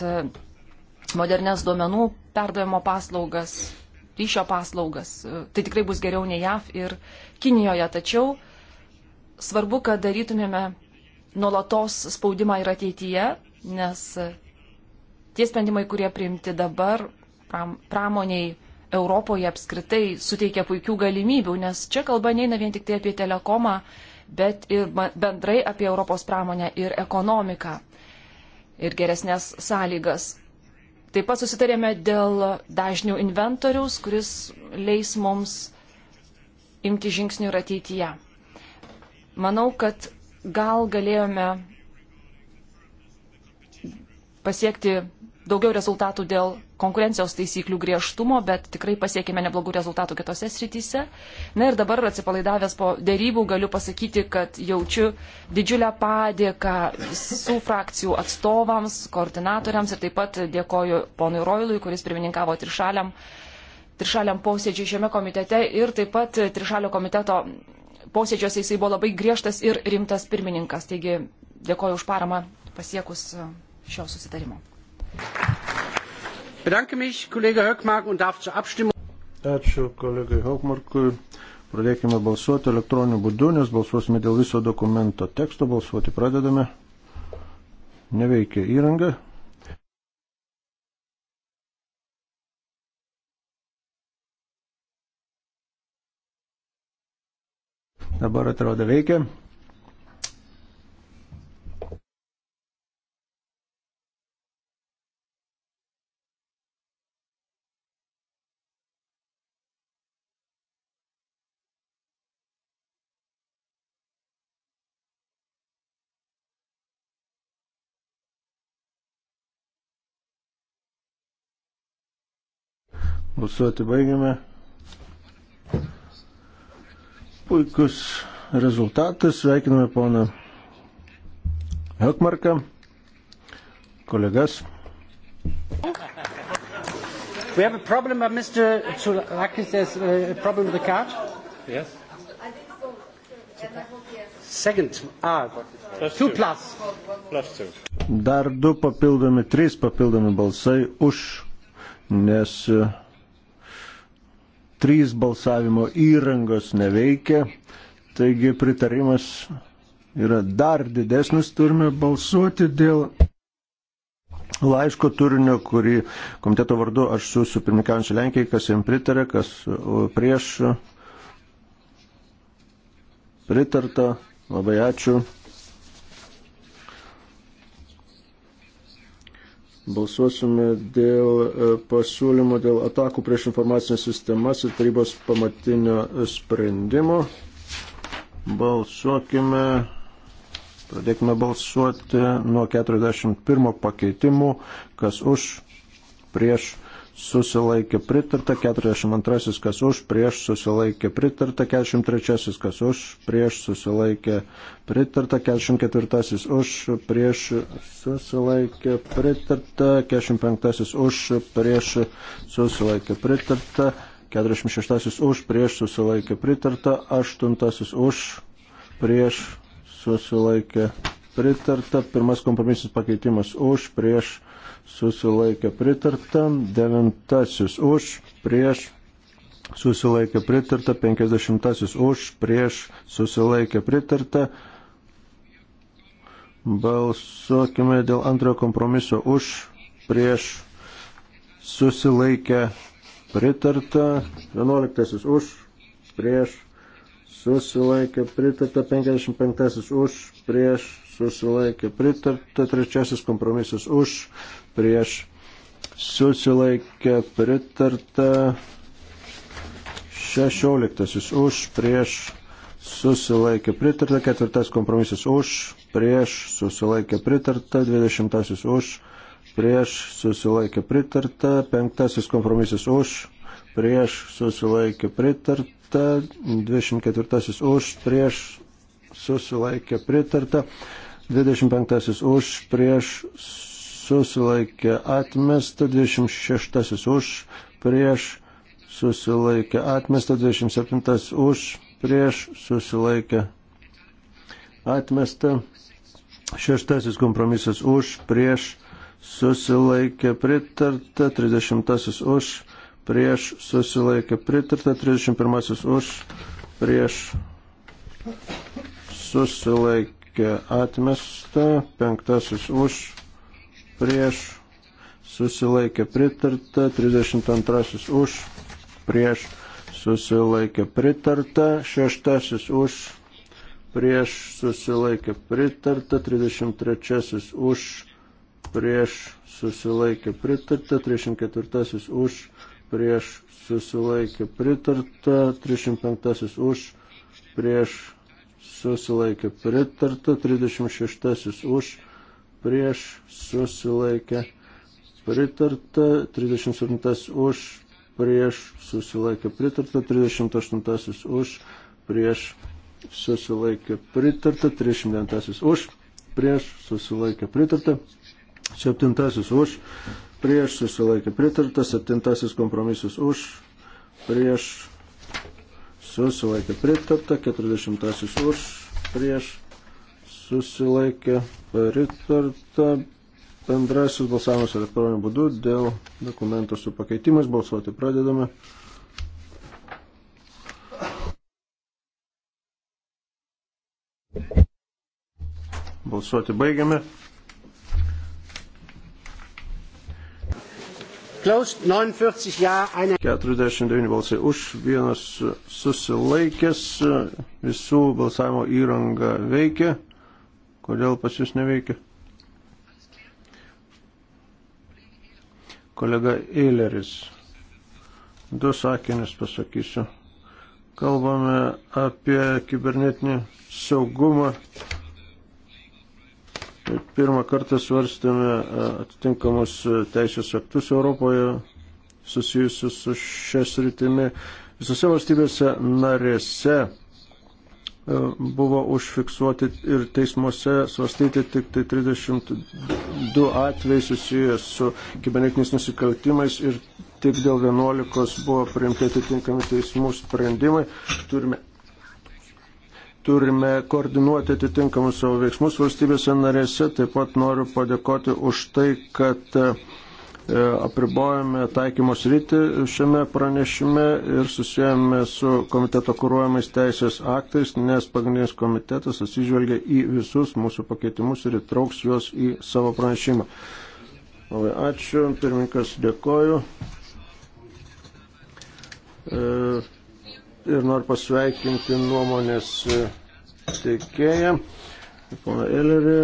E, modernes duomenų perdavimo paslaugas, ryšio paslaugas. E, tai tikrai bus geriau nei JAV ir Kinijoje, tačiau svarbu, kad darytumėme nuolatos spaudimą ir ateityje, nes e, tie sprendimai, kurie priimti dabar pram, pramoniai Europoje apskritai suteikia puikių galimybių, nes čia kalba neina vien tik tai apie telekomą, bet ir bendrai apie Europos pramonę ir ekonomiką ir geresnės sąlygas. Taip pat susitarėme dėl dažnių inventoriaus, kuris leis mums imti žingsnių ir ateityje. Manau, kad gal galėjome pasiekti daugiau rezultatų dėl konkurencijos taisyklių griežtumo, bet tikrai pasiekėme neblogų rezultatų kitose srityse. Na ir dabar atsipalaidavęs po dėrybų galiu pasakyti, kad jaučiu didžiulę padėką visų frakcijų atstovams, koordinatoriams ir taip pat dėkoju ponui Roilui, kuris pirmininkavo trišaliam, trišaliam posėdžiui šiame komitete ir taip pat trišalio komiteto posėdžiuose jisai buvo labai griežtas ir rimtas pirmininkas. Taigi dėkoju už paramą pasiekus šio susitarimo. Bedanke mich, kolega Höckmark, und darf zur Abstimmung. Ačiū kolegai Höckmarkui. Pradėkime balsuoti elektroniniu būdu, nes balsuosime dėl viso dokumento teksto. Balsuoti pradedame. Neveikia įranga. Dabar atrodo veikia. Balsuoti baigiame. Puikus rezultatas. Sveikiname poną Hökmarką, kolegas. We have a problem, but Mr. Tsoulakis, there's uh, a problem with the card. Yes. Second. Ah, plus two plus. Plus two. Dar du papildomi, trys papildomi balsai už, nes. Uh, trys balsavimo įrangos neveikia, taigi pritarimas yra dar didesnis, turime balsuoti dėl laiško turinio, kurį komiteto vardu aš su, su pirmininkančiu Lenkijai, kas jam pritarė, kas prieš pritarta. Labai ačiū. Balsuosime dėl e, pasiūlymo dėl atakų prieš informacinės sistemas ir tarybos pamatinio sprendimo. Balsuokime. Pradėkime balsuoti nuo 41 pakeitimų, kas už, prieš, susilaikė pritarta, 42 kas už, prieš susilaikė pritarta, 43 kas už, prieš susilaikė pritarta, 44 už, prieš susilaikė pritarta, 45 už, prieš susilaikė pritarta, 46 už, prieš susilaikė pritarta, 8 už, prieš susilaikė pritarta, pirmas kompromisinis pakeitimas už, prieš susilaikė pritarta susilaikė pritarta, devintasis už, prieš susilaikė pritarta, penkisdešimtasis už, prieš susilaikė pritarta. Balsuokime dėl antrojo kompromiso už, prieš susilaikė pritarta, vienuoliktasis už, prieš susilaikė pritarta, penkiasdešimt penktasis už, prieš susilaikė pritarta, trečiasis kompromisas už, prieš prieš susilaikę pritarta 16 už prieš susilaikė pritarta, ketvirtas kompromisas už, prieš susilaikė pritarta, dvidešimtasis už, prieš susilaikė pritarta, penktasis kompromisas už, prieš susilaikė pritarta, dvidešimt ketvirtasis už, prieš susilaikė pritarta, dvidešimt penktasis už, prieš susilaikė atmesta, 26 už, prieš susilaikė atmesta, 27 už, prieš susilaikė atmesta, 6 kompromisas už, prieš susilaikė pritarta, 30 už, prieš susilaikė pritarta, 31 už, prieš susilaikė atmesta, 5 už prieš, susilaikė pritarta, 32 už, prieš, susilaikė pritarta, 6 už, prieš, susilaikė pritarta, 33 už, prieš, susilaikė pritarta, 34 už, prieš, susilaikė pritarta, 35 už, prieš, susilaikė pritarta, 36 už, prieš susilaikė pritarta, 37 už prieš susilaikė pritarta, 38 už prieš susilaikė pritarta, 39 už prieš susilaikė pritarta, 7 už prieš susilaikė pritarta, 7 kompromisas už prieš susilaikė pritarta, 40 už prieš susilaikė pritarta. Bendrasis balsavimas elektroniniu būdu dėl dokumento su pakeitimais. Balsuoti pradedame. Balsuoti baigiame. Closed 49 ja, eine... 49 balsai už, vienas susilaikęs, visų balsavimo įranga veikia. Kodėl pas jūs neveikia? Kolega Eileris. Du sakinius pasakysiu. Kalbame apie kibernetinį saugumą. Pirmą kartą svarstėme e, atitinkamus teisės aktus Europoje susijusius su šias rytimi. Visose valstybėse narėse E, buvo užfiksuoti ir teismuose svarstyti tik tai 32 atvejai susijęs su kibernetiniais nusikaltimais ir tik dėl 11 buvo priimti atitinkami teismų sprendimai. Turime, turime koordinuoti atitinkamus savo veiksmus valstybėse narėse. Taip pat noriu padėkoti už tai, kad uh, E, apribojame taikymos rytį šiame pranešime ir susijęme su komiteto kūruojamais teisės aktais, nes pagrindinis komitetas atsižvelgia į visus mūsų pakeitimus ir įtrauks juos į savo pranešimą. Labai ačiū, pirmininkas dėkoju. E, ir noriu pasveikinti nuomonės e, teikėją, poną Elerį.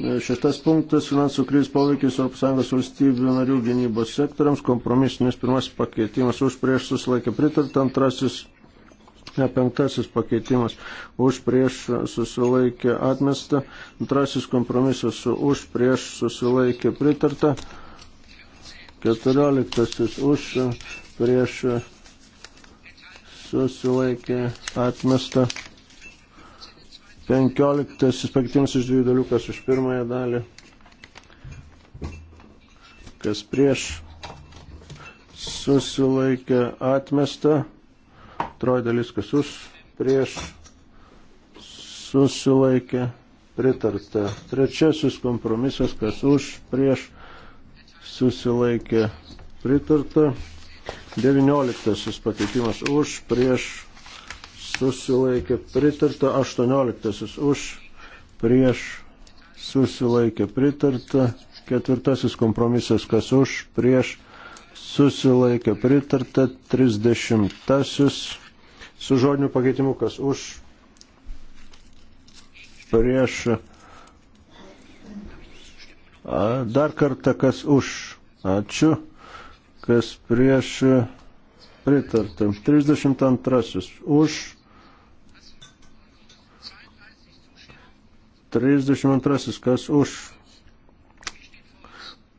Šeštas punktas - finansų krizės poveikis ES valstybių narių gynybos sektoriams. Kompromisinis pirmasis pakeitimas už prieš susilaikė pritarta, antrasis, ne penktasis pakeitimas už prieš susilaikė atmesta, antrasis kompromisas su už prieš susilaikė pritarta, keturioliktasis už prieš susilaikė atmesta. 15 pakeitimas iš dviejų dalių, kas už pirmąją dalį, kas prieš susilaikė atmestą, troji dalis, kas už prieš susilaikė pritarta. Trečiasis kompromisas, kas už prieš susilaikė pritarta. 19 pakeitimas už prieš susilaikė pritarta, 18 už, prieš susilaikė pritarta, 4 kompromisas kas už, prieš susilaikė pritarta, 30 su žodiniu pakeitimu kas už, prieš dar kartą kas už, ačiū, kas prieš pritarta. 32 už 32. Kas už?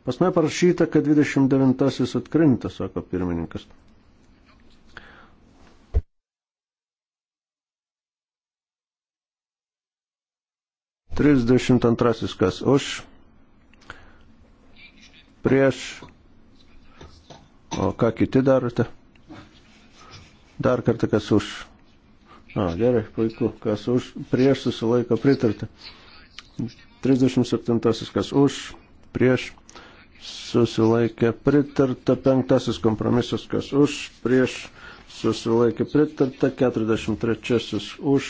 Pas mane parašyta, kad 29 atkrinta, sako pirmininkas. Trisdešimt antrasis kas už, prieš, o ką kiti darote? Dar kartą kas už. A, gerai, puiku, kas už, prieš susilaiko pritarti. 37 kas už, prieš, susilaikė pritarta, 5 kompromisas kas už, prieš, susilaikė pritarta, 43 už,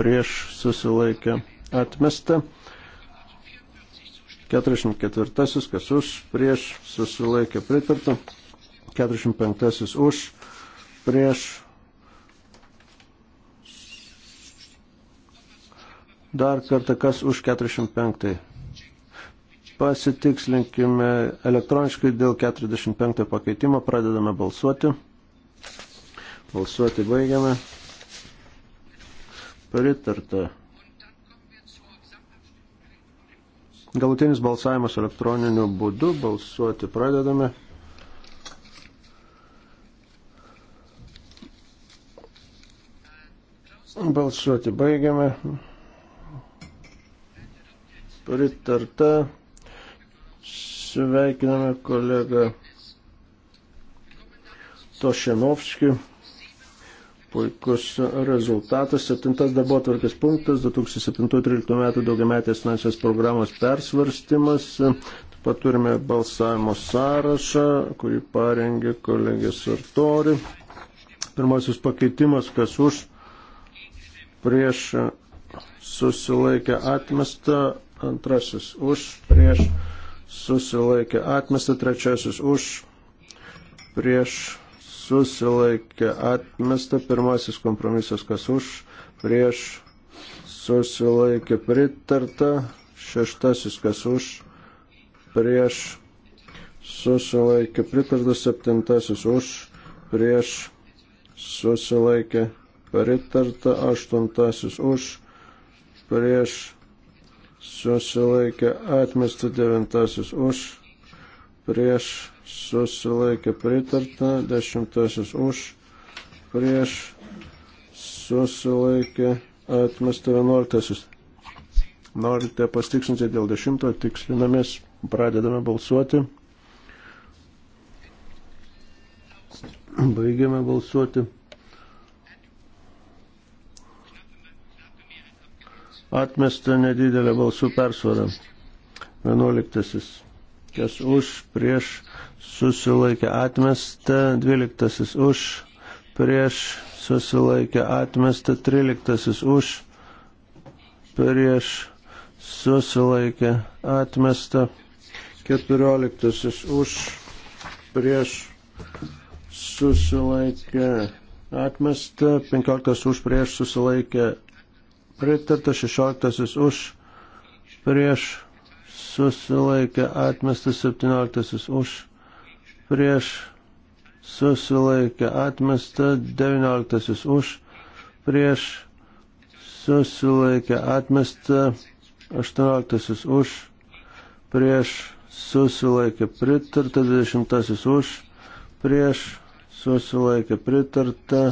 prieš, susilaikė atmesta, 44 kas už, prieš, susilaikė pritarta, 45 už, prieš, Dar kartą, kas už 45. Pasitikslinkime elektroniškai dėl 45 pakeitimo, pradedame balsuoti. Balsuoti baigiame. Pritarta. Galutinis balsavimas elektroniniu būdu. Balsuoti pradedame. Balsuoti baigiame pritarta. Sveikiname kolegą Tošenovskį. Puikus rezultatas. Septintas darbo tvarkės punktas 2007-2013 metų daugiametės finansijos programos persvarstymas. Taip pat turime balsavimo sąrašą, kurį parengė kolegė Sartori. Pirmasis pakeitimas, kas už prieš susilaikę atmestą antrasis už, prieš, susilaikė atmesta, trečiasis už, prieš, susilaikė atmesta, pirmasis kompromisas kas už, prieš, susilaikė pritarta, šeštasis kas už, prieš, susilaikė pritarta, septintasis už, prieš, susilaikė pritarta, aštuntasis už, prieš, susilaikė atmesta devintasis už, prieš susilaikė pritarta dešimtasis už, prieš susilaikė atmesta vienuoliktasis. Norite pastiksinti dėl dešimto, tikslinamės, pradedame balsuoti. Baigiame balsuoti. atmesta nedidelė balsų persvara. 11. Kas už, prieš, susilaikė atmesta. 12. Už, prieš, susilaikė atmesta. 13. Už, prieš, susilaikė atmesta. 14. Už, prieš, susilaikė atmesta. 15. Už, prieš, susilaikė pritarta, 16 už, prieš susilaikė, atmestas 17 už, prieš susilaikė, atmestas 19 už, prieš susilaikė, atmestas 18 už, prieš susilaikė, pritarta 20 už, prieš susilaikė, pritarta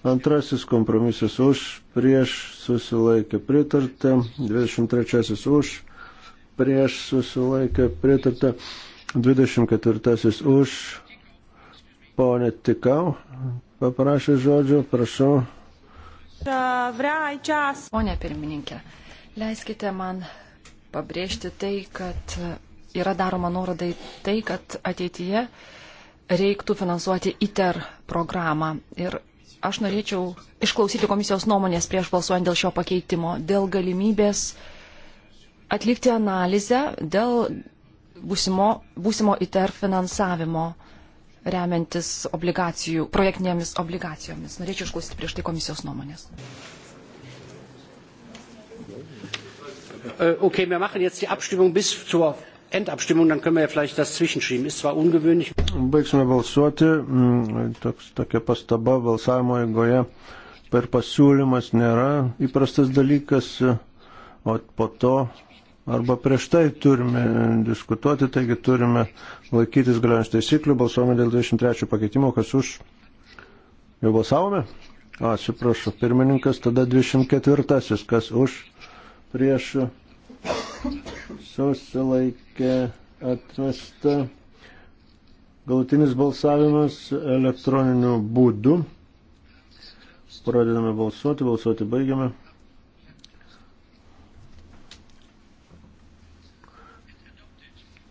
Antrasis kompromisas už, prieš susilaikė pritarta. 23 už, prieš susilaikė pritarta. 24 už, ponė Tikau, paprašė žodžio, prašau. Pone pirmininkė, leiskite man pabrėžti tai, kad yra daroma nuoroda į tai, kad ateityje reiktų finansuoti ITER programą. Ir Aš norėčiau išklausyti komisijos nuomonės prieš balsuojant dėl šio pakeitimo, dėl galimybės atlikti analizę dėl būsimo, būsimo ITER finansavimo remiantis obligacijų, projektinėmis obligacijomis. Norėčiau išklausyti prieš tai komisijos nuomonės. Äh, okay, wir machen jetzt die Abstimmung bis zur Endabstimmung, dann können wir ja vielleicht das zwischenschieben. Ist zwar ungewöhnlich. Baigsime balsuoti. Mm, toks, tokia pastaba balsavimo eigoje per pasiūlymas nėra įprastas dalykas, o po to arba prieš tai turime diskutuoti, taigi turime laikytis galiojančių taisyklių. Balsuojame dėl 23 pakeitimo, kas už. Jau balsavome? Atsiprašau, pirmininkas, tada 24, kas už, prieš susilaikė atmesta galutinis balsavimas elektroniniu būdu. Pradedame balsuoti, balsuoti baigiame.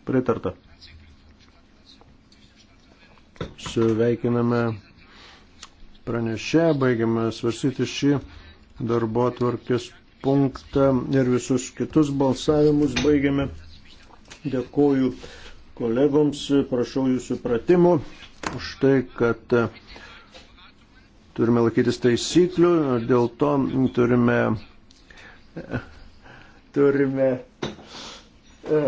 Pritarta. Sveikiname pranešę, baigiame svarstyti šį darbo atvarkės punktą ir visus kitus balsavimus baigiame. Dėkoju kolegoms, prašau jūsų pratimų už tai, kad e, turime laikytis taisyklių, dėl to turime, e, turime e,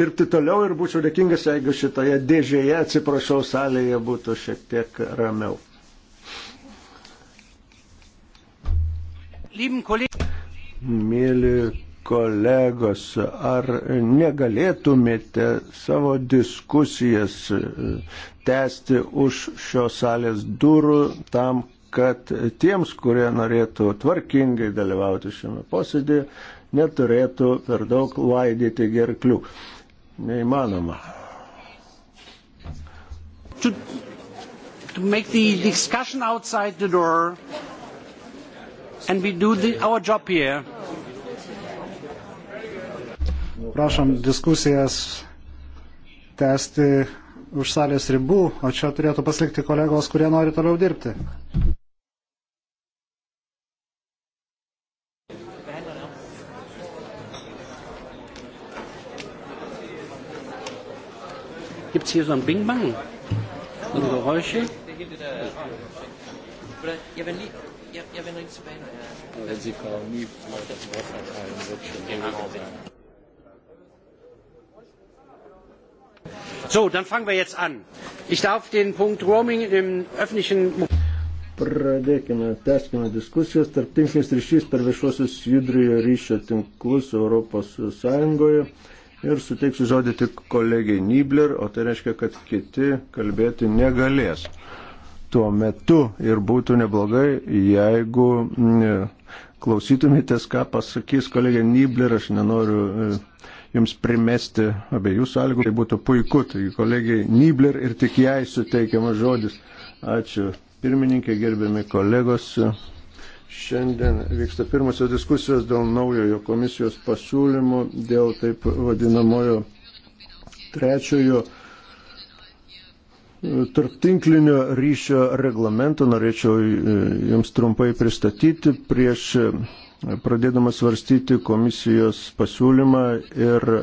dirbti toliau ir būčiau dėkingas, jeigu šitoje dėžėje, atsiprašau, salėje būtų šiek tiek ramiau. Mėly kolegos, ar negalėtumėte savo diskusijas e, tęsti už šios salės durų tam, kad tiems, kurie norėtų tvarkingai dalyvauti šiame posėdėje, neturėtų per daug laidyti gerklių. Neįmanoma. To, to make the discussion outside the door and we do the, our job here. Prašom diskusijas tęsti už salės ribų, o čia turėtų pasilikti kolegos, kurie nori toliau dirbti. Gibt es hier so ein Bing-Bang? So Geräusche? Oder, ja, wenn Ja, ja wenn ringsbei noch. Ja. Wenn Sie Frau Nie das Wort erteilen, wird schon genau. So, dann fangen wir jetzt an. Ich darf den Punkt Roaming im öffentlichen. Pradėkime, tęskime diskusijas. Tarptinklinis ryšys per viešuosius judriojo ryšio tinklus Europos Sąjungoje. Ir suteiksiu žodį tik kolegiai Nibler, o tai reiškia, kad kiti kalbėti negalės tuo metu ir būtų neblogai, jeigu mm, klausytumėtės, ką pasakys kolegė Nibler, aš nenoriu e, jums primesti abiejų sąlygų, tai būtų puiku, tai kolegiai Nibler ir tik jai suteikiamas žodis. Ačiū pirmininkė, gerbiami kolegos. Šiandien vyksta pirmosios diskusijos dėl naujojo komisijos pasiūlymo, dėl taip vadinamojo trečiojo tarptinklinio ryšio reglamentą norėčiau e, jums trumpai pristatyti prieš e, pradėdama svarstyti komisijos pasiūlymą ir e,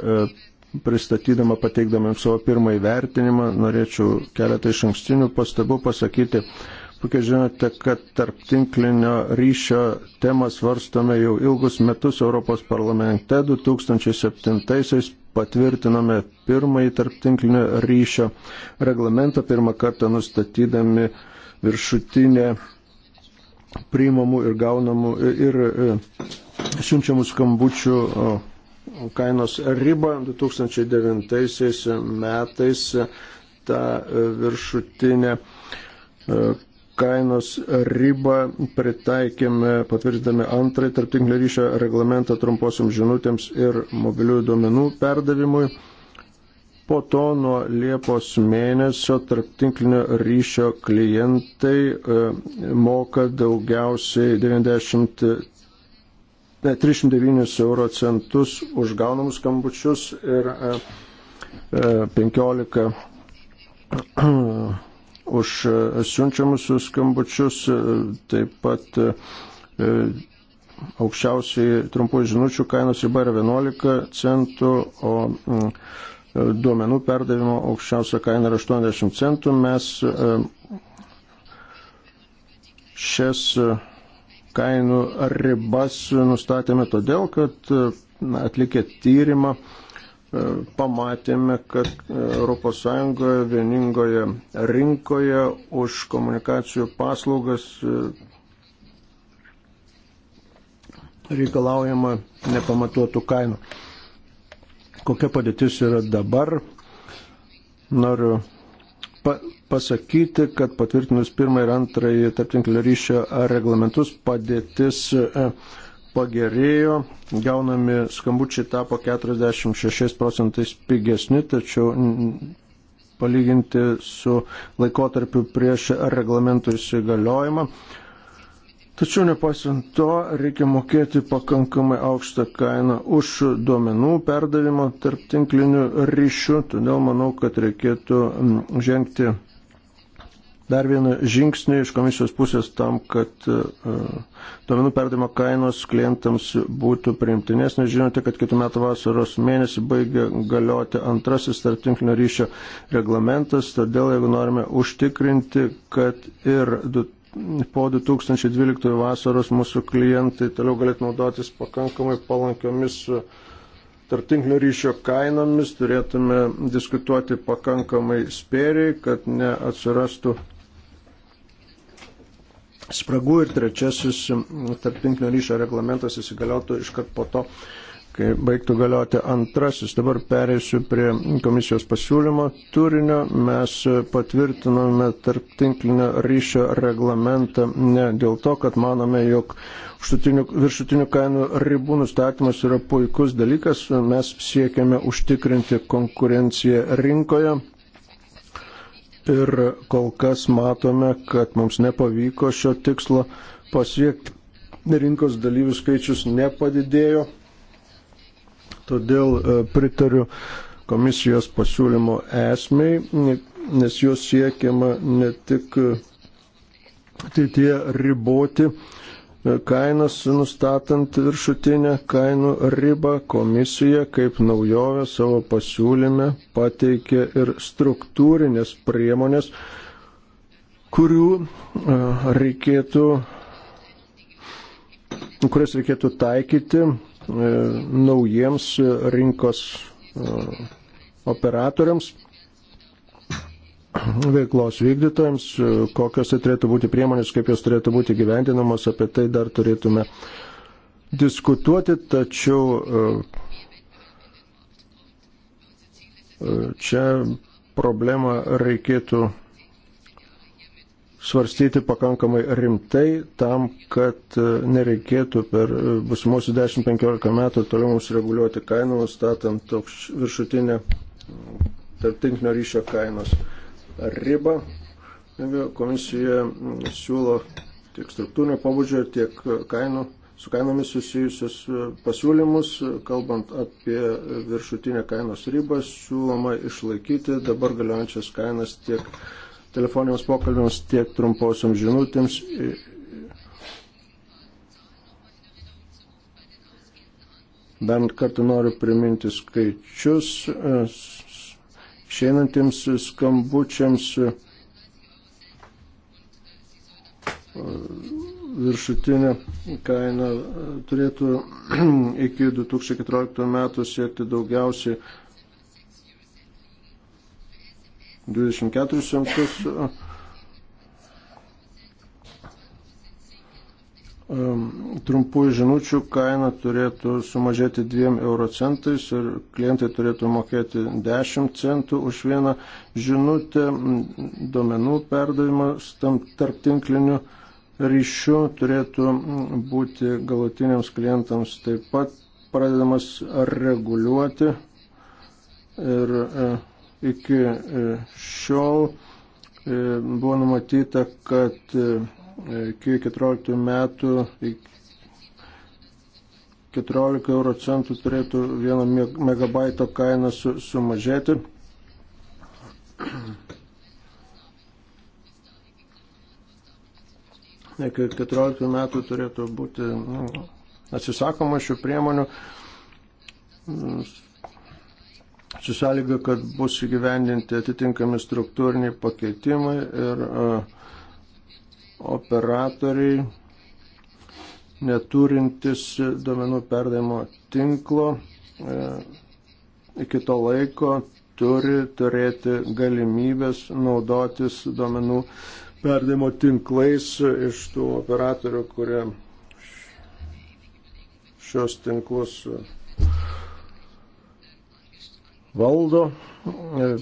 pristatydama pateikdama jums savo pirmąjį vertinimą norėčiau keletą iš ankstinių pastabų pasakyti Puikiai žinote, kad tarp tinklinio ryšio temą svarstome jau ilgus metus Europos parlamente. 2007-aisiais patvirtinome pirmąjį tarp tinklinio ryšio reglamentą, pirmą kartą nustatydami viršutinę priimamų ir gaunamų ir e, siunčiamų skambučių kainos ribą 2009 metais tą e, viršutinę e, kainos ribą pritaikėme patvirtindami antrąjį tarptinklinio ryšio reglamentą trumposiams žinutėms ir mobiliųjų duomenų perdavimui. Po to nuo Liepos mėnesio tarptinklinio ryšio klientai e, moka daugiausiai 90, ne, 309 euro centus už gaunamus skambučius ir 15 e, e, už e, siunčiamus skambučius, e, taip pat e, aukščiausiai trumpųjų žinučių kainos riba yra 11 centų, o mm, duomenų perdavimo aukščiausia kaina yra 80 centų. Mes šias kainų ribas nustatėme todėl, kad atlikę tyrimą E, pamatėme, kad ES vieningoje rinkoje už komunikacijų paslaugas e, reikalaujama nepamatuotų kainų. Kokia padėtis yra dabar? Noriu pa pasakyti, kad patvirtinus pirmąjį ir antrąjį tarptinklinio ryšio reglamentus padėtis e, pagerėjo, gaunami skambučiai tapo 46 procentais pigesni, tačiau palyginti su laikotarpiu prieš reglamentų įsigaliojimą. Tačiau nepaisant to, reikia mokėti pakankamai aukštą kainą už duomenų perdavimą tarp tinklinių ryšių, todėl manau, kad reikėtų žengti dar vieną žingsnį iš komisijos pusės tam, kad e, e, duomenų perdimo kainos klientams būtų priimtinės. Nes žinote, kad kitų metų vasaros mėnesį baigia galioti antrasis tarptinklinio ryšio reglamentas, todėl jeigu norime užtikrinti, kad ir po 2012 vasaros mūsų klientai toliau galėtų naudotis pakankamai palankiomis e, tarptinklinio ryšio kainomis turėtume diskutuoti pakankamai spėriai, kad neatsirastų spragų ir trečiasis tarptinklinio ryšio reglamentas įsigaliotų iškart po to, kai baigtų galioti antrasis. Dabar pereisiu prie komisijos pasiūlymo turinio. Mes patvirtinome tarptinklinio ryšio reglamentą ne dėl to, kad manome, jog viršutinių kainų ribų nustatymas yra puikus dalykas. Mes siekiame užtikrinti konkurenciją rinkoje Ir kol kas matome, kad mums nepavyko šio tikslo pasiekti. Rinkos dalyvių skaičius nepadidėjo. Todėl e, pritariu komisijos pasiūlymo esmei, nes juos siekiama ne tik ateityje riboti E, kainas nustatant viršutinę kainų ribą, komisija kaip naujovė savo pasiūlyme pateikė ir struktūrinės priemonės, kurių e, reikėtų, kurias reikėtų taikyti e, naujiems rinkos operatoriams veiklos vykdytojams, kokios tai turėtų būti priemonės, kaip jos turėtų būti gyvendinamos, apie tai dar turėtume diskutuoti, tačiau e, e, čia problemą reikėtų svarstyti pakankamai rimtai tam, kad e, nereikėtų per busimuosius 10-15 metų toliau mums reguliuoti kainų, statant viršutinę tarptinklinio ryšio kainos ribą. Komisija siūlo tiek struktūrinio pobūdžio, tiek kainų, su kainomis susijusius pasiūlymus. Kalbant apie viršutinę kainos ribą, siūloma išlaikyti dabar galiojančias kainas tiek telefoniniams pokalbiams, tiek trumposiams žinutėms Bent kartą noriu priminti skaičius išeinantiems skambučiams viršutinė kaina turėtų iki 2014 metų siekti daugiausiai 24 centus trumpųjų žinučių kaina turėtų sumažėti 2 euro centais ir klientai turėtų mokėti 10 centų už vieną žinutę, duomenų perdavimas tam tarptinkliniu ryšiu turėtų būti galutiniams klientams taip pat pradedamas reguliuoti ir e, iki e, šiol e, buvo numatyta, kad iki 14 metų 14 euro centų turėtų vieno megabaito kaina su, sumažėti. Iki 14 metų turėtų būti nu, atsisakoma šių priemonių su sąlyga, kad bus įgyvendinti atitinkami struktūriniai pakeitimai ir uh, operatoriai neturintis duomenų perdavimo tinklo e, iki to laiko turi turėti galimybės naudotis duomenų perdavimo tinklais iš tų operatorių, kurie šios tinklus valdo. E,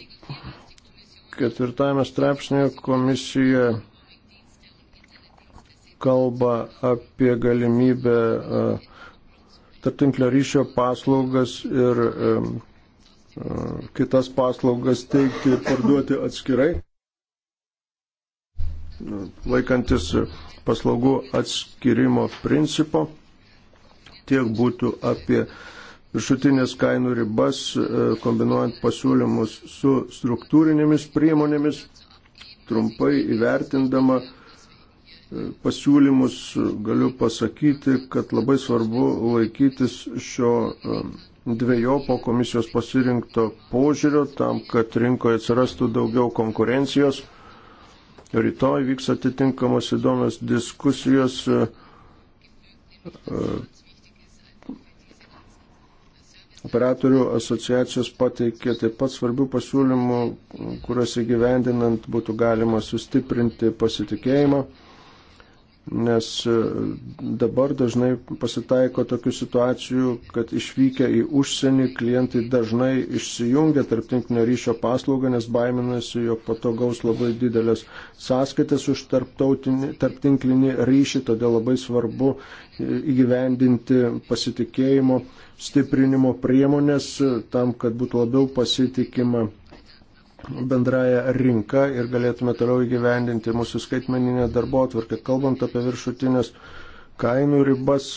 ketvirtame straipsnėje komisija kalba apie galimybę e, tarptinklinio ryšio paslaugas ir e, e, kitas paslaugas teikti ir parduoti atskirai, laikantis paslaugų atskirimo principo, tiek būtų apie viršutinės kainų ribas, kombinuojant pasiūlymus su struktūrinėmis priemonėmis, trumpai įvertindama pasiūlymus, galiu pasakyti, kad labai svarbu laikytis šio um, dviejopo komisijos pasirinkto požiūrio tam, kad rinkoje atsirastų daugiau konkurencijos. Rytoj vyks atitinkamos įdomios diskusijos uh, operatorių asociacijos pateikė taip pat svarbių pasiūlymų, kuriuos įgyvendinant būtų galima sustiprinti pasitikėjimą nes e, dabar dažnai pasitaiko tokių situacijų, kad išvykę į užsienį klientai dažnai išsijungia tarptinklinio ryšio paslaugą, nes baiminasi, jog po to gaus labai didelės sąskaitas už tarptinklinį ryšį, todėl labai svarbu e, įgyvendinti pasitikėjimo stiprinimo priemonės e, tam, kad būtų labiau pasitikima bendraja rinka ir galėtume toliau įgyvendinti mūsų skaitmeninę darbo atvarkę. Kalbant apie viršutinės kainų ribas,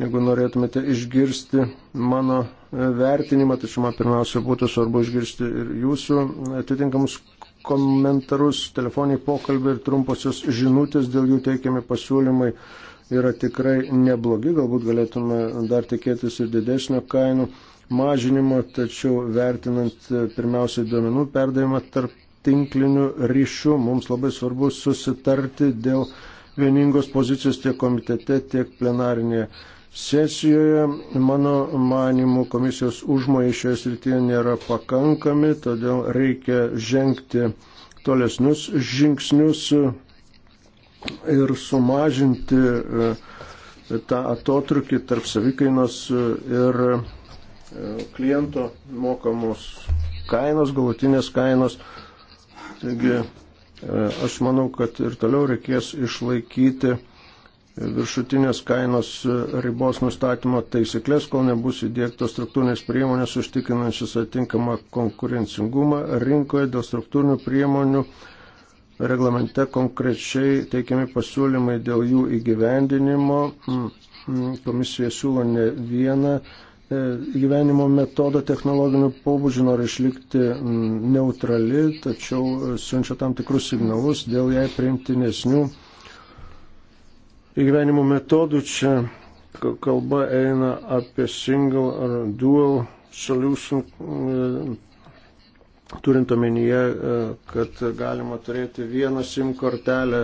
jeigu norėtumėte išgirsti mano e, vertinimą, tačiau man pirmiausia būtų svarbu išgirsti ir jūsų atitinkamus komentarus, telefoniniai pokalbiai ir trumposios žinutės, dėl jų teikiami pasiūlymai yra tikrai neblogi, galbūt galėtume dar tikėtis ir didesnio kainų mažinimo, tačiau vertinant e, pirmiausiai duomenų perdavimą tarp tinklinių ryšių, mums labai svarbu susitarti dėl vieningos pozicijos tiek komitete, tiek plenarinėje sesijoje. Mano manimų komisijos užmojai šioje srityje nėra pakankami, todėl reikia žengti tolesnius žingsnius ir sumažinti e, tą atotrukį tarp savikainos ir E, kliento mokamos kainos, galutinės kainos. Taigi e, aš manau, kad ir toliau reikės išlaikyti viršutinės kainos ribos nustatymo taisyklės, kol nebus įdėktos struktūrinės priemonės užtikrinančias atinkamą konkurencingumą rinkoje dėl struktūrinių priemonių. Reglamente konkrečiai teikiami pasiūlymai dėl jų įgyvendinimo. Mm, mm, komisija siūlo ne vieną E, gyvenimo metodo technologinių pobūdžių nori išlikti neutrali, tačiau e, siunčia tam tikrus signalus dėl jai priimtinesnių gyvenimo metodų. Čia kalba eina apie single ar dual solution, e, turint omenyje, kad galima turėti vieną SIM kortelę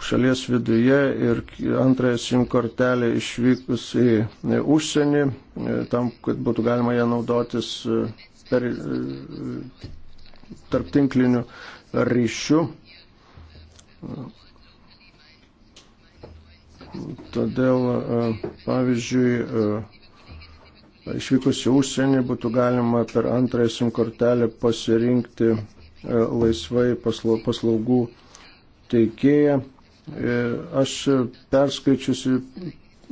šalies viduje ir antrąją SIM kortelę išvykus į užsienį, e, tam, kad būtų galima ją naudotis e, per e, tarptinkliniu ryšiu. Todėl, pavyzdžiui, išvykus į užsienį būtų galima per antrąją SIM kortelę pasirinkti laisvai paslaugų teikėją E, aš perskaičiusi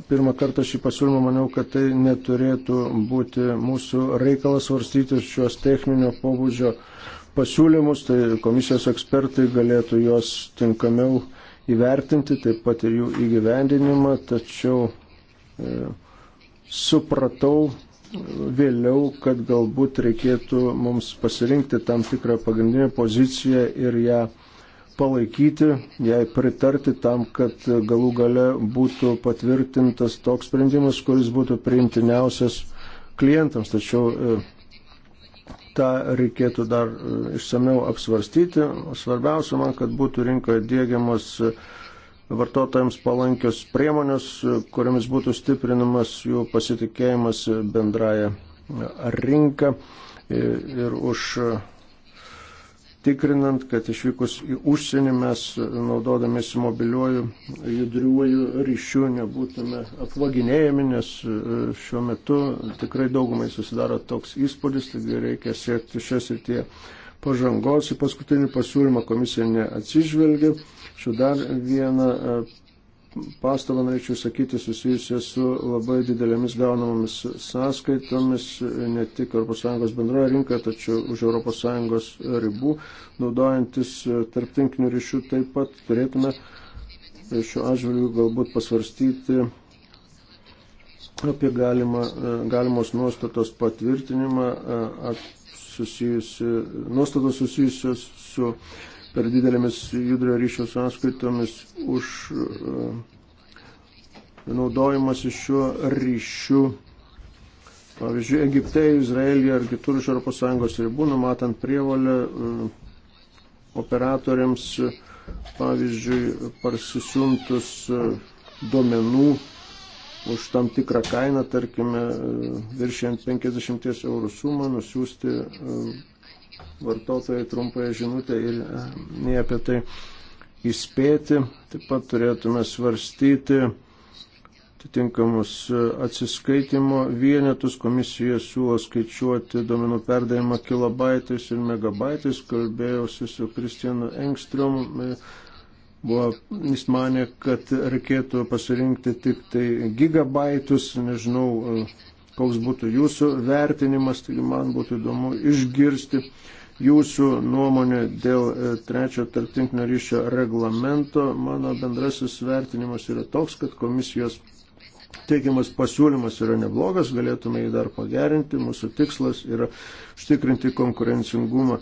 pirmą kartą šį pasiūlymą, maniau, kad tai neturėtų būti mūsų reikalas svarstyti šios techninio pobūdžio pasiūlymus, tai komisijos ekspertai galėtų juos tinkamiau įvertinti, taip pat ir jų įgyvendinimą, tačiau e, supratau vėliau, kad galbūt reikėtų mums pasirinkti tam tikrą pagrindinę poziciją ir ją palaikyti, jai pritarti tam, kad galų gale būtų patvirtintas toks sprendimas, kuris būtų priimtiniausias klientams. Tačiau e, tą reikėtų dar e, išsameu apsvarstyti. Svarbiausia man, kad būtų rinkoje dėgiamas e, vartotojams palankios priemonės, kuriamis būtų stiprinamas jų pasitikėjimas bendraja rinka ir už tikrinant, kad išvykus į užsienį mes naudodamėsi mobiliuoju judriuoju ryšiu nebūtume apvaginėjami, nes e, šiuo metu tikrai daugumai susidaro toks įspūdis, taigi reikia siekti šias ir tie pažangos. Į paskutinį pasiūlymą komisija neatsižvelgia. Šiuo dar vieną e, pastabą norėčiau sakyti susijusią su labai didelėmis gaunamomis sąskaitomis, ne tik ES bendroje rinkoje, tačiau už ES ribų, naudojantis e, tarptinkinių ryšių taip pat turėtume šiuo atžvilgiu galbūt pasvarstyti apie galima, e, galimos nuostatos patvirtinimą, e, susijusi, nuostatos susijusios su per didelėmis judrio ryšio sąskaitomis už e, naudojimas iš šiuo ryšiu. Pavyzdžiui, Egipte, Izraelija ar kitur iš ES ribų, numatant prievalę e, operatoriams, pavyzdžiui, parsisiuntus e, duomenų už tam tikrą kainą, tarkime, viršėjant 50 eurų sumą, nusiųsti vartotojai trumpąją žinutę ir e, nei apie tai įspėti. Taip pat turėtume svarstyti atitinkamus e, atsiskaitimo vienetus. Komisija siūlo skaičiuoti duomenų perdavimą kilobaitais ir megabaitais. Kalbėjausi su Kristijanu Engstrom. E, buvo, jis mane, kad reikėtų pasirinkti tik tai gigabaitus, nežinau, koks būtų jūsų vertinimas, taigi man būtų įdomu išgirsti jūsų nuomonė dėl e, trečio tarptinklinio ryšio reglamento. Mano bendrasis vertinimas yra toks, kad komisijos teikiamas pasiūlymas yra neblogas, galėtume jį dar pagerinti. Mūsų tikslas yra užtikrinti konkurencingumą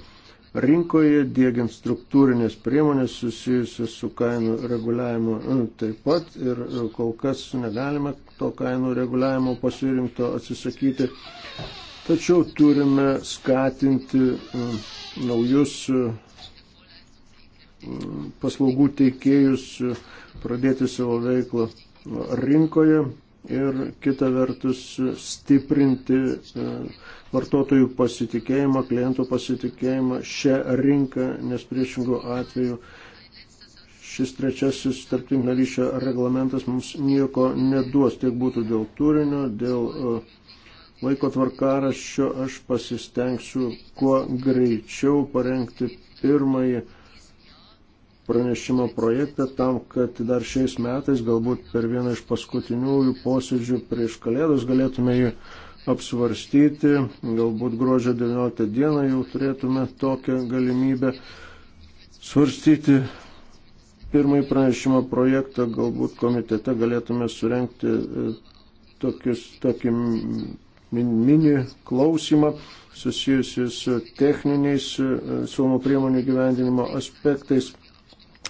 rinkoje, dėgiant struktūrinės priemonės susijusias su kainų reguliavimu e, taip pat ir e, kol kas negalime to kainų reguliavimo pasirinkto atsisakyti. Tačiau turime skatinti e, naujus e, paslaugų teikėjus e, pradėti savo veiklą rinkoje ir kita vertus stiprinti vartotojų pasitikėjimą, klientų pasitikėjimą šią rinką, nes priešingų atveju šis trečiasis tarptinklinio ryšio reglamentas mums nieko neduos, tiek būtų dėl turinio, dėl uh, laiko tvarkaraščio aš pasistengsiu kuo greičiau parengti pirmąjį pranešimo projektą tam, kad dar šiais metais, galbūt per vieną iš paskutiniųjų posėdžių prieš kalėdas galėtume jį apsvarstyti, galbūt gruodžio 19 dieną jau turėtume tokią galimybę svarstyti pirmąjį pranešimo projektą, galbūt komitete galėtume surenkti e, tokius, tokį mini klausimą susijusi su techniniais e, siūlomų priemonių gyvendinimo aspektais.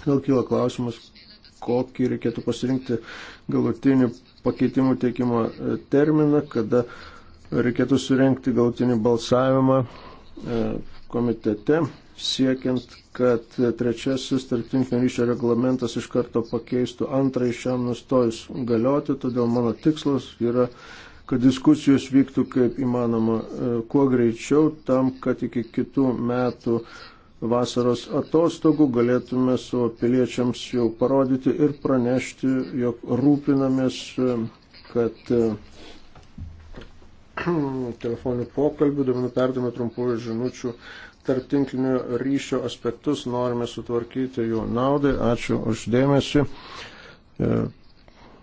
Vėl kyla klausimas, kokį reikėtų pasirinkti galutinį pakeitimų teikimo e, terminą, kada reikėtų surenkti galutinį balsavimą e, komitete, siekiant, kad trečiasis tarptinklinio ryšio reglamentas iš karto pakeistų antrąjį šiam nustojus galioti, todėl mano tikslas yra kad diskusijos vyktų kaip įmanoma e, kuo greičiau, tam, kad iki kitų metų vasaros atostogų galėtume savo piliečiams jau parodyti ir pranešti, jog rūpinamės, e, kad e, telefoninių pokalbių, duomenų perdavimo trumpųjų žinučių tarp tinklinio ryšio aspektus norime sutvarkyti jų naudai. Ačiū uždėmesi.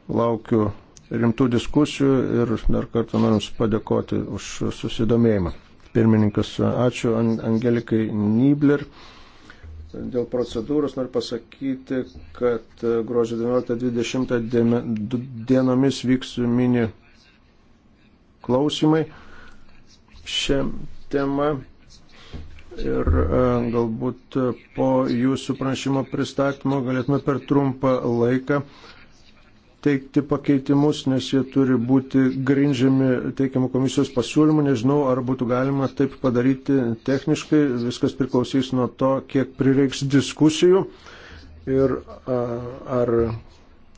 Laukiu rimtų diskusijų ir dar kartą noriu Jums padėkoti už susidomėjimą. Pirmininkas, ačiū Angelikai Nibler. Dėl procedūros noriu pasakyti, kad e, gruodžio 19-20 dienomis vyks mini klausimai šią temą ir e, galbūt po jūsų prašymo pristatymo galėtume per trumpą laiką teikti pakeitimus, nes jie turi būti grindžiami teikiamų komisijos pasiūlymų. Nežinau, ar būtų galima taip padaryti techniškai. Viskas priklausys nuo to, kiek prireiks diskusijų ir ar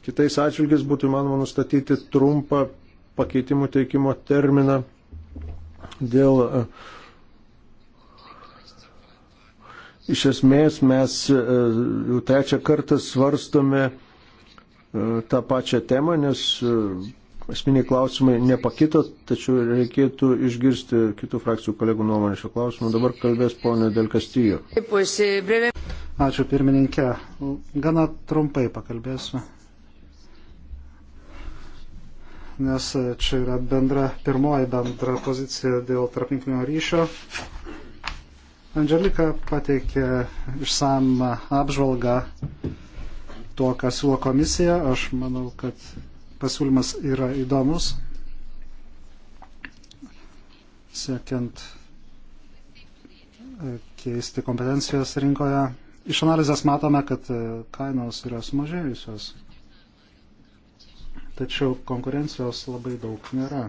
kitais atžvilgiais būtų įmanoma nustatyti trumpą pakeitimų teikimo terminą dėl. Iš esmės mes jau trečią kartą svarstome E, tą pačią temą, nes e, esminiai klausimai nepakito, tačiau reikėtų išgirsti kitų frakcijų kolegų nuomonę šio klausimu. Dabar kalbės ponė Del Castillo. Ačiū pirmininkė. Gana trumpai pakalbėsiu. Nes čia yra bendra, pirmoji bendra pozicija dėl tarpinklinio ryšio. Andželika pateikė išsamą apžvalgą to, ką siūlo komisija. Aš manau, kad pasiūlymas yra įdomus, siekiant e, keisti kompetencijos rinkoje. Iš analizės matome, kad e, kainos yra sumažėjusios, tačiau konkurencijos labai daug nėra.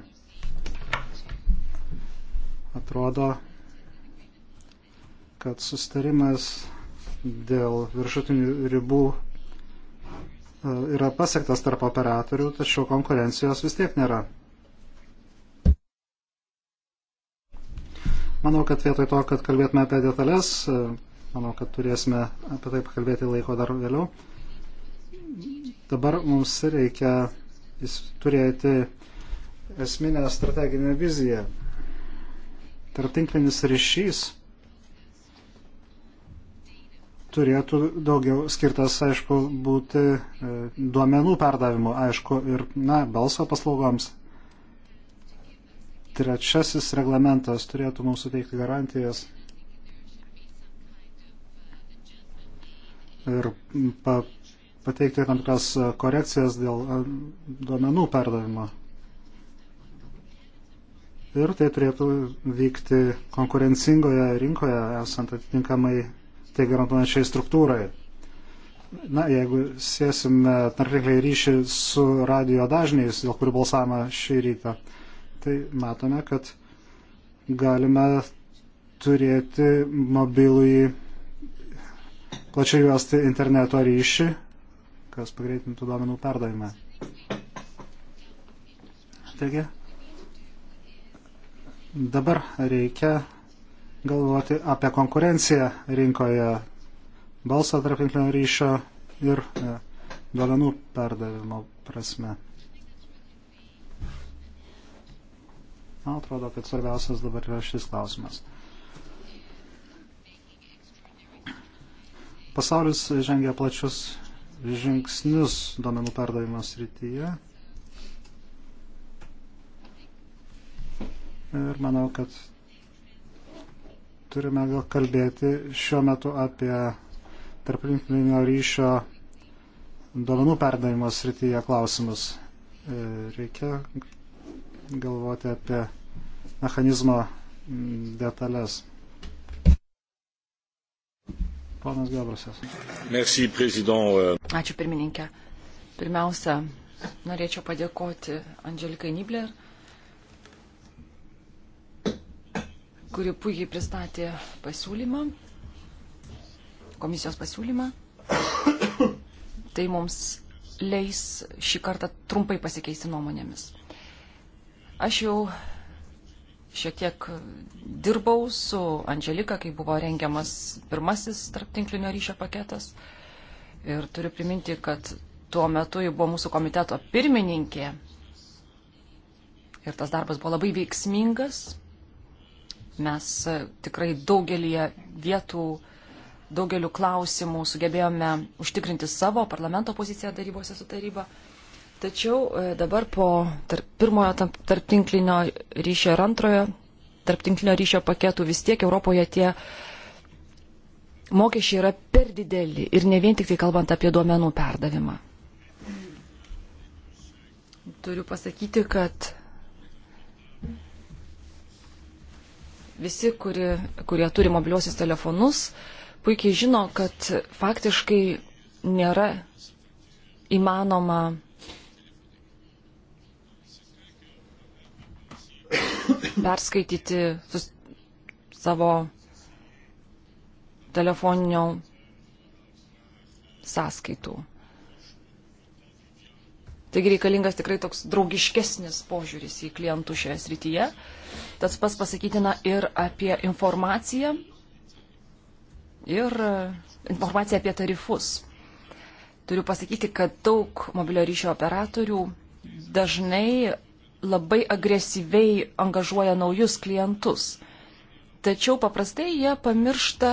Atrodo, kad sustarimas dėl viršutinių ribų yra pasiektas tarp operatorių, tačiau konkurencijos vis tiek nėra. Manau, kad vietoj to, kad kalbėtume apie detalės, manau, kad turėsime apie tai pakalbėti laiko dar vėliau. Dabar mums reikia turėti esminę strateginę viziją. Tarptinklinis ryšys turėtų daugiau skirtas, aišku, būti e, duomenų perdavimu, aišku, ir, na, balso paslaugoms. Trečiasis reglamentas turėtų mums suteikti garantijas ir pa, pateikti tam tikras korekcijas dėl e, duomenų perdavimo. Ir tai turėtų vykti konkurencingoje rinkoje, esant atitinkamai tai garantuojant šiai struktūrai. Na, jeigu sėsime tarpikliai ryšį su radio dažniais, dėl kurių balsavome šį rytą, tai matome, kad galime turėti mobilųjį plačiai juosti interneto ryšį, kas pagreitintų duomenų perdavimą. Taigi, dabar reikia galvoti apie konkurenciją rinkoje, balso tarptinklinio ryšio ir e, duomenų perdavimo prasme. Man atrodo, kad svarbiausias dabar yra šis klausimas. Pasaulis žengia plačius žingsnius duomenų perdavimo srityje. Ir manau, kad turime kalbėti šiuo metu apie tarpininklinio ryšio duomenų perdavimo srityje klausimus. E, reikia galvoti apie mechanizmo mm, detalės. Ponas Gabrasas. Merci, prezident. Euh. Ačiū pirmininkė. Pirmiausia, norėčiau padėkoti Andželikai Nibler kuri puikiai pristatė pasiūlymą, komisijos pasiūlymą. Tai mums leis šį kartą trumpai pasikeisti nuomonėmis. Aš jau šiek tiek dirbau su Andželika, kai buvo rengiamas pirmasis tarptinklinio ryšio paketas. Ir turiu priminti, kad tuo metu ji buvo mūsų komiteto pirmininkė. Ir tas darbas buvo labai veiksmingas, Mes e, tikrai daugelį vietų, daugeliu klausimų sugebėjome užtikrinti savo parlamento poziciją darybose su taryba. Tačiau e, dabar po tarp pirmojo tarptinklinio ryšio ir antrojo tarptinklinio ryšio paketų vis tiek Europoje tie mokesčiai yra per dideli ir ne vien tik tai kalbant apie duomenų perdavimą. Turiu pasakyti, kad visi, kuri, kurie turi mobiliuosius telefonus, puikiai žino, kad faktiškai nėra įmanoma perskaityti savo telefoninio sąskaitų. Taigi reikalingas tikrai toks draugiškesnis požiūris į klientų šioje srityje. Uh, Tas pas pasakytina ir apie informaciją, ir e, informaciją apie tarifus. Turiu pasakyti, kad daug mobilio ryšio operatorių dažnai labai agresyviai angažuoja naujus klientus. Tačiau paprastai jie pamiršta,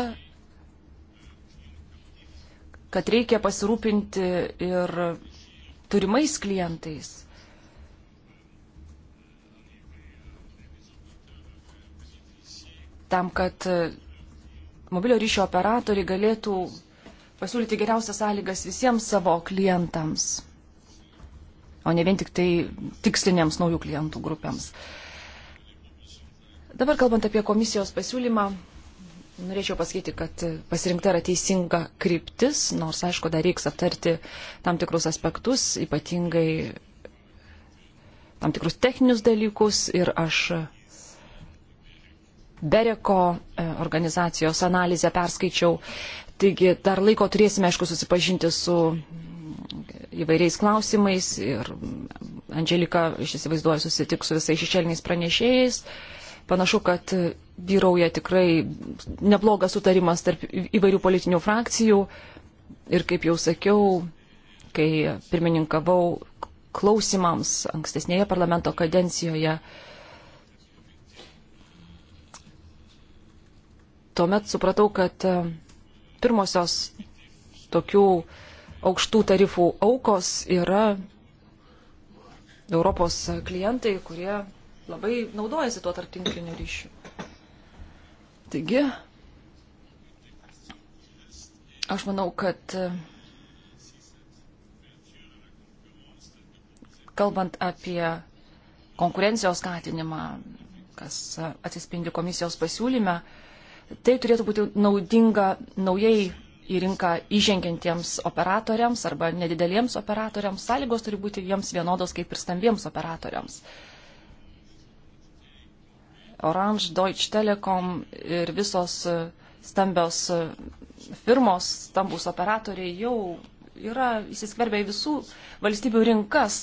kad reikia pasirūpinti ir turimais klientais. tam, kad e, mobilio ryšio operatoriai galėtų pasiūlyti geriausias sąlygas visiems savo klientams, o ne vien tik tai tikslinėms naujų klientų grupėms. Dabar kalbant apie komisijos pasiūlymą, norėčiau pasakyti, kad pasirinkta yra teisinga kryptis, nors aišku, dar reiks aptarti tam tikrus aspektus, ypatingai tam tikrus techninius dalykus ir aš Bereko e, organizacijos analizę perskaičiau. Taigi dar laiko turėsime, aišku, susipažinti su įvairiais klausimais ir Angelika, aš įsivaizduoju, susitiks su visais šešėliniais pranešėjais. Panašu, kad vyrauja tikrai neblogas sutarimas tarp įvairių politinių frakcijų ir, kaip jau sakiau, kai pirmininkavau klausimams ankstesnėje parlamento kadencijoje, uh, tuomet supratau, kad e, pirmosios tokių aukštų tarifų aukos yra Europos klientai, kurie labai naudojasi tuo tarptinkliniu ryšiu. Taigi, aš manau, kad e, kalbant apie konkurencijos skatinimą, kas atsispindi komisijos pasiūlyme, Tai turėtų būti naudinga naujai į rinką įžengiantiems operatoriams arba nedideliems operatoriams. Sąlygos turi būti jiems vienodos kaip ir stambiems operatoriams. Orange, Deutsche Telekom ir visos stambios firmos, stambus operatoriai jau yra įsiskverbę į visų valstybių rinkas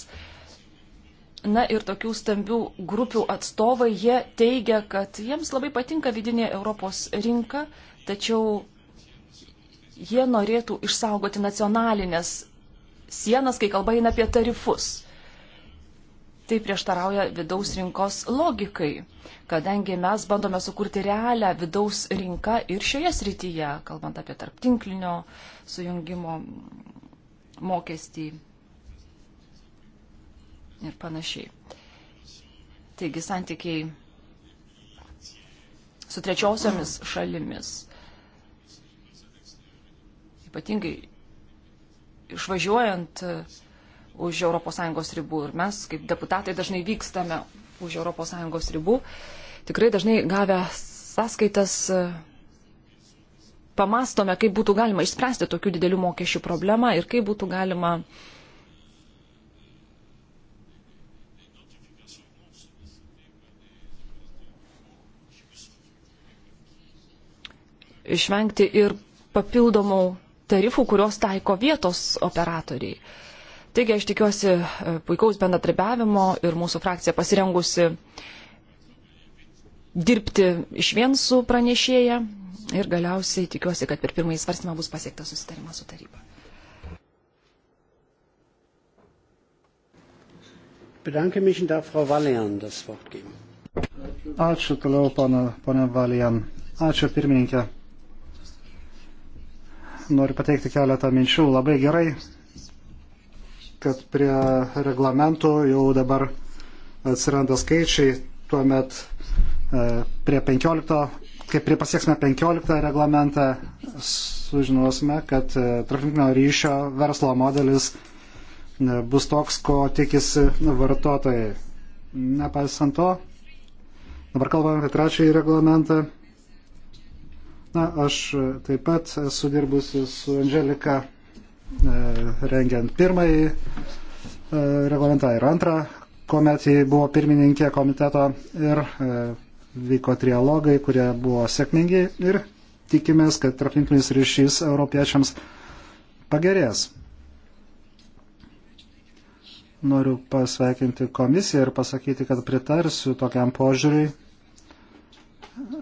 Na ir tokių stambių grupių atstovai, jie teigia, kad jiems labai patinka vidinė Europos rinka, tačiau jie norėtų išsaugoti nacionalinės sienas, kai kalba eina apie tarifus. Tai prieštarauja vidaus rinkos logikai, kadangi mes bandome sukurti realią vidaus rinką ir šioje srityje, kalbant apie tarptinklinio sujungimo mokestį ir panašiai. Taigi santykiai su trečiosiomis šalimis, ypatingai išvažiuojant už ES ribų ir mes kaip deputatai dažnai vykstame už ES ribų, tikrai dažnai gavę sąskaitas pamastome, kaip būtų galima išspręsti tokių didelių mokesčių problemą ir kaip būtų galima uh, išvengti ir papildomų tarifų, kurios taiko vietos operatoriai. Taigi aš tikiuosi e, puikaus bendradarbiavimo ir mūsų frakcija pasirengusi dirbti iš vien su pranešėja ir galiausiai tikiuosi, kad per pirmąjį svarstymą bus pasiektas susitarimas su taryba. Bedanke mich und darf Frau Valian das Wort geben. Ačiū toliau, pana, pana Valian. Ačiū pirmininkė noriu pateikti keletą minčių. Labai gerai, kad prie reglamentų jau dabar atsiranda skaičiai, tuomet e, prie 15, kai prie pasieksime 15 reglamentą, sužinosime, kad e, trafikinio ryšio verslo modelis e, bus toks, ko tikisi vartotojai. Nepaisant to, dabar kalbame apie trečiąjį reglamentą Na, aš e, taip pat esu dirbusi su Angelika e, rengiant pirmąjį e, reglamentą ir antrą, kuomet jį buvo pirmininkė komiteto ir vyko trialogai, kurie buvo sėkmingi ir tikimės, kad tarptinklinis ryšys europiečiams pagerės. Noriu pasveikinti komisiją ir pasakyti, kad pritarsiu tokiam požiūriui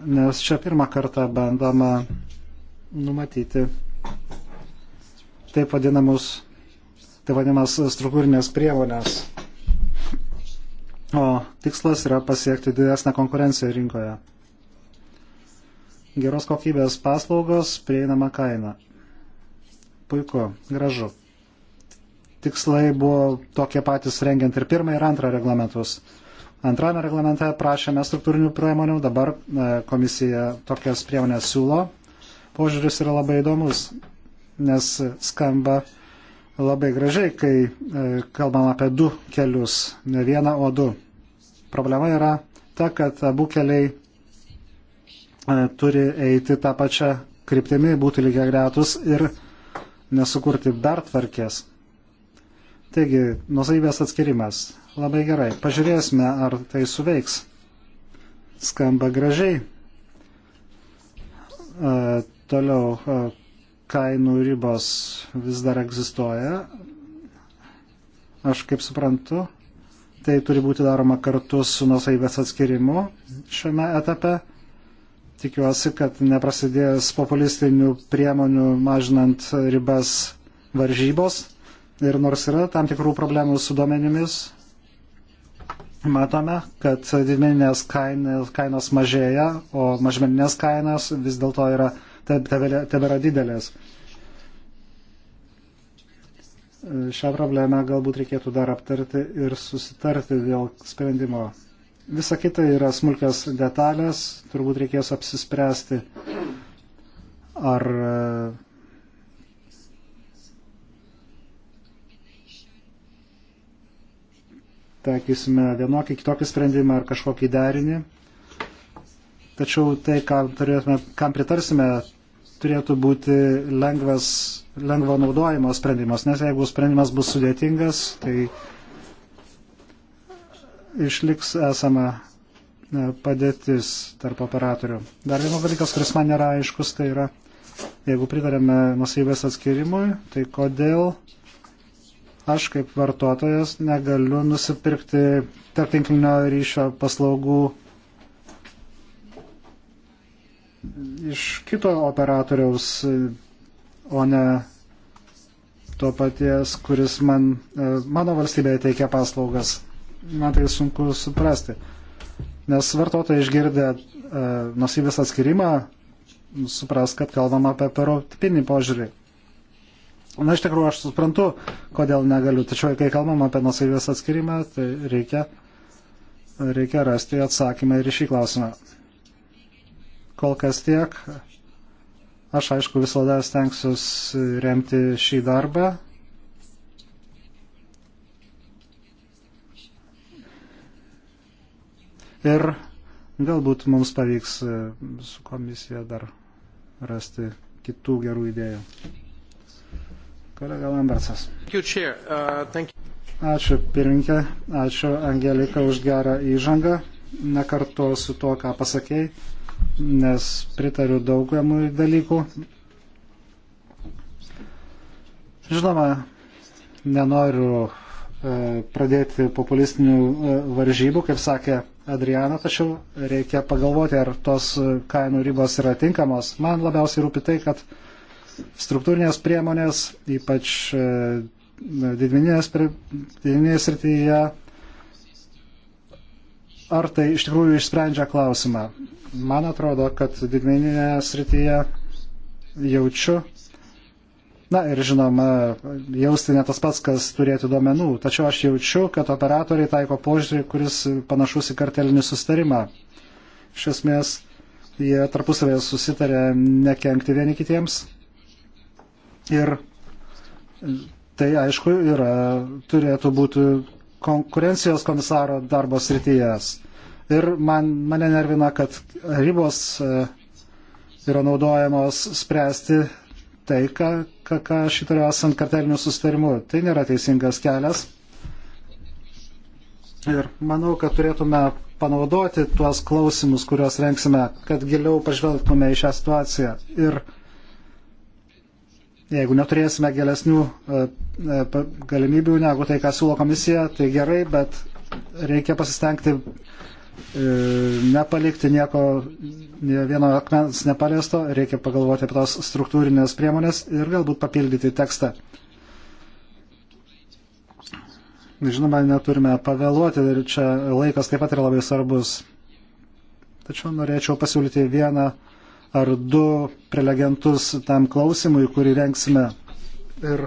nes čia pirmą kartą bandoma numatyti taip vadinamus, taip vadinamas struktūrinės priemonės. O tikslas yra pasiekti didesnę konkurenciją rinkoje. Geros kokybės paslaugos, prieinama kaina. Puiku, gražu. Tikslai buvo tokie patys rengiant ir pirmą, ir antrą reglamentus. Antrame reglamente prašėme struktūrinių priemonių, dabar e, komisija tokias priemonės siūlo. Požiūris yra labai įdomus, nes skamba labai gražiai, kai e, kalbam apie du kelius, ne vieną, o du. Problema yra ta, kad abu keliai e, turi eiti tą pačią kryptimį, būti lygiai gretus ir nesukurti dar tvarkės. Taigi, nusaivės atskirimas. Labai gerai. Pažiūrėsime, ar tai suveiks. Skamba gražiai. E, toliau e, kainų ribos vis dar egzistuoja. Aš kaip suprantu, tai turi būti daroma kartu su nusaivės atskirimu šiame etape. Tikiuosi, kad neprasidės populistinių priemonių mažinant ribas varžybos. Ir nors yra tam tikrų problemų su duomenimis, matome, kad didmeninės kainos, kainos mažėja, o mažmeninės kainos vis dėlto yra tebėra didelės. Šią problemą galbūt reikėtų dar aptarti ir susitarti dėl sprendimo. Visa kita yra smulkios detalės, turbūt reikės apsispręsti, ar taikysime vienokį kitokį sprendimą ar kažkokį derinį. Tačiau tai, kam pritarsime, turėtų būti lengvas, lengvo naudojimo sprendimas, nes jeigu sprendimas bus sudėtingas, tai išliks esama e, padėtis tarp operatorių. Dar vienas dalykas, kuris man nėra aiškus, tai yra, jeigu pritarėme nusavybės atskirimui, tai kodėl Aš kaip vartotojas negaliu nusipirkti tarptinklinio ryšio paslaugų iš kito operatoriaus, o ne to paties, kuris man, e, mano valstybėje teikia paslaugas. Man tai sunku suprasti. Nes vartotojai išgirdę e, nusivės atskirimą, supras, kad kalbama apie perotipinį požiūrį. Na, iš tikrųjų, aš suprantu, kodėl negaliu, tačiau kai kalbam apie nusavybės atskirimą, tai reikia, reikia rasti atsakymą ir į šį klausimą. Kol kas tiek. Aš, aišku, visada stengsiuos remti šį darbą. Ir galbūt mums pavyks su komisija dar rasti kitų gerų idėjų. Kolega Lambertsas. Uh, ačiū pirminkė, ačiū Angelika už gerą įžangą. Nekartosiu to, ką pasakėjai, nes pritariu daugiamų dalykų. Žinoma, nenoriu e, pradėti populistinių e, varžybų, kaip sakė Adriana, tačiau reikia pagalvoti, ar tos e, kainų ribos yra tinkamos. Man labiausiai rūpi tai, kad Struktūrinės priemonės, ypač e, didmeninėje srityje, ar tai iš tikrųjų išsprendžia klausimą. Man atrodo, kad didmeninėje srityje jaučiu. Na ir žinoma, jausti ne tas pats, kas turėti duomenų, tačiau aš jaučiu, kad operatoriai taiko požiūrį, kuris panašus į kartelinį sustarimą. Iš esmės, jie tarpusavėje susitarė nekenkti vieni kitiems Ir tai, aišku, yra, turėtų būti konkurencijos komisaro darbo srityjas. Ir man, mane nervina, kad ribos e, yra naudojamos spręsti tai, ką, ką, ką aš įtariu esant karteliniu sustarimu. Tai nėra teisingas kelias. Ir manau, kad turėtume panaudoti tuos klausimus, kuriuos renksime, kad giliau pažvelgtume į šią situaciją. Ir Jeigu neturėsime gėlesnių e, e, galimybių negu tai, ką siūlo komisija, tai gerai, bet reikia pasistengti e, nepalikti nieko, ne vieno akmens nepaliesto, reikia pagalvoti apie tos struktūrinės priemonės ir galbūt papildyti tekstą. Žinoma, neturime pavėluoti ir čia laikas taip pat yra labai svarbus. Tačiau norėčiau pasiūlyti vieną ar du prelegentus tam klausimui, kurį renksime ir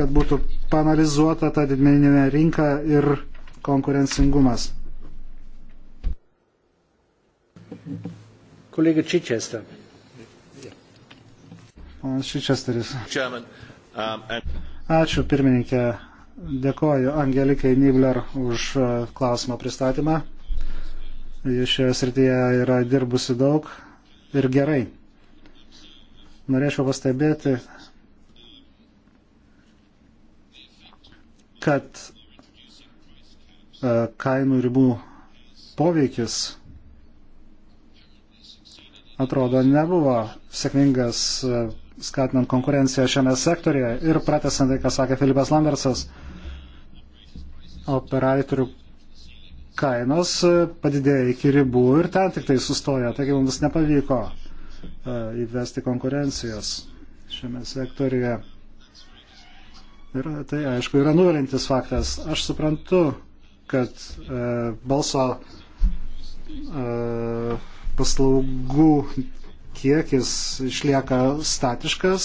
kad būtų panalizuota ta didmeninė rinka ir konkurencingumas. Kolega Čičester. Ponas Čičesteris. Um, Ačiū pirmininkė. Dėkoju Angelikai Nibler už uh, klausimą pristatymą. Jis šioje srityje yra dirbusi daug ir gerai. Norėčiau pastebėti, kad e, kainų ribų poveikis atrodo nebuvo sėkmingas e, skatinant konkurenciją šiame sektorėje ir pratesant tai, ką sakė Filipas Lambersas, operatorių kainos padidėja iki ribų ir ten tik tai sustoja. Taigi mums nepavyko e, įvesti konkurencijos šiame sektoriuje. Ir tai aišku yra nuvilintis faktas. Aš suprantu, kad e, balso e, paslaugų kiekis išlieka statiškas.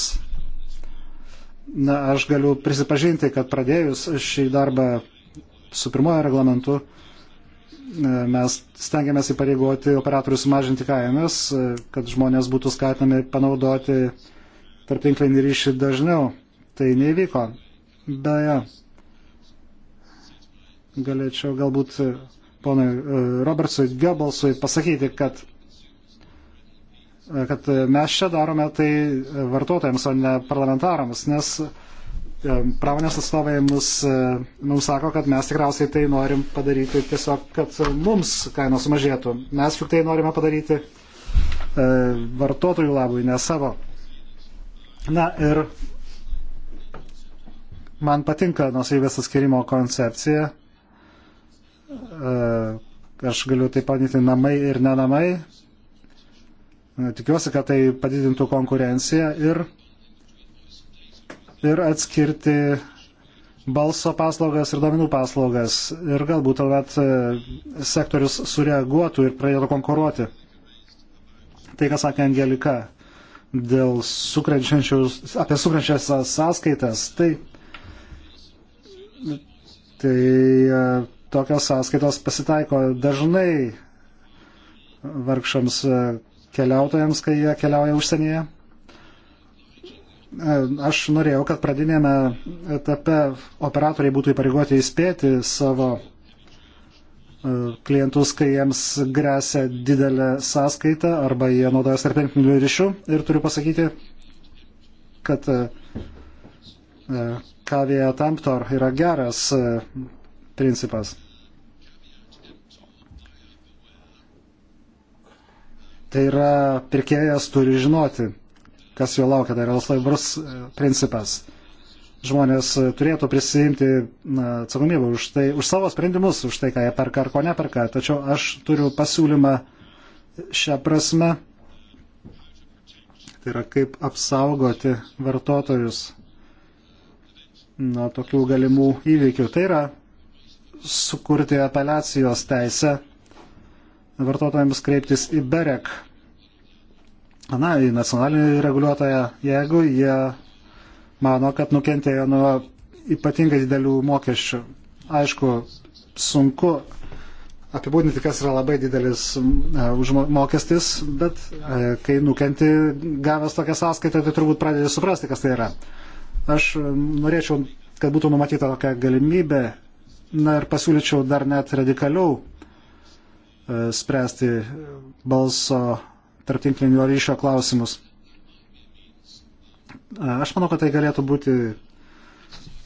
Na, aš galiu prisipažinti, kad pradėjus šį darbą su pirmojo reglamentu, e, mes stengiamės įpareigoti operatorius sumažinti kainas, kad žmonės būtų skatinami panaudoti tarptinklinį ryšį dažniau. Tai neįvyko. Beje, galėčiau galbūt ponui e, Robertsui Goebbelsui pasakyti, kad, e, kad mes čia darome tai vartotojams, o ne parlamentarams, nes pramonės atstovai mus, e, mums sako, kad mes tikriausiai tai norim padaryti tiesiog, kad e, mums kainos sumažėtų. Mes juk tai norime padaryti e, vartotojų labui, ne savo. Na ir man patinka nusavybės atskirimo koncepcija. Aš galiu tai padinti namai ir nenamai. Tikiuosi, kad tai padidintų konkurenciją ir ir atskirti balso paslaugas ir domenų paslaugas. Ir galbūt tuomet e, sektorius sureaguotų ir pradėtų konkuruoti. Tai, ką sakė Angelika dėl apie sukrečiančias sąskaitas, tai, tai e, tokios sąskaitos pasitaiko dažnai vargšams e, keliautojams, kai jie keliauja užsienyje. E, aš norėjau, kad pradinėme etape operatoriai būtų įpareigoti įspėti savo e, klientus, kai jiems grėsia didelė sąskaita arba jie naudojas tarp tinklinių ryšių. Ir turiu pasakyti, kad e, kavėje tamptor yra geras principas. Tai yra pirkėjas turi žinoti kas jo laukia, tai yra svarbus e, principas. Žmonės e, turėtų prisijimti atsakomybę už, tai, už savo sprendimus, už tai, ką jie perka ar ko neperka. Tačiau aš turiu pasiūlymą šią prasme. Tai yra kaip apsaugoti vartotojus nuo tokių galimų įvykių. Tai yra sukurti apeliacijos teisę vartotojams kreiptis į BEREK na, į nacionalinį reguliuotoją, jeigu jie mano, kad nukentėjo nuo ypatingai didelių mokesčių. Aišku, sunku apibūdinti, kas yra labai didelis e, užmokestis, bet e, kai nukenti gavęs tokią sąskaitą, tai turbūt pradedi suprasti, kas tai yra. Aš e, norėčiau, kad būtų numatyta tokia galimybė, na ir pasiūlyčiau dar net radikaliau spręsti balso tarptinklinio ryšio klausimus. Aš manau, kad tai galėtų būti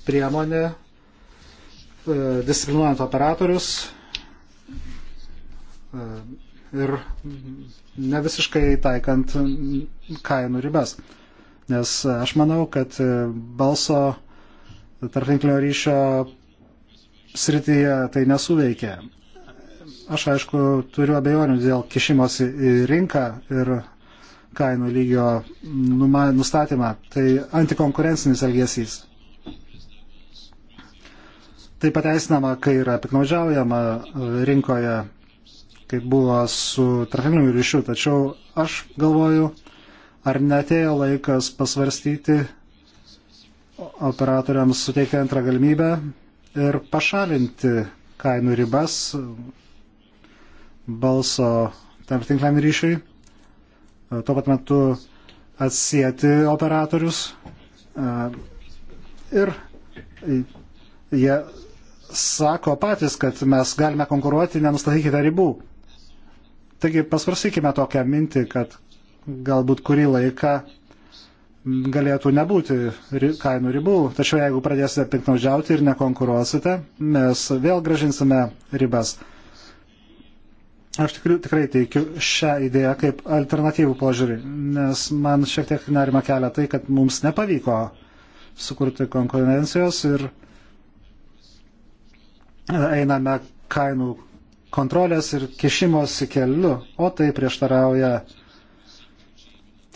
priemonė e, disciplinuojant operatorius e, ir ne visiškai taikant kainų ribas. Nes aš manau, kad balso tarptinklinio ryšio srityje tai nesuveikia. Aš aišku turiu abejonių dėl kišimosi į rinką ir kainų lygio nustatymą. Tai antikonkurencinis elgesys. Tai pateisinama, kai yra piknaudžiaujama e, rinkoje, kaip buvo su trafiniu ryšiu. Tačiau aš galvoju, ar netėjo laikas pasvarstyti operatoriams suteikti antrą galimybę ir pašalinti kainų ribas, balso tam tinkliam ryšiui, e, tuo pat metu atsijėti operatorius e, ir jie sako patys, kad mes galime konkuruoti, nenustatykite ribų. Taigi pasvarsykime tokią mintį, kad galbūt kurį laiką galėtų nebūti kainų ribų, tačiau jeigu pradėsite piknaudžiauti ir nekonkuruosite, mes vėl gražinsime ribas. Aš tikrai, tikrai teikiu šią idėją kaip alternatyvų požiūrį, nes man šiek tiek nerima kelia tai, kad mums nepavyko sukurti konkurencijos ir einame kainų kontrolės ir kišimosi keliu, o tai prieštarauja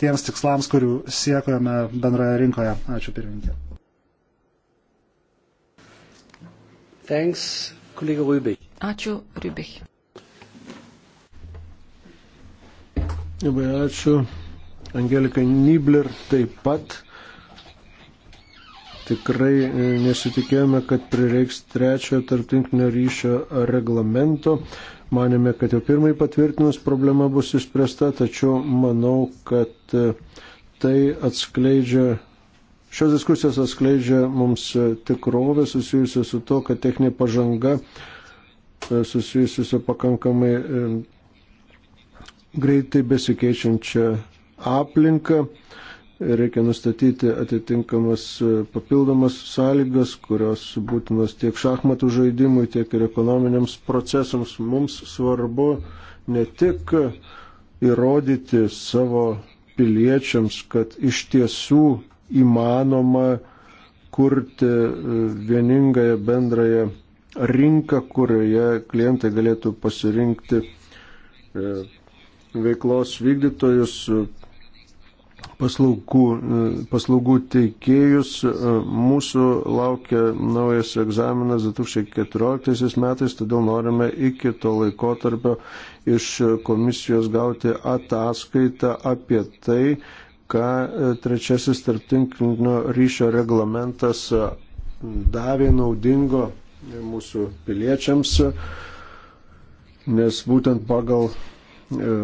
tiems tikslams, kurių siekojame bendroje rinkoje. Ačiū pirmininkė. Thanks, kolega Rubik. Ačiū, Rubik. Labai ačiū. Angelika Nibler taip pat. Tikrai e, nesitikėjome, kad prireiks trečiojo tarptinklinio ryšio reglamento. Manėme, kad jau pirmai patvirtinus problema bus išspręsta, tačiau manau, kad e, tai atskleidžia, šios diskusijos atskleidžia mums e, tikrovę susijusią su to, kad techninė pažanga susijusi su pakankamai greitai besikeičiančią aplinką. Reikia nustatyti atitinkamas e, papildomas sąlygas, kurios būtinos tiek šachmatų žaidimui, tiek ir ekonominiams procesams. Mums svarbu ne tik įrodyti savo piliečiams, kad iš tiesų įmanoma kurti e, vieningąją bendrąją rinką, kurioje klientai galėtų pasirinkti e, veiklos vykdytojus, paslaugų, paslaugų teikėjus. Mūsų laukia naujas egzaminas 2014 metais, todėl norime iki to laikotarpio iš komisijos gauti ataskaitą apie tai, ką trečiasis tarptinklinio ryšio reglamentas davė naudingo mūsų piliečiams, nes būtent pagal e,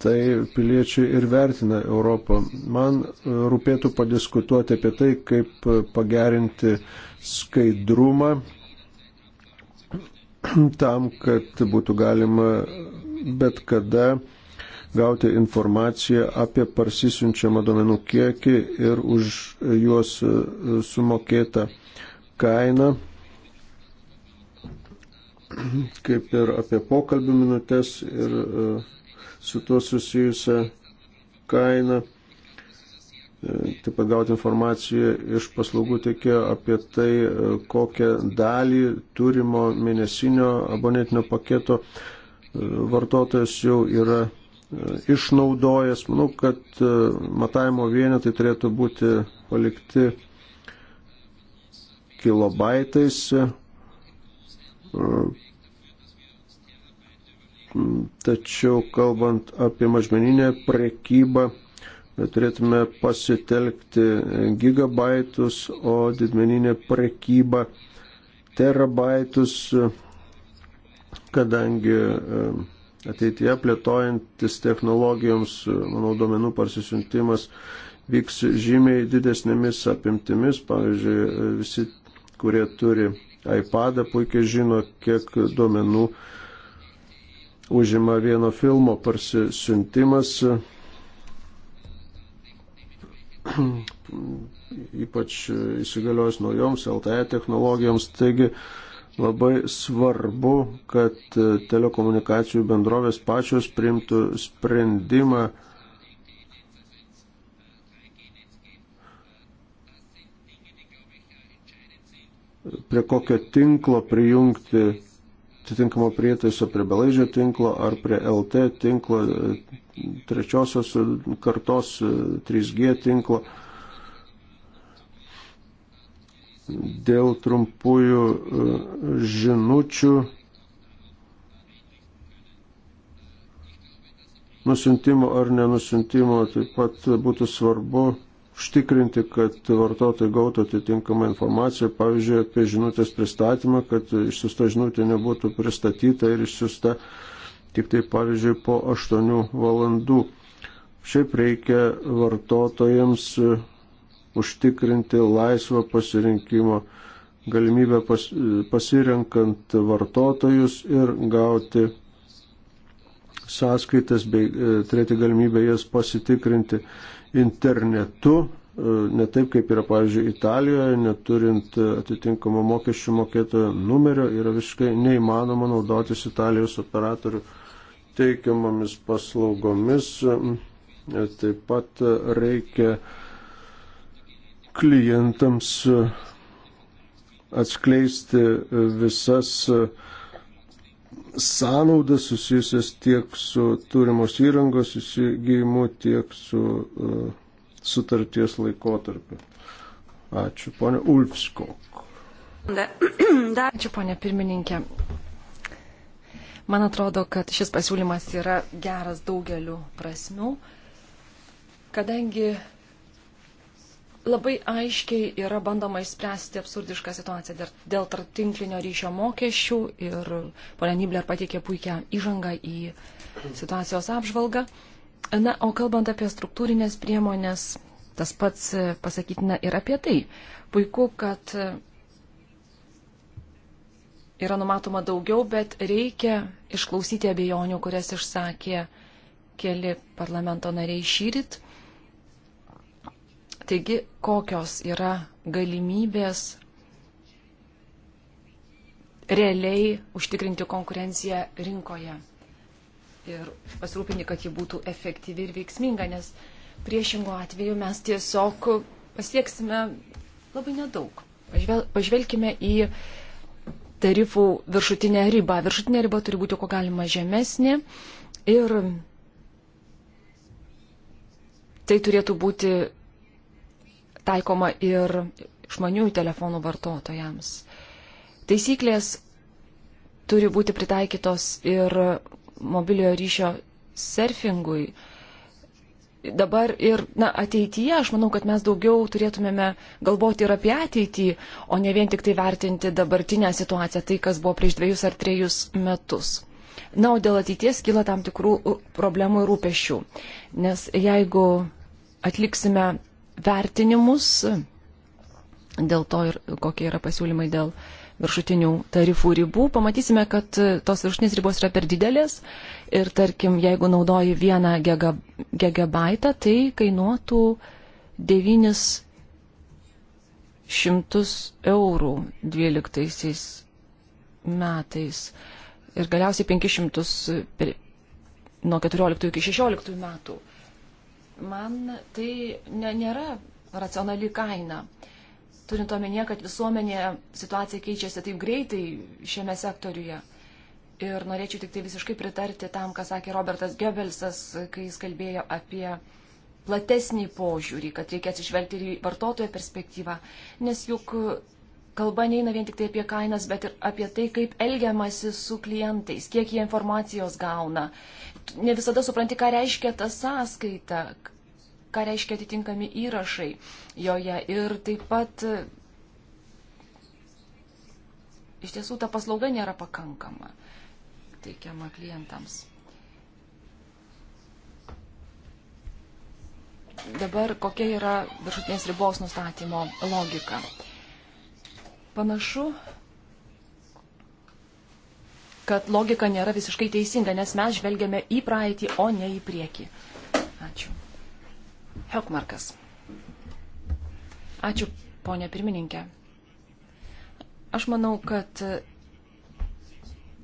tai piliečiai ir vertina Europą. Man e, rūpėtų padiskutuoti apie tai, kaip e, pagerinti skaidrumą tam, kad būtų galima bet kada gauti informaciją apie parsisiunčiamą domenų kiekį ir už juos e, sumokėtą kainą, kaip ir apie pokalbių minutės ir uh, su tuo susijusią kainą. E, taip pat gauti informaciją iš paslaugų tiekėjo apie tai, e, kokią dalį turimo mėnesinio abonetinio paketo e, vartotojas jau yra išnaudojęs. Manau, kad matavimo vienetai turėtų būti palikti kilobaitais tačiau kalbant apie mažmeninę prekybą, turėtume pasitelkti gigabaitus, o didmeninė prekyba terabaitus, kadangi e, ateityje plėtojantis technologijoms, e, manau, duomenų parsisiuntimas vyks žymiai didesnėmis apimtimis, pavyzdžiui, e, visi, kurie turi iPadą, puikiai žino, kiek duomenų užima vieno filmo parsisiuntimas, ypač įsigaliojus naujoms LTE technologijoms. Taigi labai svarbu, kad telekomunikacijų bendrovės pačios priimtų sprendimą prie kokio tinklo prijungti atitinkamo prietaiso prie belaidžio tinklo ar prie LT tinklo, e, trečiosios e, kartos 3G e, tinklo. Dėl trumpųjų žinučių nusintimo ar nenusintimo taip pat būtų svarbu užtikrinti, kad vartotojai gautų atitinkamą informaciją, pavyzdžiui, apie žinutės pristatymą, kad išsiusta žinutė nebūtų pristatyta ir išsiusta tik tai, pavyzdžiui, po 8 valandų. Šiaip reikia vartotojams e, užtikrinti laisvą pasirinkimo galimybę pas, e, pasirinkant vartotojus ir gauti sąskaitas bei e, turėti galimybę jas pasitikrinti internetu, e, ne taip kaip yra, pavyzdžiui, Italijoje, neturint atitinkamo mokesčių mokėtojo numerio, yra visiškai neįmanoma naudotis Italijos operatorių teikiamomis paslaugomis. E, taip pat reikia klientams atskleisti visas uh, sąnaudas susijusias tiek su turimos įrangos įsigijimu, tiek su uh, sutarties laikotarpiu. Ačiū, ponė Ulfskok. Ačiū, ponė pirmininkė. Man atrodo, kad šis pasiūlymas yra geras daugeliu prasmių, kadangi labai aiškiai yra bandoma išspręsti absurdišką situaciją dėl tartinklinio ryšio mokesčių ir ponia Nibler pateikė puikią įžangą į situacijos apžvalgą. Na, o kalbant apie struktūrinės priemonės, tas pats pasakytina ir apie tai. Puiku, kad yra numatoma daugiau, bet reikia išklausyti abejonių, kurias išsakė keli parlamento nariai šyrit. Taigi, kokios yra galimybės realiai užtikrinti konkurenciją rinkoje ir pasirūpinti, kad ji būtų efektyvi ir veiksminga, nes priešingo atveju mes tiesiog pasieksime labai nedaug. Pažvel, pažvelkime į tarifų viršutinę ribą. Viršutinė riba turi būti kuo galima žemesnė ir tai turėtų būti taikoma ir išmaniųjų telefonų vartotojams. Taisyklės turi būti pritaikytos ir mobiliojo ryšio surfingui. Dabar ir na, ateityje aš manau, kad mes daugiau turėtumėme galvoti ir apie ateitį, o ne vien tik tai vertinti dabartinę situaciją, tai kas buvo prieš dviejus ar trejus metus. Na, o dėl ateities kyla tam tikrų problemų ir rūpešių. Nes jeigu atliksime vertinimus, dėl to ir kokie yra pasiūlymai dėl viršutinių tarifų ribų, pamatysime, kad tos viršutinės ribos yra per didelės ir tarkim, jeigu naudoji vieną giga, gigabaitą, tai kainuotų 900 eurų 12 metais ir galiausiai 500 per, nuo 14 iki 16 metų. Man tai ne, nėra racionali kaina. Turint omenyje, kad visuomenėje situacija keičiasi taip greitai šiame sektoriuje. Ir norėčiau tik tai visiškai pritarti tam, ką sakė Robertas Gebelsas, kai jis kalbėjo apie platesnį požiūrį, kad reikia atsižvelgti ir į vartotojo perspektyvą. Nes juk kalba neina vien tik tai apie kainas, bet ir apie tai, kaip elgiamasi su klientais, kiek jie informacijos gauna, ne visada supranti, ką reiškia ta sąskaita, ką reiškia atitinkami įrašai joje. Ir taip pat iš tiesų ta paslauga nėra pakankama teikiama klientams. Dabar kokia yra viršutinės ribos nustatymo logika? Panašu, kad logika nėra visiškai teisinga, nes mes žvelgiame į praeitį, o ne į priekį. Ačiū. Helkmarkas. Ačiū, ponė pirmininkė. Aš manau, kad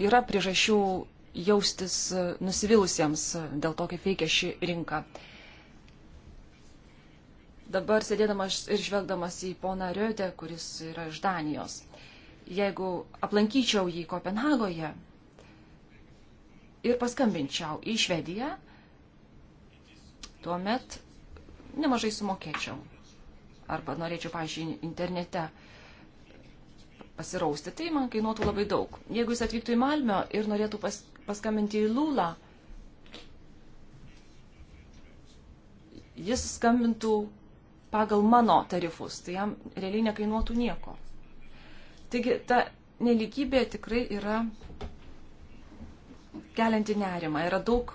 yra priežasčių jaustis nusivylusiems dėl to, kaip veikia ši rinka. Dabar sėdėdamas ir žvelgdamas į poną Riotę, kuris yra iš Danijos, jeigu aplankyčiau jį Kopenhagoje, ir paskambinčiau į Švediją, tuomet nemažai sumokėčiau. Arba norėčiau, pažiūrėjau, internete pasirausti, tai man kainuotų labai daug. Jeigu jis atvyktų į Malmio ir norėtų pas, paskambinti į Lūlą, jis skambintų pagal mano tarifus, tai jam realiai nekainuotų nieko. Taigi ta neligybė tikrai yra kelianti nerimą. Yra daug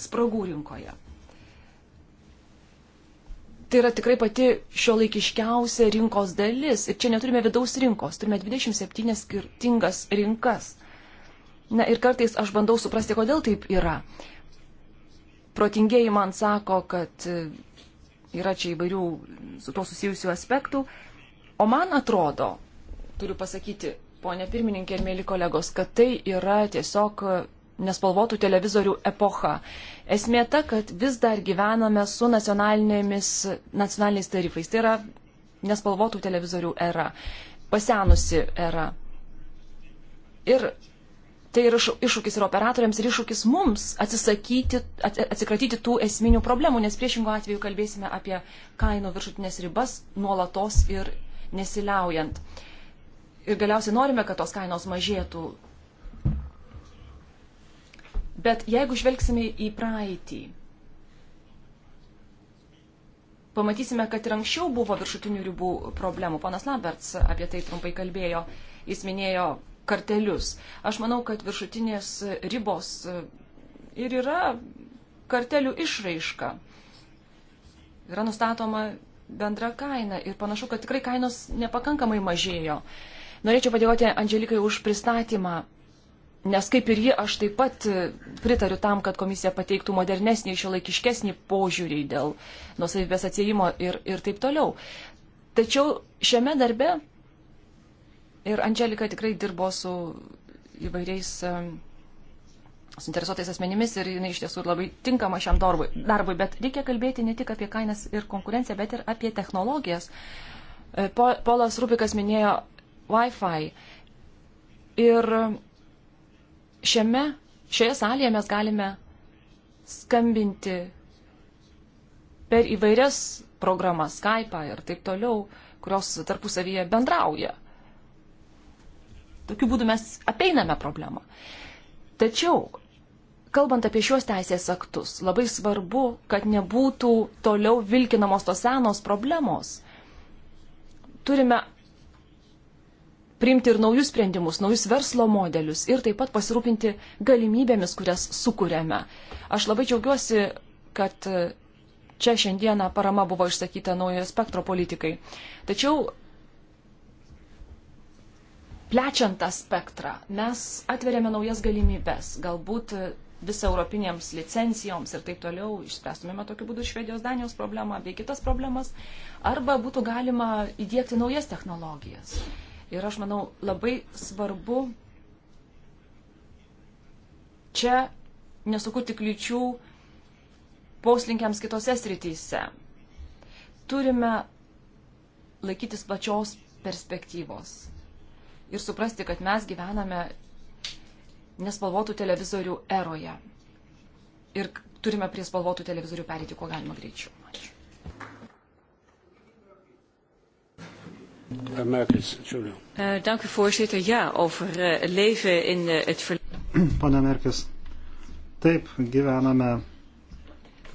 spragų rinkoje. Tai yra tikrai pati šio laikiškiausia rinkos dalis. Ir čia neturime vidaus rinkos, turime 27 skirtingas rinkas. Na ir kartais aš bandau suprasti, kodėl taip yra. Protingieji man sako, kad e, yra čia įvairių su to susijusių aspektų. O man atrodo, turiu pasakyti, ponė pirmininkė ir mėly kolegos, kad tai yra tiesiog nespalvotų televizorių epocha. Esmė ta, kad vis dar gyvename su nacionaliniais tarifais. Tai yra nespalvotų televizorių era, pasenusi era. Ir tai yra iššūkis ir operatoriams, ir iššūkis mums atsisakyti, atsikratyti tų esminių problemų, nes priešingų atveju kalbėsime apie kainų viršutinės ribas nuolatos ir nesiliaujant. Uh, ir galiausiai norime, kad tos kainos mažėtų. Bet jeigu žvelgsime į praeitį, pamatysime, kad ir anksčiau buvo viršutinių ribų problemų. Ponas Lamberts apie tai trumpai kalbėjo. Jis minėjo kartelius. Aš manau, kad viršutinės ribos ir yra kartelių išraiška. Yra nustatoma bendra kaina ir panašu, kad tikrai kainos nepakankamai mažėjo. Uh, Norėčiau padėkoti Andželikai už pristatymą, nes kaip ir ji, aš taip pat e, pritariu tam, kad komisija pateiktų modernesnį, šiolaikiškesnį požiūrį dėl nusavybės atsijimo ir, ir taip toliau. Tačiau šiame darbe ir Andželika tikrai dirbo su įvairiais e, suinteresuotais asmenimis ir jinai iš tiesų labai tinkama šiam darbui, darbui. Bet reikia kalbėti ne tik apie kainas ir konkurenciją, bet ir apie technologijas. E, Polas Rubikas minėjo Wi-Fi. Ir šiame, šioje salėje mes galime skambinti per įvairias programas, Skype ir taip toliau, kurios tarpusavyje bendrauja. Tokiu būdu mes apeiname problemą. Tačiau, kalbant apie šios teisės aktus, labai svarbu, kad nebūtų toliau vilkinamos tos senos problemos. Turime priimti ir naujus sprendimus, naujus verslo modelius ir taip pat pasirūpinti galimybėmis, kurias sukūrėme. Aš labai džiaugiuosi, kad e, čia šiandieną parama buvo išsakyta naujo spektro politikai. Tačiau plečiant tą spektrą mes atveriame naujas galimybės. Galbūt e, visą europinėms licencijoms ir taip toliau išspręstumėme tokiu būdu Švedijos Danijos problemą bei kitas problemas. Arba būtų galima įdėkti naujas technologijas. Ir aš manau, labai svarbu čia nesukurti kliučių poslinkiams kitose srityse. Turime laikytis plačios perspektyvos ir suprasti, kad mes gyvename nespalvotų televizorių eroje. Ir turime prie spalvotų televizorių perėti kuo galima greičiau. Eh, dank u voorzitter. Ja, over eh, leven in eh, het verleden. Pane Merkis, taip gyvename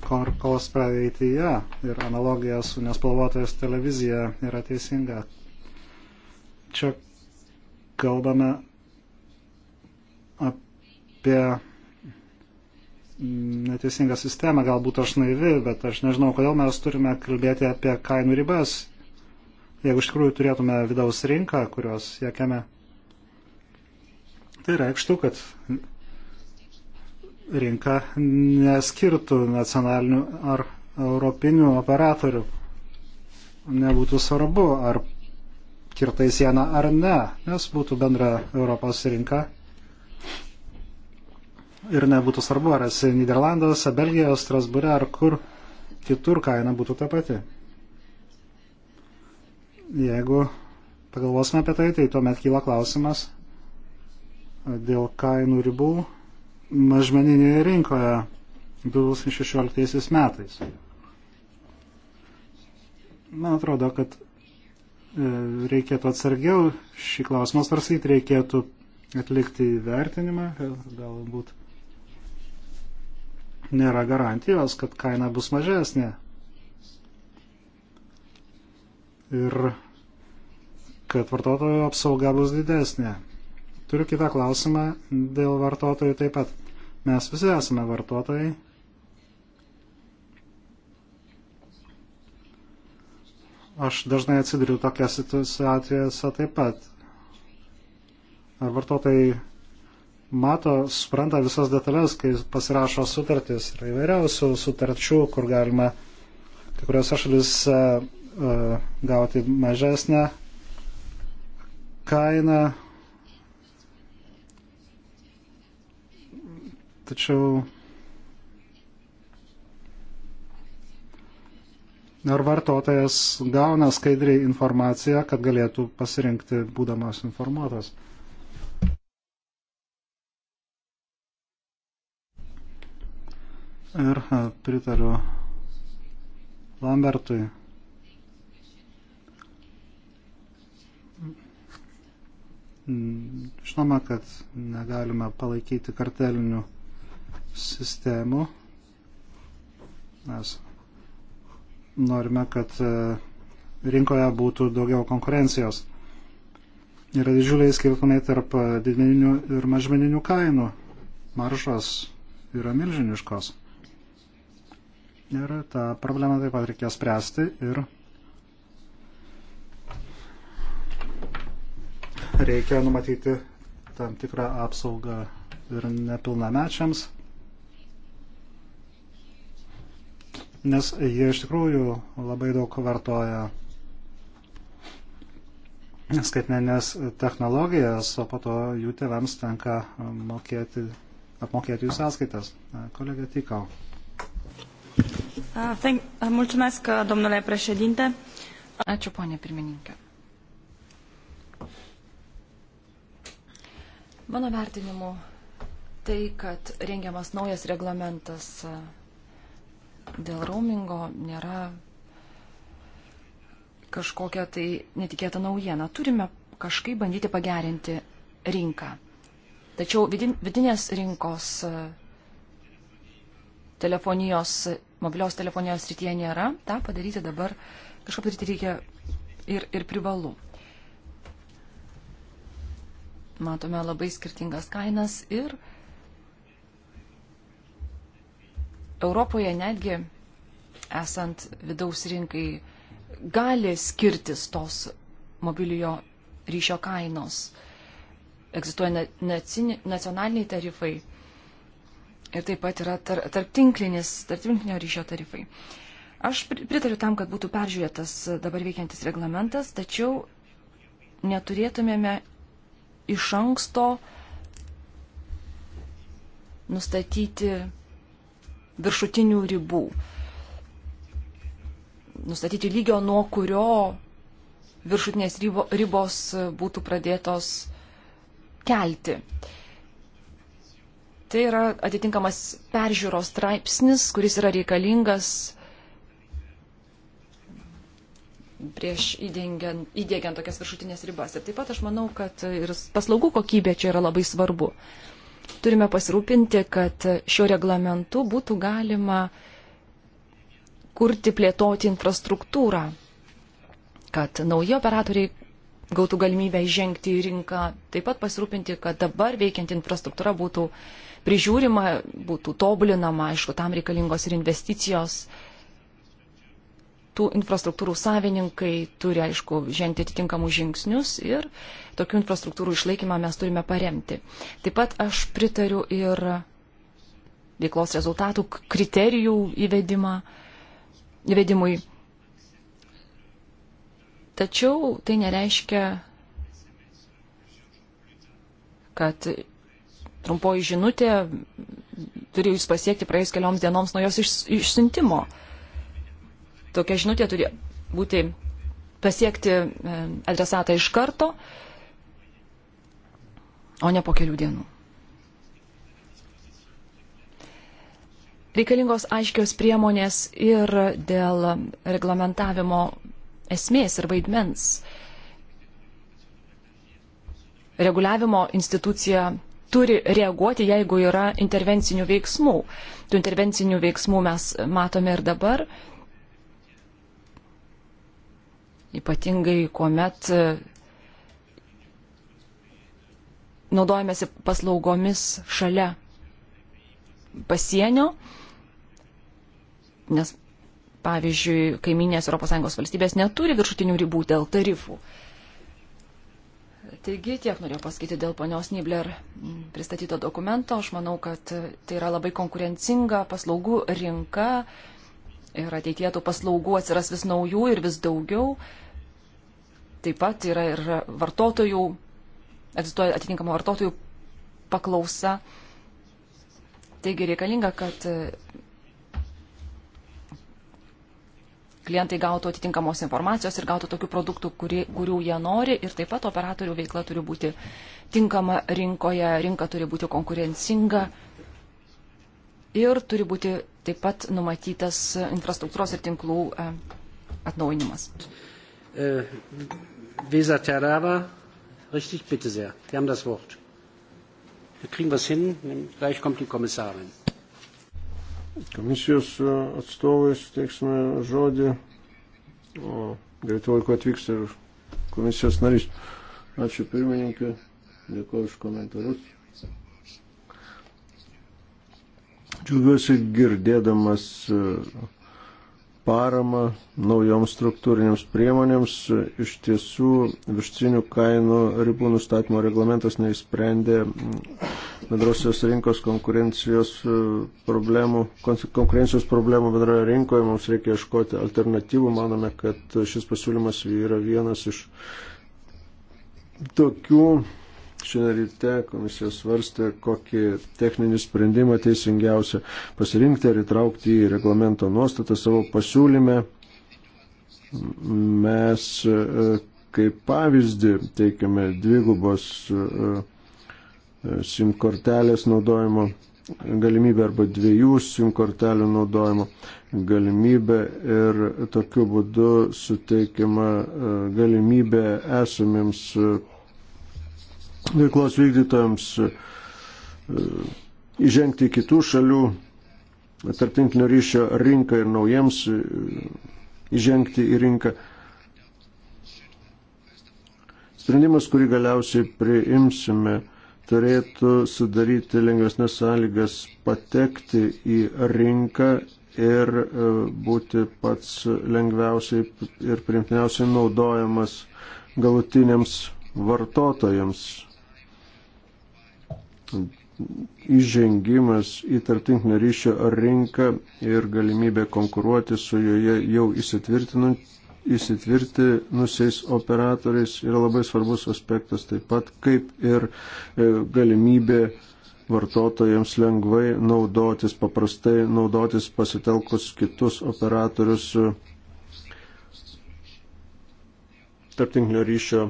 korkos praeityje ir analogija su nespalvotojas televizija yra teisinga. Čia kalbame apie neteisingą sistemą, galbūt aš naivi, bet aš nežinau, kodėl mes turime kalbėti apie kainų ribas Jeigu iš tikrųjų turėtume vidaus rinką, kurios siekiame, tai reikštų, kad rinka neskirtų nacionalinių ar europinių operatorių. Nebūtų svarbu, ar kirtai sieną ar ne, nes būtų bendra Europos rinka. Ir nebūtų svarbu, ar esi Niderlanduose, Belgijoje, Strasbūre ar kur kitur kaina būtų ta pati. Jeigu pagalvosime apie tai, tai tuomet kyla klausimas dėl kainų ribų mažmeninėje rinkoje 2016 metais. Man atrodo, kad e, reikėtų atsargiau šį klausimą svarsyti, reikėtų atlikti įvertinimą, galbūt nėra garantijos, kad kaina bus mažesnė ir kad vartotojų apsauga bus didesnė. Turiu kitą klausimą dėl vartotojų taip pat. Mes visi esame vartotojai. Aš dažnai atsiduriu tokias situacijas taip pat. Ar vartotojai mato, supranta visas detalės, kai pasirašo sutartis. Yra įvairiausių sutarčių, kur galima kai kuriuose šalis E, gauti mažesnę kainą. Tačiau ar vartotojas gauna skaidriai informaciją, kad galėtų pasirinkti būdamas informuotas. Ir e, pritariu Lambertui. Mm, žinoma, kad negalime palaikyti kartelinių sistemų, nes norime, kad e, rinkoje būtų daugiau konkurencijos. Yra didžiuliai skirtumai tarp didmeninių ir mažmeninių kainų. Maržos yra milžiniškos. Ir tą problemą taip pat reikės spręsti ir reikia numatyti tam tikrą apsaugą ir nepilnamečiams, nes jie iš tikrųjų labai daug vartoja skaitmenės technologijas, o po to jų tėvams tenka mokėti, apmokėti jų sąskaitas. Kolega Tikau. Mulțumesc, domnule președinte. Ačiū, ponė pirmininkė. Mano vertinimu, tai, kad rengiamas naujas reglamentas e, dėl roamingo nėra kažkokia tai netikėta naujiena. Turime kažkaip bandyti pagerinti rinką. Tačiau vidinės rinkos e, telefonijos, mobilios telefonijos rytyje nėra. Ta padaryti dabar kažką padaryti reikia ir, ir privalu matome labai skirtingas kainas ir Europoje netgi esant vidaus rinkai gali skirtis tos mobiliojo ryšio kainos. Egzistuoja nacionaliniai tarifai ir taip pat yra tar, tarptinklinis, tarptinklinio ryšio tarifai. Aš pritariu tam, kad būtų peržiūrėtas dabar veikiantis reglamentas, tačiau neturėtumėme iš anksto nustatyti viršutinių ribų, nustatyti lygio, nuo kurio viršutinės ribos būtų pradėtos kelti. Tai yra atitinkamas peržiūros straipsnis, kuris yra reikalingas prieš įdengiant, įdėgiant tokias viršutinės ribas. Ir taip pat aš manau, kad ir paslaugų kokybė čia yra labai svarbu. Turime pasirūpinti, kad šiuo reglamentu būtų galima kurti, plėtoti infrastruktūrą, kad nauji operatoriai gautų galimybę įžengti į rinką, taip pat pasirūpinti, kad dabar veikianti infrastruktūra būtų prižiūrima, būtų tobulinama, aišku, tam reikalingos ir investicijos, uh, tų infrastruktūrų savininkai turi, aišku, žengti atitinkamus žingsnius ir tokių infrastruktūrų išlaikymą mes turime paremti. Taip pat aš pritariu ir veiklos rezultatų kriterijų įvedimą, įvedimui. Tačiau tai nereiškia, kad trumpoji žinutė turi jūs pasiekti praėjus kelioms dienoms nuo jos išsiuntimo. Iš tokia žinutė turi būti pasiekti e, adresatą iš karto, o ne po kelių dienų. Reikalingos aiškios priemonės ir dėl reglamentavimo esmės ir vaidmens. Reguliavimo institucija turi reaguoti, jeigu yra intervencinių veiksmų. Tų intervencinių veiksmų mes matome ir dabar. Ypatingai, kuomet e, naudojamėsi paslaugomis šalia pasienio, nes, pavyzdžiui, kaiminės ES valstybės neturi viršutinių ribų dėl tarifų. Taigi tiek norėjau pasakyti dėl ponios Nibler pristatyto dokumento. Aš manau, kad tai yra labai konkurencinga paslaugų rinka, ir ateitie tų paslaugų atsiras vis naujų ir vis daugiau. Taip pat yra ir vartotojų, egzistuoja atitinkama vartotojų paklausa. Taigi reikalinga, kad e, klientai gautų atitinkamos informacijos ir gautų tokių produktų, kuri, kurių jie nori ir taip pat operatorių veikla turi būti tinkama rinkoje, rinka turi būti konkurencinga. Mm ir turi būti taip pat numatytas infrastruktūros ir tinklų e, atnaujinimas. E, Vesa Terava, richtig, bitte sehr. Sie haben das Wort. Wir kriegen was hin, gleich kommt die Kommissarin. Komisijos e, atstovais teiksime žodį, o greitų laikų atvyks ir komisijos narys. Ačiū pirmininkai, dėkuoju už komentarus. Džiaugiuosi girdėdamas e, paramą naujoms struktūrinėms priemonėms. Iš tiesų, viršcinių kainų ribų nustatymo reglamentas neįsprendė bendrosios rinkos konkurencijos e, problemų, konkurencijos problemų bendroje rinkoje. Mums reikia ieškoti alternatyvų. Manome, kad šis pasiūlymas yra vienas iš tokių Šiandien ryte komisija svarstė, kokį techninį sprendimą teisingiausia pasirinkti ar įtraukti į reglamento nuostatą savo pasiūlyme. Mes e, kaip pavyzdį teikiame dvigubos e, e, SIM kortelės naudojimo galimybę arba dviejų SIM kortelių naudojimo galimybę ir tokiu būdu suteikiama galimybė esamiems veiklos vykdytojams e, įžengti į kitų šalių tarptinklinio ryšio rinką ir naujiems e, įžengti į rinką. Sprendimas, kurį galiausiai priimsime, turėtų sudaryti lengvesnės sąlygas patekti į rinką ir e, būti pats lengviausiai ir primtiniausiai naudojamas galutiniams vartotojams įžengimas į tarptinklinio ryšio rinką ir galimybė konkuruoti su joje jau įsitvirtinusiais operatoriais yra labai svarbus aspektas taip pat, kaip ir e, galimybė vartotojams lengvai naudotis, paprastai naudotis pasitelkus kitus operatorius e, tarptinklinio ryšio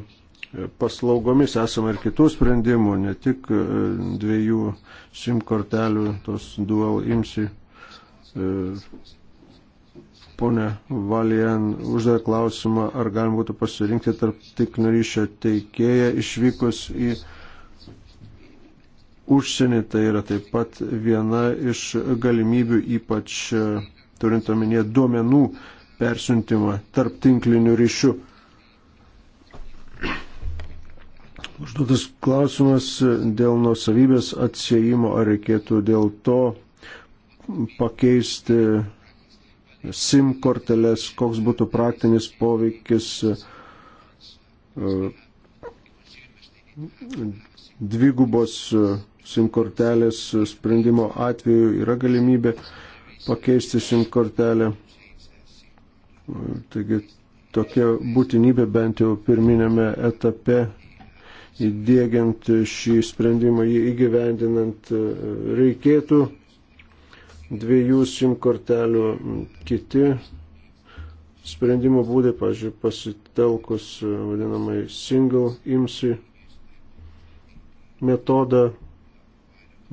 paslaugomis esame ir kitų sprendimų, ne tik e, dviejų SIM kortelių, tos dual imsi. E, Pone Valien uždavė klausimą, ar galima būtų pasirinkti tarp tikno ryšio teikėją išvykus į užsienį. Tai yra taip pat viena iš galimybių, ypač e, turint omenyje duomenų persiuntimą tarp tinklinių ryšių. Užduotas klausimas dėl nusavybės atsiejimo, ar reikėtų dėl to pakeisti SIM korteles, koks būtų praktinis poveikis e, dvigubos e, SIM kortelės sprendimo atveju yra galimybė pakeisti SIM kortelę. Taigi tokia būtinybė bent jau pirminėme etape įdėgiant šį sprendimą, jį įgyvendinant, e, reikėtų dviejų SIM kortelių kiti sprendimo būdai, pažiūrėjau, pasitelkus e, vadinamai single imsi metodą,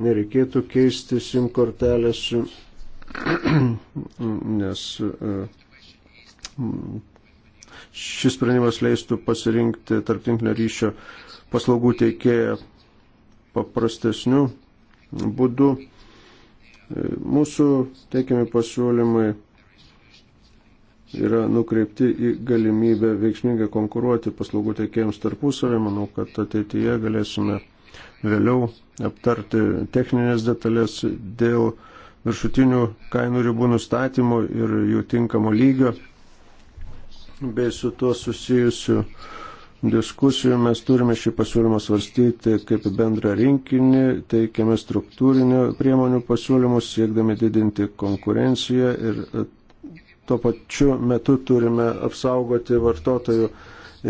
nereikėtų keisti SIM kortelės, nes e, šis sprendimas leistų pasirinkti tarptinklinio ryšio uh, paslaugų teikėją paprastesniu būdu. E, mūsų teikiami pasiūlymai yra nukreipti į galimybę veiksmingai konkuruoti paslaugų teikėjams tarpusavį. Manau, kad ateityje galėsime vėliau aptarti techninės detalės dėl viršutinių kainų ribų nustatymo ir jų tinkamo lygio bei su tuo susijusių diskusijų mes turime šį pasiūlymą svarstyti kaip bendrą rinkinį, teikiame struktūrinio priemonių pasiūlymus, siekdami didinti konkurenciją ir e, tuo pačiu metu turime apsaugoti vartotojų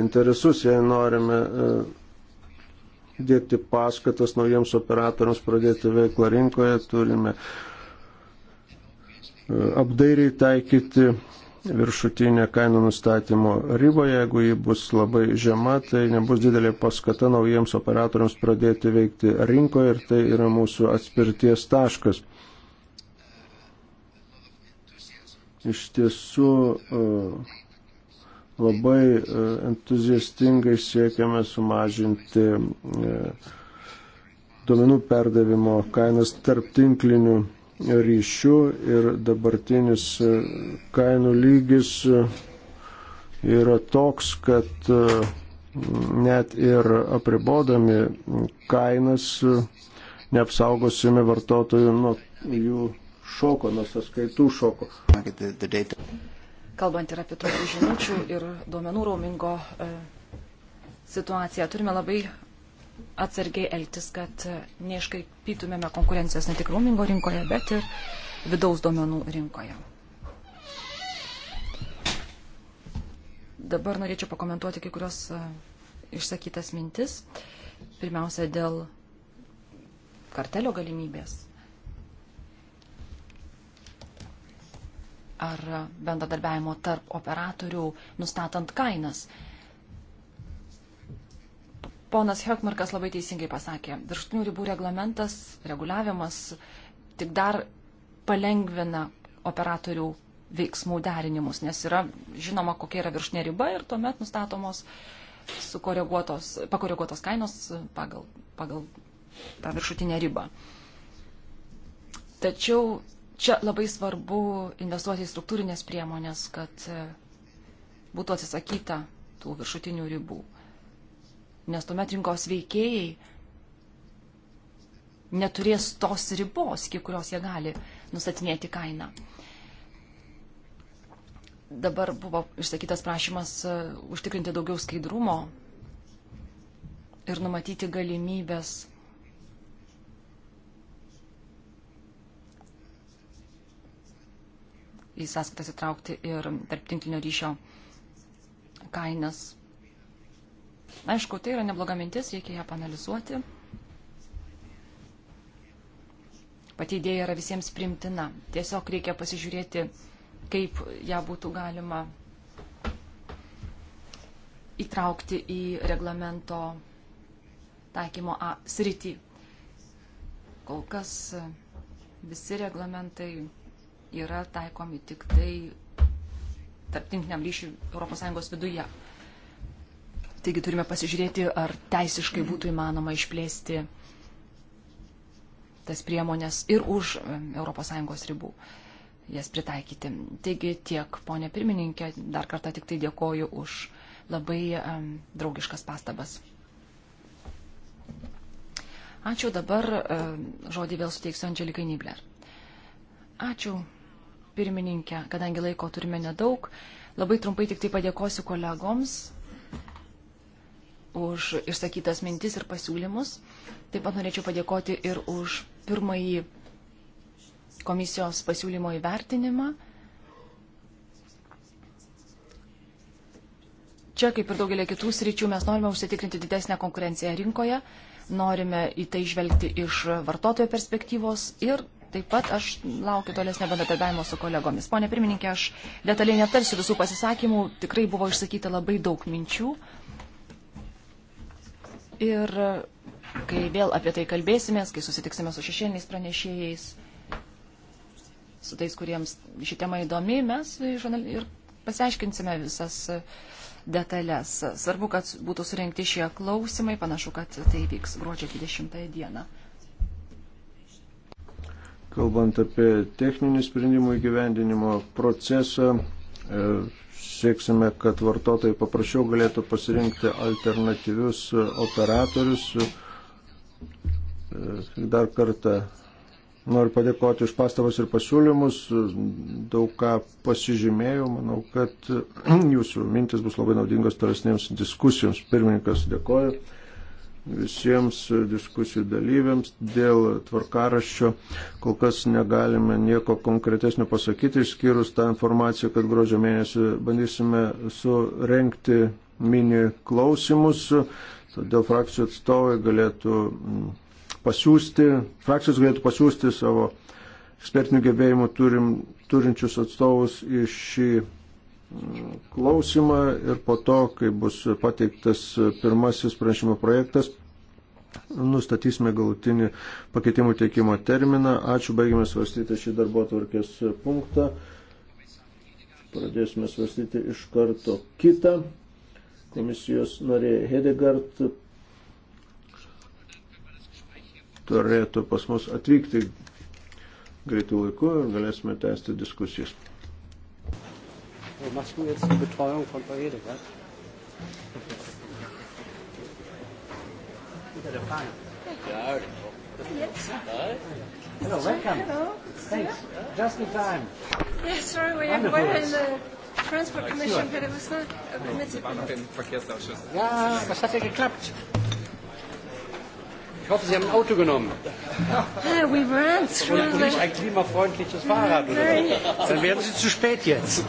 interesus, jei norime e, dėti paskatas naujiems operatoriams pradėti veiklą rinkoje, turime e, apdairiai taikyti viršutinė kainų nustatymo riba, jeigu ji bus labai žema, tai nebus didelė paskata naujiems operatoriams pradėti veikti rinkoje ir tai yra mūsų atspirties taškas. Iš tiesų e, labai e, entuziastingai siekiame sumažinti e, duomenų perdavimo kainas tarp tinklinių ryšių ir dabartinis e, kainų lygis e, yra toks, kad e, net ir apribodami kainas neapsaugosime vartotojų nuo jų šoko, nuo sąskaitų šoko. Kalbant ir apie tokių žinučių ir duomenų roamingo situaciją, turime labai atsargiai elgtis, kad e, neiškaipytumėme konkurencijos ne tik roamingo rinkoje, bet ir vidaus duomenų rinkoje. Dabar norėčiau pakomentuoti kai kurios e, išsakytas mintis. Pirmiausia, dėl kartelio galimybės. Ar bendradarbiavimo tarp operatorių nustatant kainas. Ponas Hekmarkas labai teisingai pasakė, virštinių ribų reglamentas, reguliavimas tik dar palengvina operatorių veiksmų derinimus, nes yra žinoma, kokia yra viršinė riba ir tuomet nustatomos pakoreguotos kainos pagal, pagal tą viršutinę ribą. Tačiau čia labai svarbu investuoti į struktūrinės priemonės, kad būtų atsisakyta tų viršutinių ribų nes tuomet rinkos veikėjai neturės tos ribos, iki kurios jie gali nustatinėti kainą. Dabar buvo išsakytas prašymas e, užtikrinti daugiau skaidrumo ir numatyti galimybės į sąskaitas įtraukti ir tarptinklinio ryšio kainas Aišku, tai yra nebloga mintis, reikia ją panalizuoti. Pati idėja yra visiems primtina. Tiesiog reikia pasižiūrėti, kaip ją būtų galima įtraukti į reglamento taikymo A sritį. Kol kas visi reglamentai yra taikomi tik tai tarptinkliniam ryšiui ES viduje. Taigi turime pasižiūrėti, ar teisiškai būtų įmanoma išplėsti tas priemonės ir už ES ribų jas pritaikyti. Taigi tiek, ponė pirmininkė, dar kartą tik tai dėkoju už labai um, draugiškas pastabas. Ačiū dabar, um, žodį vėl suteiksiu Andželikai Nibler. Ačiū, pirmininkė, kadangi laiko turime nedaug, labai trumpai tik tai padėkosiu kolegoms už išsakytas mintis ir pasiūlymus. Taip pat norėčiau padėkoti ir už pirmąjį komisijos pasiūlymo įvertinimą. Čia, kaip ir daugelį kitų sričių, mes norime užsitikrinti didesnę konkurenciją rinkoje, norime į tai žvelgti iš vartotojo perspektyvos ir taip pat aš laukiu tolesnio bendradarbiavimo su kolegomis. Pone pirmininkė, aš detaliai neaptarsiu visų pasisakymų, tikrai buvo išsakyta labai daug minčių. Ir kai vėl apie tai kalbėsimės, kai susitiksime su šešėliniais pranešėjais, su tais, kuriems ši tema įdomi, mes ir pasiaiškinsime visas detalės. Svarbu, kad būtų surinkti šie klausimai, panašu, kad tai vyks gruodžio 20 dieną. Kalbant apie techninį sprendimų įgyvendinimo procesą, e sieksime, kad vartotojai paprasčiau galėtų pasirinkti alternatyvius operatorius. E, dar kartą noriu padėkoti už pastabas ir pasiūlymus. Daug ką pasižymėjau. Manau, kad jūsų mintis bus labai naudingos tolesnėms diskusijoms. Pirmininkas dėkoju visiems diskusijų dalyviams. Dėl tvarkaraščio kol kas negalime nieko konkretesnio pasakyti, išskyrus tą informaciją, kad gruodžio mėnesį bandysime surenkti mini klausimus. Todėl frakcijų atstovai galėtų mm, pasiūsti, frakcijos galėtų pasiūsti savo ekspertinių gebėjimų turim, turinčius atstovus į šį klausimą ir po to, kai bus pateiktas pirmasis pranešimo projektas, nustatysime galutinį pakeitimų teikimo terminą. Ačiū, baigime svarstyti šį darbo tvarkės punktą. Pradėsime svarstyti iš karto kitą. Komisijos narė Hedegard turėtų pas mus atvykti greitų laikų ir galėsime tęsti diskusijas. Hey, machst du jetzt die Betreuung von Frau Hildegard? Hinter der Fahne. Ja, Yes. Hello, welcome. Hello. Thanks. Yeah. Just in time. Yeah, sorry, we Wonderful. were in the Transport Commission, but it was not a committee. Ja, was hat ja er geklappt? Ich hoffe, Sie haben ein Auto genommen. Yeah, we ran through und, und nicht ein klimafreundliches Fahrrad oder so. Dann wären Sie zu spät jetzt.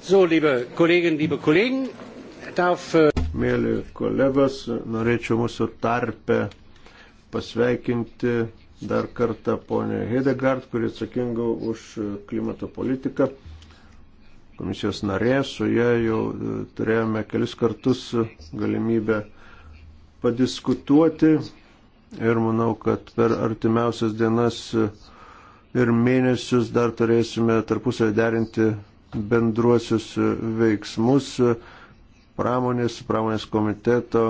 So, liebe Kolleginnen, liebe Kollegen, darf äh, mėly kolegos, norėčiau mūsų tarpę pasveikinti dar kartą ponę Hedegard, kuri atsakinga už klimato politiką. Komisijos narė, su ją jau e, turėjome kelis kartus galimybę padiskutuoti ir manau, kad per artimiausias dienas ir mėnesius dar turėsime tarpusavį derinti bendruosius veiksmus pramonės, pramonės komiteto,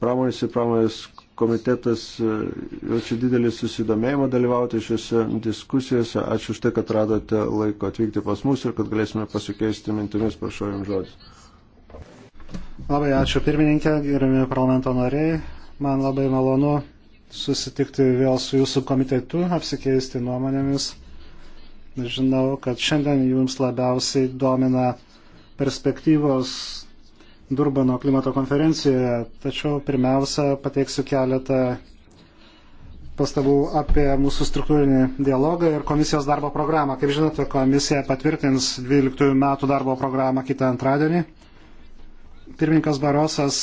pramonės ir pramonės komitetas e, jaučia didelį susidomėjimą dalyvauti šiuose diskusijose. Ačiū už tai, kad radote laiko atvykti pas mus ir kad galėsime pasikeisti mintimis, prašau jums žodžius. Labai ačiū pirmininkė, gerimi parlamento nariai. Man labai malonu susitikti vėl su jūsų komitetu, apsikeisti nuomonėmis. Žinau, kad šiandien jums labiausiai domina perspektyvos Durbano klimato konferencijoje, tačiau pirmiausia pateiksiu keletą pastabų apie mūsų struktūrinį dialogą ir komisijos darbo programą. Kaip žinote, komisija patvirtins 12 metų darbo programą kitą antradienį. Pirmininkas Barosas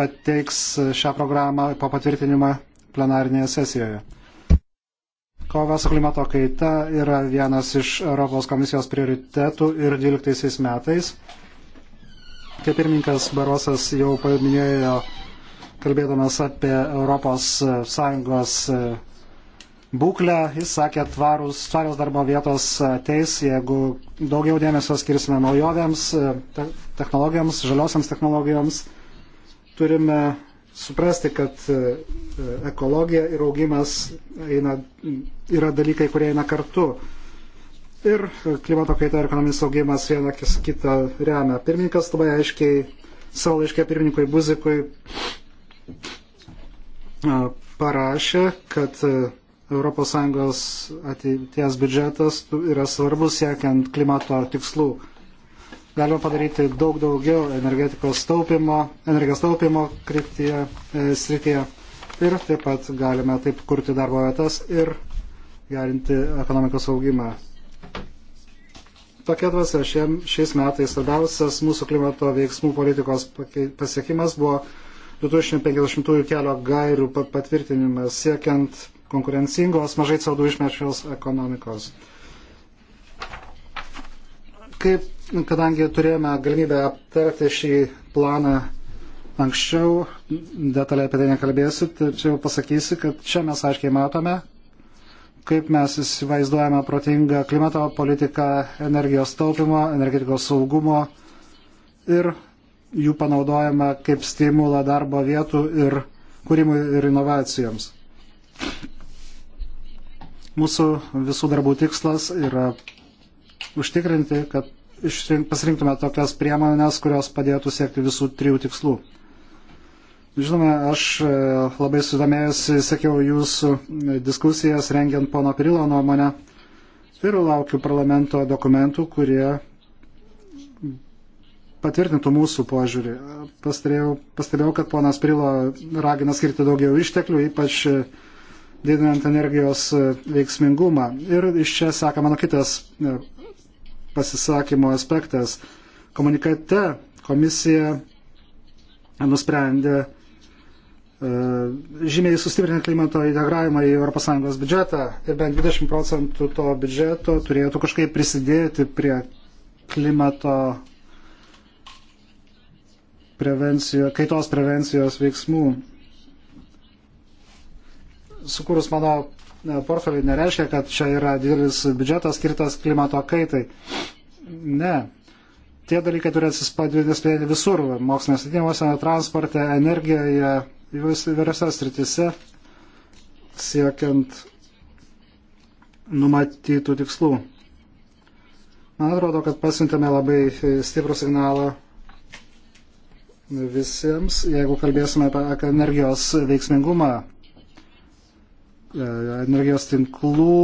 pateiks šią programą po patvirtinimą plenarinėje sesijoje. Kova su klimato kaita yra vienas iš Europos komisijos prioritetų ir 12 metais. Kaip pirmininkas Barosas jau paminėjo, kalbėdamas apie ES e, būklę, jis sakė, tvarus, tvarios darbo vietos ateis, jeigu daugiau dėmesio skirsime naujovėms, e, technologijoms, žaliosiams technologijoms, turime suprasti, kad e, e, ekologija ir augimas eina, yra dalykai, kurie eina kartu. Ir klimato kaita ir ekonominis augimas viena kitą remia. Pirmininkas labai aiškiai savo laiškė pirmininkui Buzikui e, parašė, kad ES ateities biudžetas yra svarbus siekiant klimato tikslų. Galima padaryti daug daugiau energetikos taupimo, energijos taupimo kryptyje, e, srityje ir taip pat galime taip kurti darbo vietas ir gerinti ekonomikos augimą. Tokia dvasia šiais metais svarbiausias mūsų klimato veiksmų politikos pasiekimas buvo 2050 kelio gairių patvirtinimas siekiant konkurencingos, mažai CO2 išmečios ekonomikos. Kaip kadangi turėjome galimybę aptarti šį planą anksčiau, detaliai apie tai nekalbėsiu, tačiau pasakysiu, kad čia mes aiškiai matome, kaip mes įsivaizduojame protingą klimato politiką, energijos taupimo, energetikos saugumo ir jų panaudojimą kaip stimulą darbo vietų ir kūrimui ir inovacijoms. Mūsų visų darbų tikslas yra užtikrinti, kad pasirinktume tokias priemonės, kurios padėtų siekti visų trijų tikslų. Žinoma, aš e, labai sudomėjusi, sakiau, jūsų e, diskusijas rengiant pono Pirilo nuomonę ir laukiu parlamento dokumentų, kurie patvirtintų mūsų požiūrį. Pastarėjau, pastebėjau, kad ponas Pirilo ragina skirti daugiau išteklių, ypač e, didinant energijos veiksmingumą. Ir iš čia seka mano kitas pasisakymo aspektas. Komunikate komisija nusprendė e, žymiai sustiprinti klimato integravimą į ES biudžetą ir bent 20 procentų to biudžeto turėtų kažkaip prisidėti prie klimato prevencijos, kaitos prevencijos veiksmų. Sukūrus mano portfelį nereiškia, kad čia yra didelis biudžetas skirtas klimato kaitai. Ne. Tie dalykai turi atsispėti visur - mokslinės tyrimuose, transporte, energijoje, įvairiose sritise, siekiant numatytų tikslų. Man atrodo, kad pasintėme labai stiprų signalą visiems, jeigu kalbėsime apie energijos veiksmingumą E, energijos tinklų,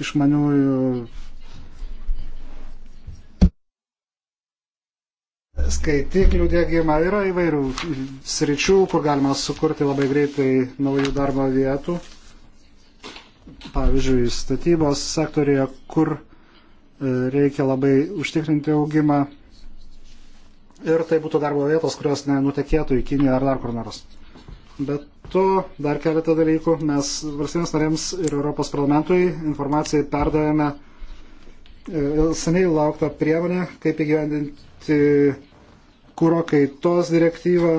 išmaniųjų skaitiklių dėgymą. Yra įvairių sričių, kur galima sukurti labai greitai naujų darbo vietų. Pavyzdžiui, statybos sektorija, kur e, reikia labai užtikrinti augimą. Ir tai būtų darbo vietos, kurios nenutekėtų į Kiniją ar dar kur nors. Bet to dar keletą dalykų mes valstybės narėms ir Europos parlamentui informacijai perdavėme e, seniai lauktą priemonę, kaip įgyvendinti kūro kaitos direktyvą.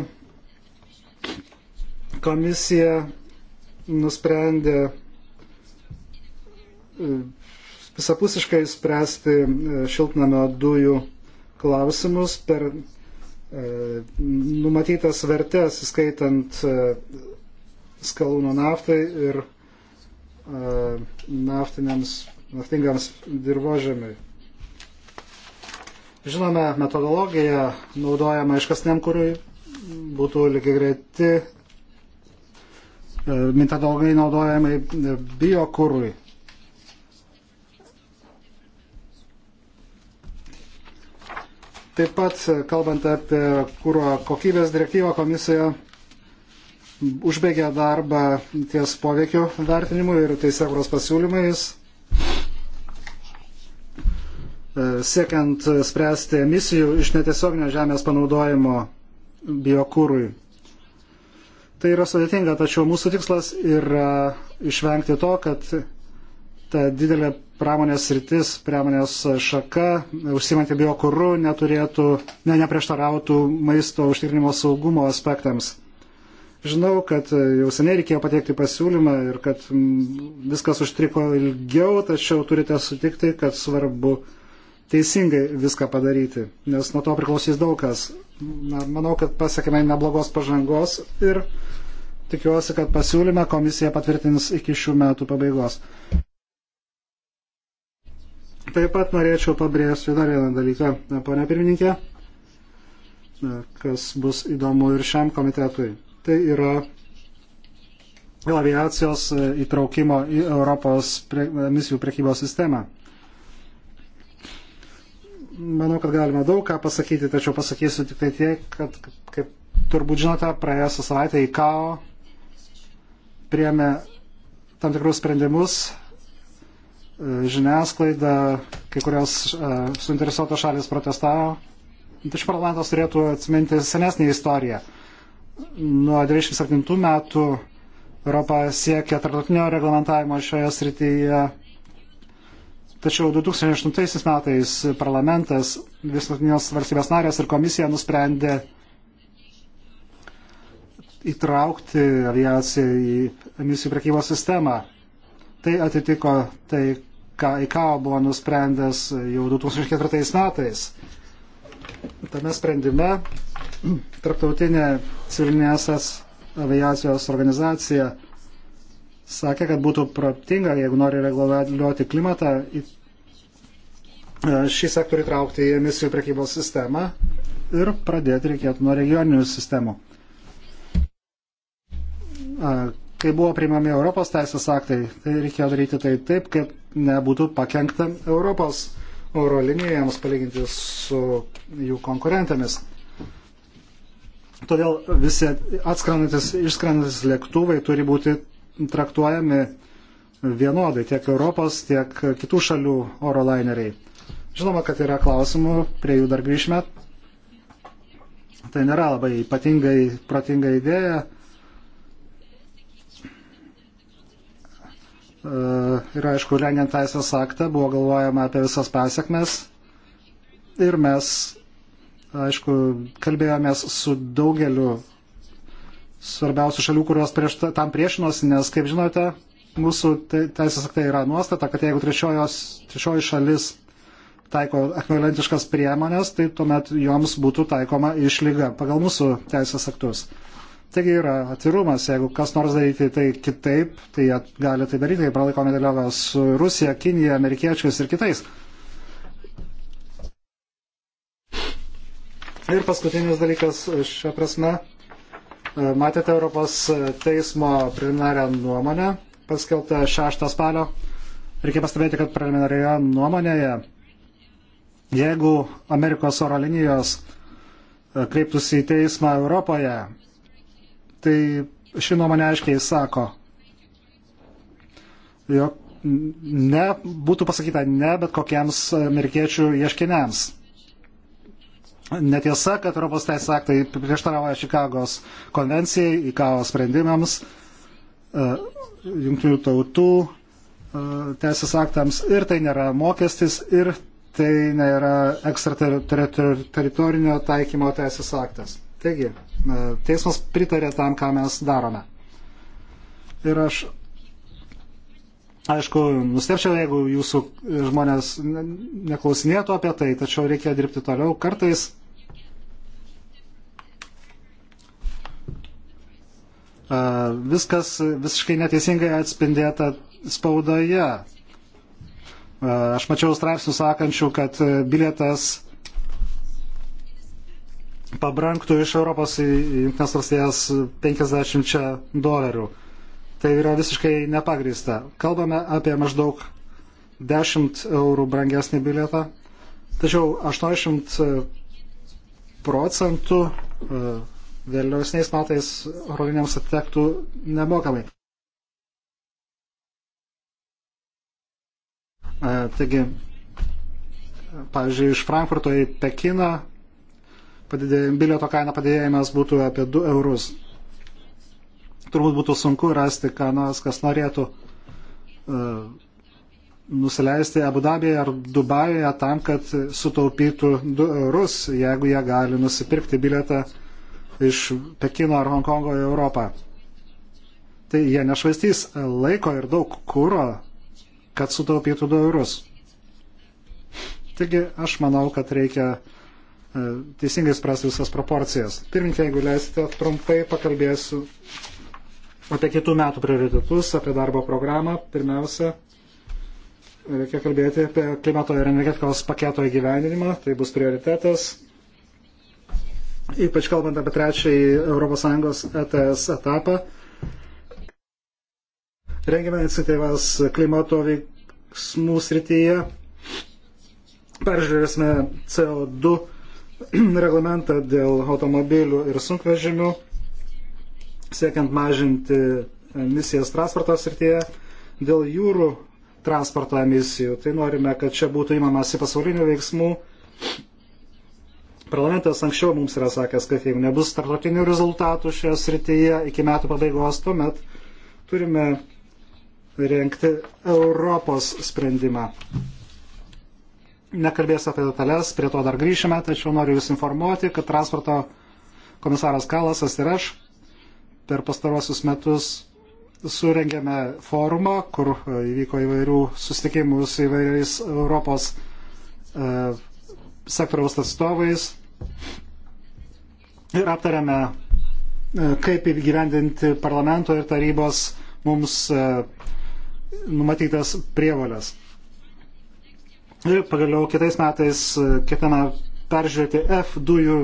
Komisija nusprendė e, visapusiškai spręsti e, šiltnamio dujų klausimus per E, numatytas vertės, skaitant e, skalūno naftai ir e, naftingams dirbožėmiui. Žinome, metodologija naudojama iškasniam kūrui būtų lygiai greiti metodologai naudojamai biokūrui. Taip pat, kalbant apie kūro kokybės direktyvą, komisija užbaigė darbą ties poveikio vertinimu ir teisėkuros pasiūlymais, e, siekiant spręsti emisijų iš netiesioginio žemės panaudojimo biokūrui. Tai yra sudėtinga, tačiau mūsų tikslas yra išvengti to, kad ta didelė pramonės rytis, pramonės šaka, užsimanti biokuru, neturėtų, ne, neprieštarautų maisto užtikrinimo saugumo aspektams. Žinau, kad jau seniai reikėjo pateikti pasiūlymą ir kad viskas užtriko ilgiau, tačiau turite sutikti, kad svarbu teisingai viską padaryti, nes nuo to priklausys daug kas. Na, manau, kad pasiekime neblogos pažangos ir tikiuosi, kad pasiūlymą komisija patvirtins iki šių metų pabaigos. Taip pat norėčiau pabrėžti dar vieną dalyką, ponia pirmininkė, kas bus įdomu ir šiam komitetui. Tai yra aviacijos įtraukimo į Europos pre, misijų prekybos sistemą. Manau, kad galime daug ką pasakyti, tačiau pasakysiu tik tai tiek, kad, kaip turbūt žinote, praėjusią savaitę ICAO priemė tam tikrus sprendimus žiniasklaida, kai kurios e, suinteresuotos šalis protestavo. Tačiau parlamentas turėtų atsiminti senesnį istoriją. Nuo 1997 metų Europa siekia tarptautinio reglamentavimo šioje srityje. Tačiau 2008 metais parlamentas, visuotinės valstybės narės ir komisija nusprendė įtraukti aviaciją į emisijų prekybos sistemą. Tai atitiko tai, ką ICAO buvo nusprendęs jau 2004 metais. Tame sprendime Tarptautinė civilinės aviacijos organizacija sakė, kad būtų protinga, jeigu nori reguliuoti klimatą, e, šį sektorių traukti į emisijų prekybos sistemą ir pradėti reikėtų nuo regioninių sistemų kai buvo priimami Europos teisės aktai, tai reikėjo daryti tai taip, kad nebūtų pakengta Europos oro linijoms palyginti su jų konkurentėmis. Todėl visi atskrendantis, išskrendantis lėktuvai turi būti traktuojami vienodai tiek Europos, tiek kitų šalių oro laineriai. Žinoma, kad yra klausimų, prie jų dar grįžime. Tai nėra labai ypatingai protinga idėja E, ir aišku, rengiant teisės aktą buvo galvojama apie visas pasiekmes ir mes, aišku, kalbėjomės su daugeliu svarbiausių šalių, kurios prieš, tam priešinosi, nes, kaip žinote, mūsų teisės aktai yra nuostata, kad jeigu trečioji šalis taiko ekvivalentiškas priemonės, tai tuomet joms būtų taikoma išlyga pagal mūsų teisės aktus. Taigi yra atvirumas, jeigu kas nors daryti tai kitaip, tai jie gali tai daryti, kaip pralaikome dialogą su Rusija, Kinija, amerikiečiais ir kitais. Ir paskutinis dalykas šią prasme. E, matėte Europos teismo preliminarią nuomonę, paskelbtą 6 spalio. Reikia pastebėti, kad preliminarioje nuomonėje, jeigu Amerikos oro linijos e, kreiptųsi į teismą Europoje, tai ši nuomonė aiškiai sako, jog ne, būtų pasakyta ne bet kokiems amerikiečių ieškiniams. Netiesa, kad Europos teisės aktai prieštarauja Čikagos konvencijai, IKAO sprendimams, e, jungtinių tautų e, teisės aktams ir tai nėra mokestis ir tai nėra ekstrateritorinio taikymo teisės aktas. Taigi, E, teismas pritarė tam, ką mes darome. Ir aš, aišku, nustepčiau, jeigu jūsų žmonės neklausinėtų apie tai, tačiau reikia dirbti toliau. Kartais e, viskas visiškai neteisingai atspindėta spaudoje. E, aš mačiau straipsnių sakančių, kad bilietas pabranktų iš Europos į Junktinės valstijas 50 dolerių. Tai yra visiškai nepagrįsta. Kalbame apie maždaug 10 eurų brangesnį bilietą, tačiau 80 e, procentų e, vėliausniais metais rodiniams atitektų nemokamai. E, taigi, pavyzdžiui, iš Frankfurto į Pekiną padidėjim, bilieto kaina padidėjimas būtų apie 2 eurus. Turbūt būtų sunku rasti, ką nors, kas norėtų uh, nusileisti Abu Dabėje ar Dubajoje tam, kad sutaupytų 2 eurus, jeigu jie gali nusipirkti bilietą iš Pekino ar Hongkongo į Europą. Tai jie nešvaistys laiko ir daug kūro, kad sutaupytų 2 eurus. Taigi aš manau, kad reikia uh, E, teisingai supras visas proporcijas. Pirmininkai, jeigu leisite, trumpai pakalbėsiu apie kitų metų prioritetus, apie darbo programą. Pirmiausia, reikia kalbėti apie klimato ir energetikos paketo įgyvendinimą, tai bus prioritetas. Ypač kalbant apie trečiąjį ES ETS etapą. Rengiame iniciatyvas klimato veiksmų srityje. Peržiūrėsime CO2 reglamentą dėl automobilių ir sunkvežimių, siekiant mažinti emisijas transporto srityje, dėl jūrų transporto emisijų. Tai norime, kad čia būtų įmamasi pasaulinių veiksmų. Parlamentas anksčiau mums yra sakęs, kad jeigu nebus tarptautinių rezultatų šioje srityje iki metų pabaigos, tuomet turime rengti Europos sprendimą nekalbėsiu apie detalės, prie to dar grįšime, tačiau noriu Jūs informuoti, kad transporto komisaras Kalasas ir aš per pastarosius metus surengėme forumą, kur e, įvyko įvairių susitikimų su įvairiais Europos e, sektoriaus atstovais ir aptarėme, e, kaip įgyvendinti parlamento ir tarybos mums e, numatytas prievalės. Ir pagaliau kitais metais e, ketina peržiūrėti F dujų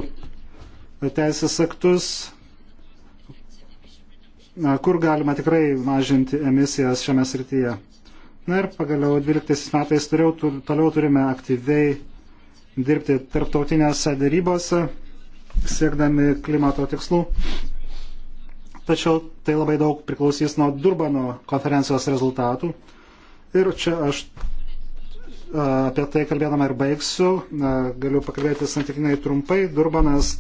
teisės aktus, e, kur galima tikrai mažinti emisijas šiame srityje. Na ir pagaliau 12 metais turėjau, tu, toliau turime aktyviai dirbti tarptautinėse dėrybose, siekdami klimato tikslų. Tačiau tai labai daug priklausys nuo Durbano konferencijos rezultatų. Ir čia aš apie tai kalbėdama ir baigsiu. Galiu pakalbėti santykinai trumpai. Durbanas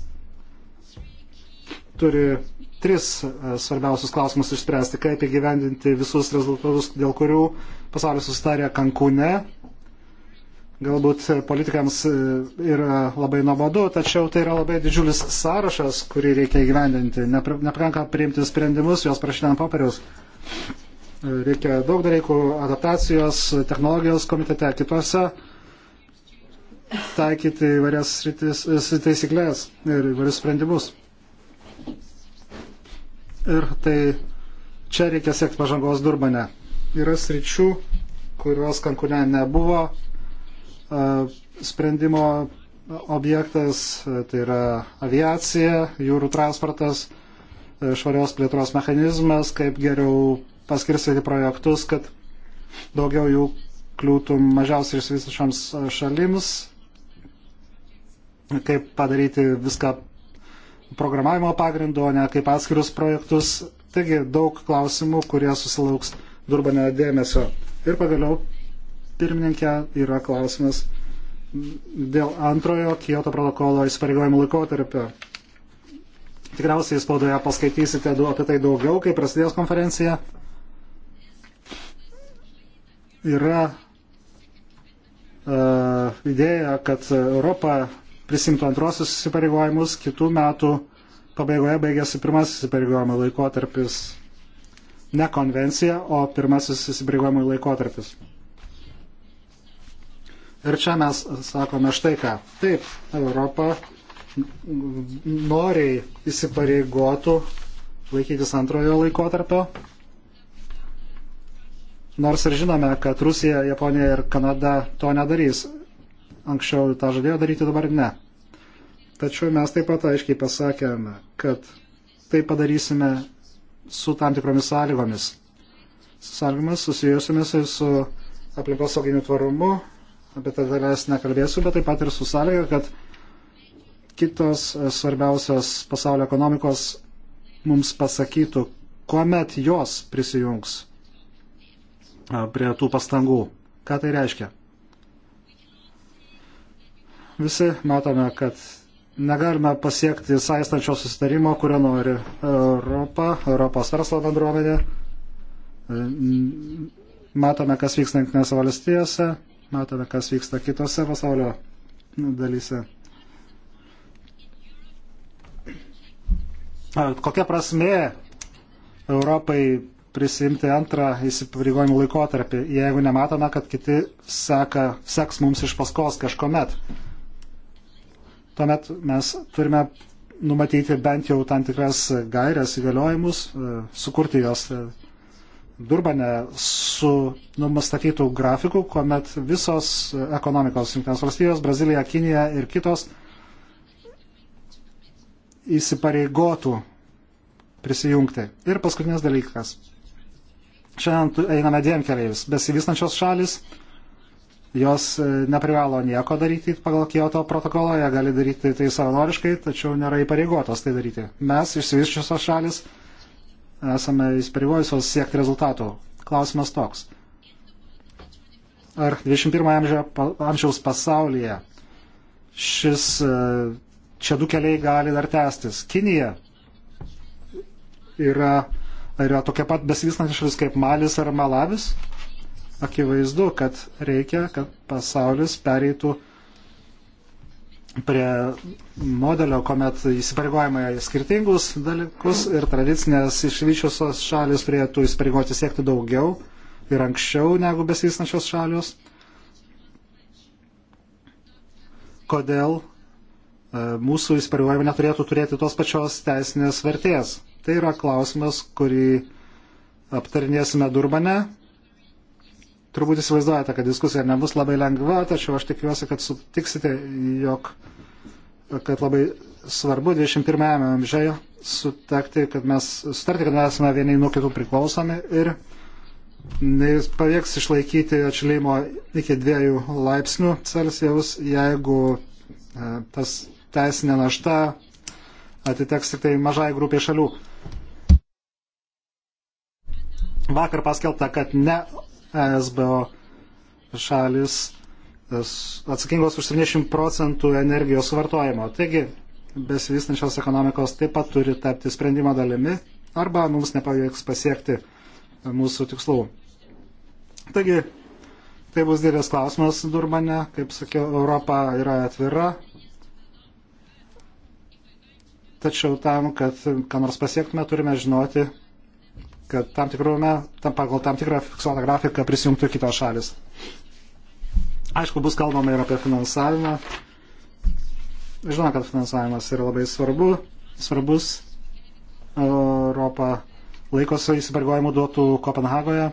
turi tris svarbiausius klausimus išspręsti. Kaip įgyvendinti visus rezultatus, dėl kurių pasaulis sustarė Kankūne. Galbūt politikams e, yra labai nuobodu, tačiau tai yra labai didžiulis sąrašas, kurį reikia įgyvendinti. Nepakanka priimti sprendimus, juos prašyti ant popieriaus Reikia daug dalykų adaptacijos, technologijos komitete, kitose taikyti įvairias taisyklės ir įvairius sprendimus. Ir tai čia reikia siekti pažangos Durbane. Yra sričių, kurios Kankune nebuvo sprendimo objektas, tai yra aviacija, jūrų transportas, švarios plėtros mechanizmas, kaip geriau paskirstyti projektus, kad daugiau jų kliūtų mažiausiai išsivystančioms šalims, kaip padaryti viską programavimo pagrindu, o ne kaip atskirus projektus. Taigi daug klausimų, kurie susilauks durbane dėmesio. Ir pagaliau, pirmininkė, yra klausimas dėl antrojo Kyoto protokolo įsipareigojimų laikotarpio. Tikriausiai spaudoje paskaitysite apie tai daugiau, kai prasidės konferencija yra uh, idėja, kad Europa prisimtų antrosius įsipareigojimus, kitų metų pabaigoje baigėsi pirmasis įsipareigojimo laikotarpis. Ne konvencija, o pirmasis įsipareigojimo laikotarpis. Ir čia mes sakome štai ką. Taip, Europa noriai įsipareigotų laikytis antrojo laikotarpio Nors ir žinome, kad Rusija, Japonija ir Kanada to nedarys. Anksčiau tą žadėjo daryti, dabar ne. Tačiau mes taip pat aiškiai pasakėme, kad tai padarysime su tam tikromis sąlygomis. Sąlygomis susijusiamis ir su aplinkos sauginiu tvarumu, apie tai dalės nekalbėsiu, bet taip pat ir su sąlyga, kad kitos svarbiausios pasaulio ekonomikos mums pasakytų, kuomet jos prisijungs prie tų pastangų. Ką tai reiškia? Visi matome, kad negalime pasiekti saistančio susitarimo, kurio nori Europa, Europos verslo bendruomenė. E, matome, kas vyksta Junktinėse valstijose, matome, kas vyksta kitose pasaulio dalyse. Kokia prasmė Europai prisimti antrą įsipareigojimų laikotarpį, jeigu nematome, kad kiti seka, seks mums iš paskos kažkomet. Tuomet mes turime numatyti bent jau tam tikras gairias įgaliojimus, e, sukurti jos e, Durbane su numastatytų grafikų, kuomet visos e, ekonomikos, Junktinės valstijos, Brazilija, Kinija ir kitos įsipareigotų prisijungti. Ir paskutinis dalykas. Šiandien einame dviem keliais. Besivystančios šalis, jos e, neprivalo nieko daryti pagal Kyoto protokolą, jie gali daryti tai savanoriškai, tačiau nėra įpareigotos tai daryti. Mes, išsivyščiusios šalis, esame įsipareigojusios siekti rezultatų. Klausimas toks. Ar 21 amžiaus pasaulyje šis e, čia du keliai gali dar tęstis? Kinija yra yra tokia pat besivystanti šalis kaip Malis ar Malavis, akivaizdu, kad reikia, kad pasaulis pereitų prie modelio, kuomet įsipareigojama į skirtingus dalykus ir tradicinės išvyčiusios šalis turėtų įsipareigoti siekti daugiau ir anksčiau negu besivystančios šalios. Kodėl e, mūsų įsipareigojimai neturėtų turėti tos pačios teisinės vertės? Tai yra klausimas, kurį aptarinėsime Durbane. Turbūt įsivaizduojate, kad diskusija nebus labai lengva, tačiau aš tikiuosi, kad sutiksite, jog kad labai svarbu 21-ame amžiuje sutarti, kad mes, sutarti, kad mes esame vieni nuo kitų priklausomi ir pavyks išlaikyti atšilimo iki dviejų laipsnių Celsijaus, jeigu e, tas teisinė našta atiteks tik tai mažai grupiai šalių. Vakar paskelbta, kad ne ESBO šalis atsakingos už 70 procentų energijos vartojimo. Taigi, besivystančios ekonomikos taip pat turi tapti sprendimo dalimi arba mums nepavyks pasiekti mūsų tikslų. Taigi, tai bus didelis klausimas Durmane. Kaip sakiau, Europa yra atvira. Tačiau tam, kad ką nors pasiektume, turime žinoti, kad tam tikrume, tam, pagal tam tikrą fiksuotą grafiką prisijungtų kitos šalis. Aišku, bus kalbama ir apie finansavimą. Žinoma, kad finansavimas yra labai svarbu, svarbus. Europa laikosi įsipareigojimų duotų Kopenhagoje.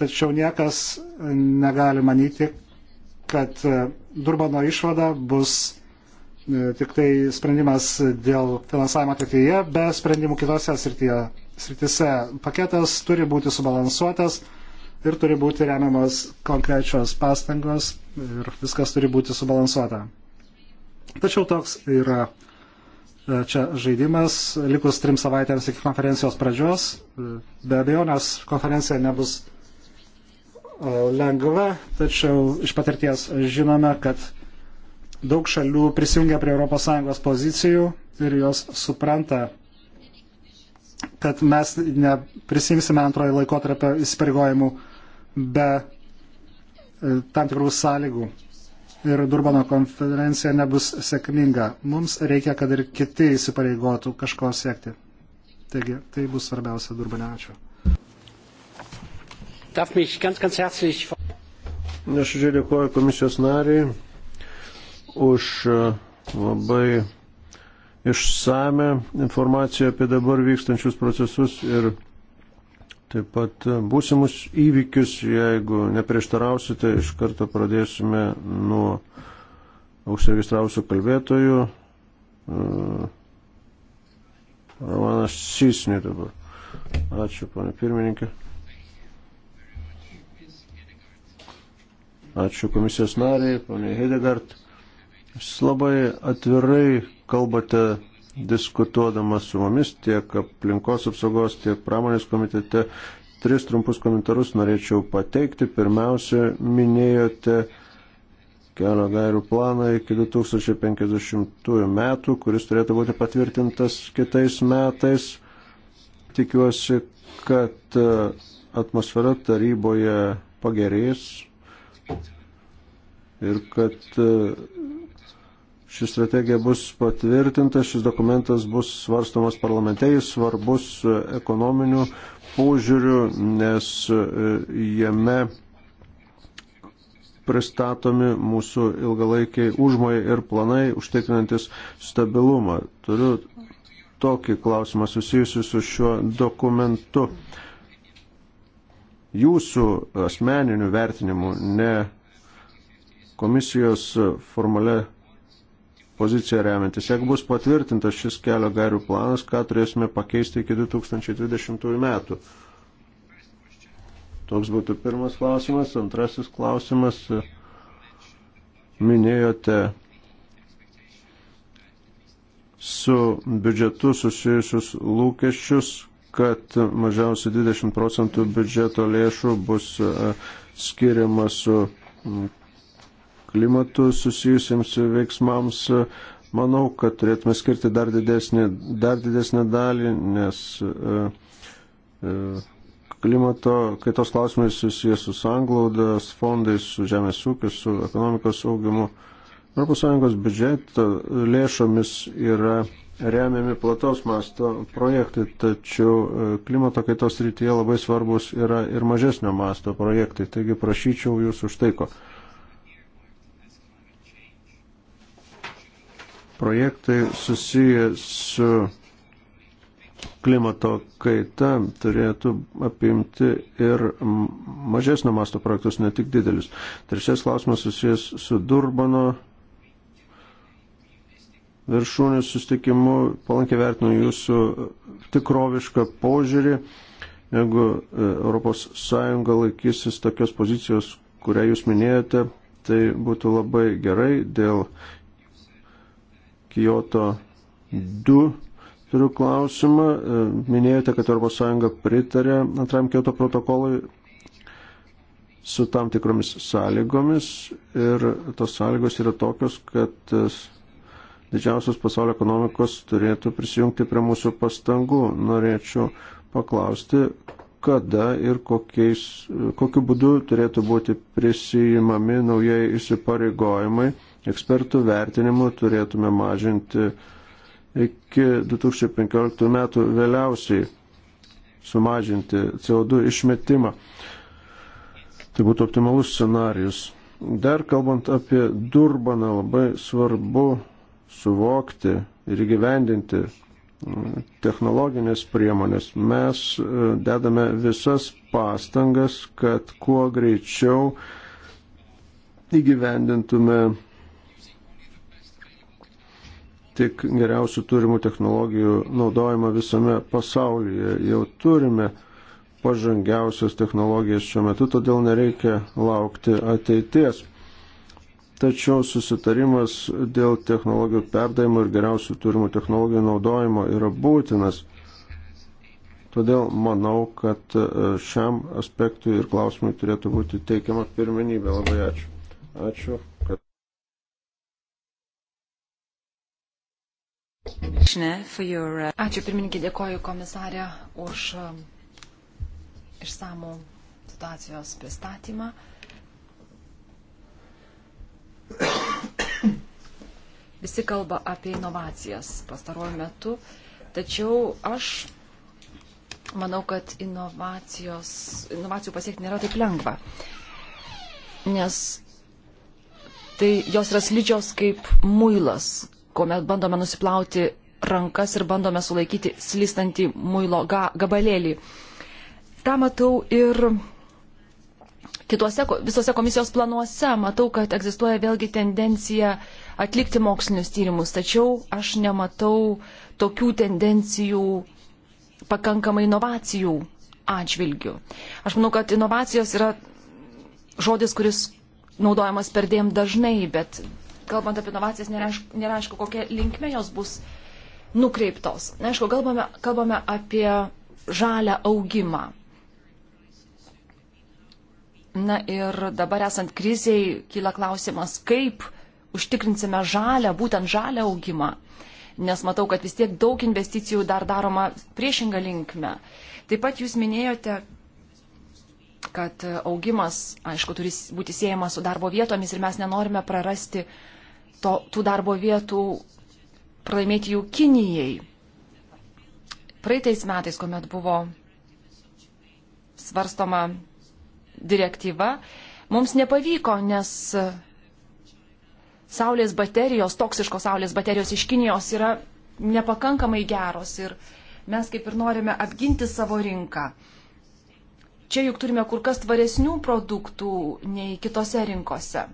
Tačiau niekas negali manyti, kad e, Durbano išvada bus e, tik tai sprendimas dėl finansavimo ateityje, be sprendimų kitose srityje sritise. Paketas turi būti subalansuotas ir turi būti remiamas konkrečios pastangos ir viskas turi būti subalansuota. Tačiau toks yra e, čia žaidimas, likus trim savaitėms iki konferencijos pradžios. E, be abejo, nes konferencija nebus e, lengva, tačiau iš patirties žinome, kad daug šalių prisijungia prie ES pozicijų ir jos supranta, kad mes neprisimsime antrojo laikotarpio įsipareigojimų be e, tam tikrų sąlygų. Ir Durbano konferencija nebus sėkminga. Mums reikia, kad ir kiti įsipareigotų kažko siekti. Taigi, tai bus svarbiausia Durbane. Ačiū. Nuoširdžiai dėkuoju komisijos nariai už e, labai išsame informaciją apie dabar vykstančius procesus ir taip pat e, būsimus įvykius. Jeigu neprieštarausite, iš karto pradėsime nuo užsiregistravusių kalbėtojų. E, Romanas Sysni dabar. Ačiū, ponė pirmininkė. Ačiū komisijos nariai, ponė Hedegard. Jūs labai atvirai kalbate diskutuodamas su mumis tiek aplinkos apsaugos, tiek pramonės komitete. Tris trumpus komentarus norėčiau pateikti. Pirmiausia, minėjote kelio gairių planą iki 2050 metų, kuris turėtų būti patvirtintas kitais metais. Tikiuosi, kad e, atmosfera taryboje pagerės ir kad e, Ši strategija bus patvirtinta, šis dokumentas bus svarstomas parlamente, jis svarbus ekonominių požiūrių, nes e, jame pristatomi mūsų ilgalaikiai užmojai ir planai užtikrinantis stabilumą. Turiu tokį klausimą susijusiu su šiuo dokumentu. Jūsų asmeniniu vertinimu, ne komisijos formale poziciją remiantis. Jeigu bus patvirtintas šis kelio gairių planas, ką turėsime pakeisti iki 2020 metų? Toks būtų pirmas klausimas. Antrasis klausimas. Minėjote su biudžetu susijusius lūkesčius, kad mažiausiai 20 procentų biudžeto lėšų bus skiriama su klimatu susijusiems veiksmams, manau, kad turėtume skirti dar didesnį, dar didesnį dalį, nes e, e, klimato kaitos klausimai susijęs su sanglaudas, fondais, su žemės ūkiu, su ekonomikos augimu. ES biudžeto lėšomis yra remiami plataus masto projektai, tačiau e, klimato kaitos rytyje labai svarbus yra ir mažesnio masto projektai. Taigi prašyčiau jūsų už tai, ko. projektai susiję su klimato kaita turėtų apimti ir mažesnio masto projektus, ne tik didelius. Trečias klausimas susijęs su Durbano viršūnių sustikimu. Palankiai vertinu jūsų tikrovišką požiūrį, jeigu ES laikysis tokios pozicijos, kurią jūs minėjote. Tai būtų labai gerai dėl Kyoto 2 turiu klausimą. E, minėjote, kad ES pritarė antram Kyoto protokolui su tam tikromis sąlygomis ir tos sąlygos yra tokios, kad e, didžiausios pasaulio ekonomikos turėtų prisijungti prie mūsų pastangų. Norėčiau paklausti, kada ir kokiais, kokiu būdu turėtų būti prisijimami naujai įsipareigojimai Ekspertų vertinimu turėtume mažinti iki 2015 metų vėliausiai sumažinti CO2 išmetimą. Tai būtų optimalus scenarius. Dar kalbant apie Durbaną, labai svarbu suvokti ir įgyvendinti mm, technologinės priemonės. Mes e, dedame visas pastangas, kad kuo greičiau įgyvendintume tik geriausių turimų technologijų naudojimą visame pasaulyje. Jau turime pažangiausias technologijas šiuo metu, todėl nereikia laukti ateities. Tačiau susitarimas dėl technologijų perdavimo ir geriausių turimų technologijų naudojimo yra būtinas. Todėl manau, kad e, šiam aspektui ir klausimui turėtų būti teikiama pirmenybė. Labai ačiū. Ačiū. Kad... Uh, Ačiū pirmininkė, dėkoju komisarė už um, išsamų situacijos pristatymą. Visi kalba apie inovacijas pastaruoju metu, tačiau aš manau, kad inovacijų pasiekti nėra taip lengva, nes tai jos yra slidžios kaip muilas, kuomet bandome nusiplauti rankas ir bandome sulaikyti slystantį muilo ga gabalėlį. Ta matau ir kituose, visose komisijos planuose, matau, kad egzistuoja vėlgi tendencija atlikti mokslinius tyrimus, tačiau aš nematau tokių tendencijų pakankamai inovacijų atžvilgių. Aš manau, kad inovacijos yra žodis, kuris naudojamas perdėm dažnai, bet kalbant apie inovacijas, nėra aišku, kokia linkme jos bus nukreiptos. Aišku, kalbame, kalbame apie žalę augimą. Na ir dabar esant kriziai kyla klausimas, kaip užtikrinsime žalę, būtent žalę augimą. Nes matau, kad vis tiek daug investicijų dar daroma priešinga linkme. Taip pat jūs minėjote, kad augimas, aišku, turi būti siejamas su darbo vietomis ir mes nenorime prarasti to, tų darbo vietų pralaimėti jau Kinijai. Praeitais metais, kuomet buvo svarstoma direktyva, mums nepavyko, nes saulės baterijos, toksiškos saulės baterijos iš Kinijos yra nepakankamai geros ir mes kaip ir norime apginti savo rinką. Čia juk turime kur kas tvaresnių produktų nei kitose rinkose.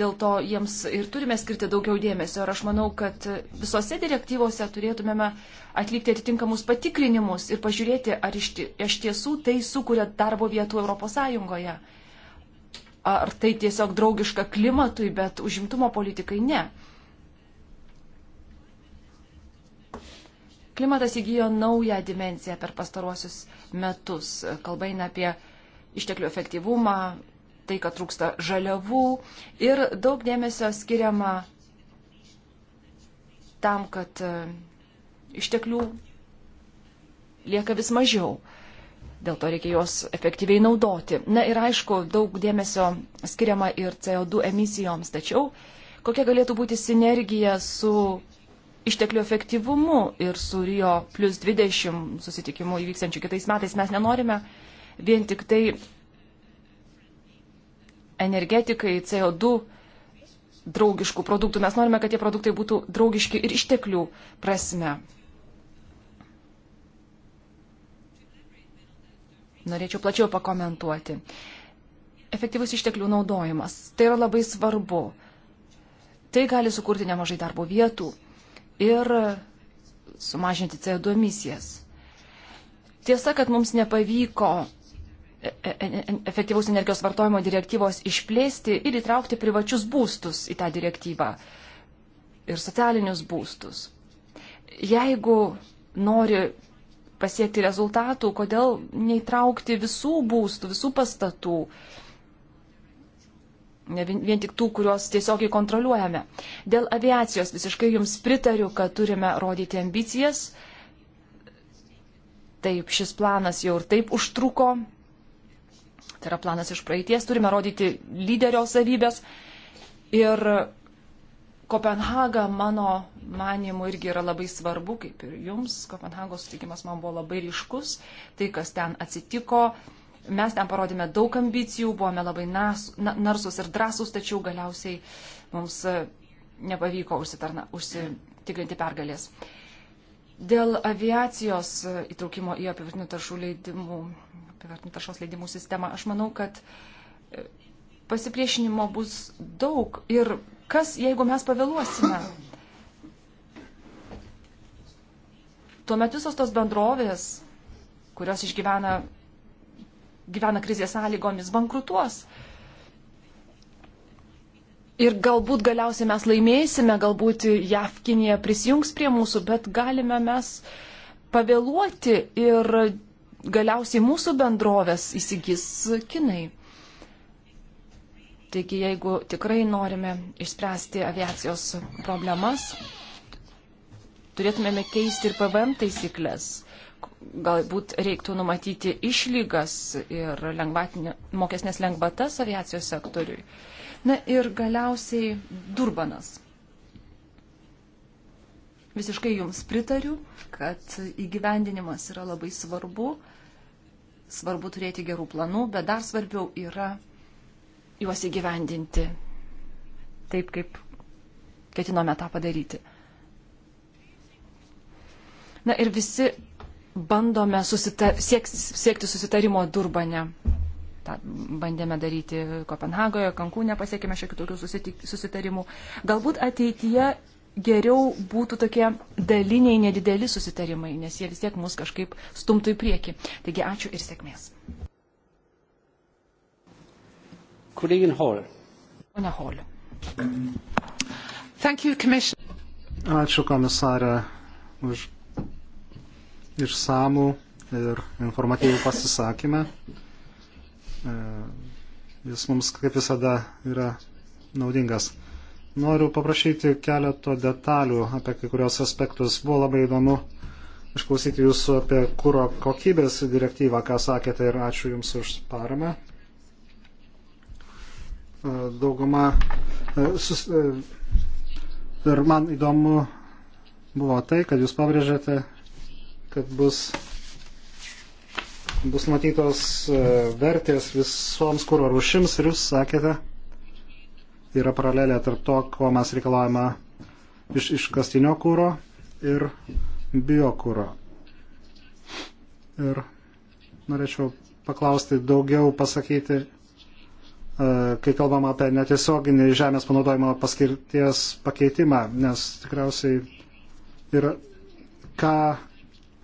Dėl to jiems ir turime skirti daugiau dėmesio. Ir aš manau, kad visose direktyvose turėtumėme atlikti atitinkamus patikrinimus ir pažiūrėti, ar iš tiesų tai sukuria darbo vietų ES. Ar tai tiesiog draugiška klimatui, bet užimtumo politikai ne. Klimatas įgyjo naują dimenciją per pastaruosius metus. Kalba eina apie išteklių efektyvumą, tai, kad trūksta žaliavų ir daug dėmesio skiriama tam, kad e, išteklių lieka vis mažiau. Dėl to reikia juos efektyviai naudoti. Na ir aišku, daug dėmesio skiriama ir CO2 emisijoms, tačiau kokia galėtų būti sinergija su išteklių efektyvumu ir su Rio plus 20 susitikimu įvyksiančiu kitais metais mes nenorime vien tik tai energetikai, CO2 draugiškų produktų. Mes norime, kad tie produktai būtų draugiški ir išteklių prasme. Norėčiau plačiau pakomentuoti. Efektyvus išteklių naudojimas. Tai yra labai svarbu. Tai gali sukurti nemažai darbo vietų ir sumažinti CO2 emisijas. Tiesa, kad mums nepavyko E, e, e, efektyvaus energijos vartojimo direktyvos išplėsti ir įtraukti privačius būstus į tą direktyvą ir socialinius būstus. Jeigu nori pasiekti rezultatų, kodėl neįtraukti visų būstų, visų pastatų, ne vien, vien tik tų, kuriuos tiesiogiai kontroliuojame. Dėl aviacijos visiškai jums pritariu, kad turime rodyti ambicijas. Taip, šis planas jau ir taip užtruko, Tai yra planas iš praeities, turime rodyti lyderio savybės. Ir Kopenhaga mano manimu irgi yra labai svarbu, kaip ir jums. Kopenhagos sutikimas man buvo labai ryškus, tai kas ten atsitiko. Mes ten parodėme daug ambicijų, buvome labai nas, na, narsus ir drąsus, tačiau galiausiai mums e, nepavyko užsitarna, užsitikrinti pergalės. Dėl aviacijos e, įtraukimo į apivartinių taršų leidimų apivartinių taršos leidimų sistemą. Aš manau, kad e, pasipriešinimo bus daug. Ir kas, jeigu mes pavėluosime? Tuomet visos tos bendrovės, kurios išgyvena gyvena krizės sąlygomis, bankrutuos. Ir galbūt galiausiai mes laimėsime, galbūt JAV Kinija prisijungs prie mūsų, bet galime mes pavėluoti ir galiausiai mūsų bendrovės įsigys Kinai. Taigi, jeigu tikrai norime išspręsti aviacijos problemas, turėtumėme keisti ir PVM taisyklės. Galbūt reiktų numatyti išlygas ir mokesnės lengvatas aviacijos sektoriui. Na ir galiausiai Durbanas. Visiškai jums pritariu, kad įgyvendinimas yra labai svarbu, svarbu turėti gerų planų, bet dar svarbiau yra juos įgyvendinti taip, kaip ketinome tą padaryti. Na ir visi bandome susita siek siekti susitarimo Durbane. Ta, bandėme daryti Kopenhagoje, Kankūne pasiekime šiek tiek tokių susitarimų. Galbūt ateityje geriau būtų tokie daliniai nedideli susitarimai, nes jie vis tiek mus kažkaip stumtų į priekį. Taigi ačiū ir sėkmės. Kolegin Hall. Pone Hall. Thank you, commission. Ačiū komisarė už išsamų ir informatyvų pasisakymą. E, jis mums kaip visada yra naudingas. Noriu paprašyti keleto detalių apie kai kurios aspektus. Buvo labai įdomu išklausyti jūsų apie kūro kokybės direktyvą, ką sakėte ir ačiū Jums už paramą. E, dauguma. E, sus, e, ir man įdomu buvo tai, kad Jūs pabrėžėte, kad bus bus matytos vertės visoms kūro rušims ir jūs sakėte, yra paralelė tarp to, ko mes reikalavome iš iškastinio kūro ir biokūro. Ir norėčiau paklausti daugiau, pasakyti, e, kai kalbam apie netiesioginį žemės panaudojimo paskirties pakeitimą, nes tikriausiai ir ką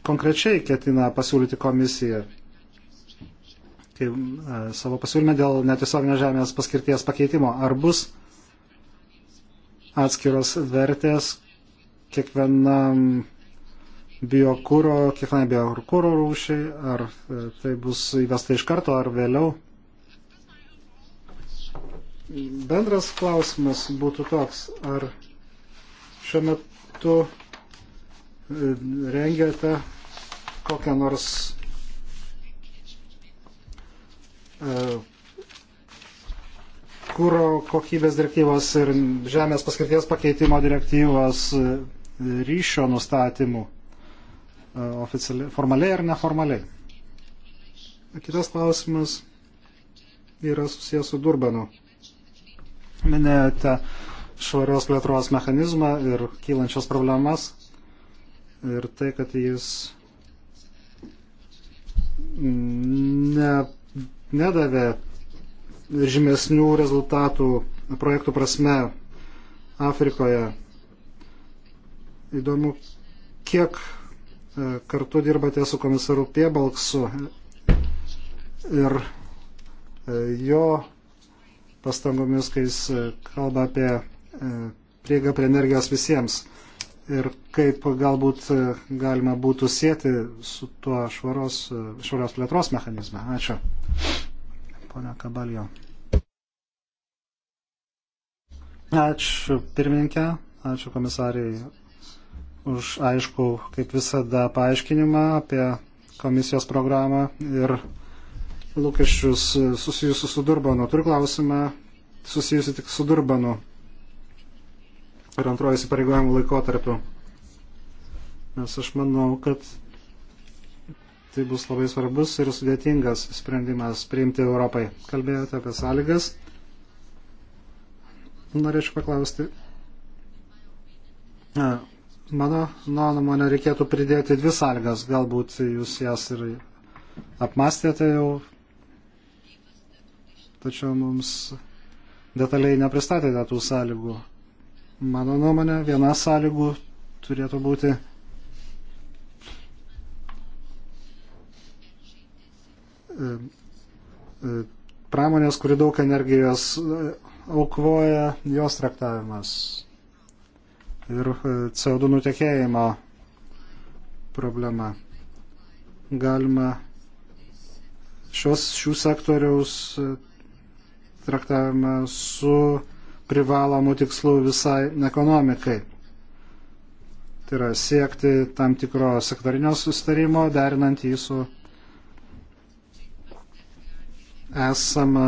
konkrečiai ketina pasiūlyti komisija pateikti e, savo pasiūlymą dėl netiesioginės žemės paskirties pakeitimo. Ar bus atskiros vertės kiekvienam biokūro, kiekvienai biokūro rūšiai, ar e, tai bus įvesta iš karto, ar vėliau. Bendras klausimas būtų toks, ar šiuo metu e, rengiate kokią nors E, kūro kokybės direktyvos ir žemės paskirties pakeitimo direktyvos e, ryšio nustatymų e, oficialiai, formaliai ar neformaliai. Kitas klausimas yra susijęs su Durbanu. Minėjote švarios plėtros mechanizmą ir kylančias problemas ir tai, kad jis ne nedavė žymesnių rezultatų projektų prasme Afrikoje. Įdomu, kiek e, kartu dirbate su komisaru Piebalksu ir e, jo pastangomis, kai jis e, kalba apie prieigą prie energijos visiems ir kaip galbūt e, galima būtų sėti su tuo švaros, e, švaros plėtros mechanizme. Ačiū. Pone Kabalio. Ačiū pirmininkė, ačiū komisariai už aišku, kaip visada, paaiškinimą apie komisijos programą ir lūkesčius e, susijusius su Durbanu. Turiu klausimą susijusi tik su Durbanu per antrojo įsipareigojimų laikotarpiu. Nes aš manau, kad tai bus labai svarbus ir sudėtingas sprendimas priimti Europai. Kalbėjote apie sąlygas. Norėčiau paklausti. Na, mano nuomonė reikėtų pridėti dvi sąlygas. Galbūt jūs jas ir apmastėte jau. Tačiau mums detaliai nepristatėte tų sąlygų. Mano nuomonė, viena sąlygų turėtų būti e, e, pramonės, kuri daug energijos e, aukvoja, jos traktavimas ir CO2 nutekėjimo problema. Galima šios, šių sektoriaus traktavimą su privalomų tikslų visai ekonomikai. Tai yra siekti tam tikro sektorinio sustarimo, derinant jį su esama,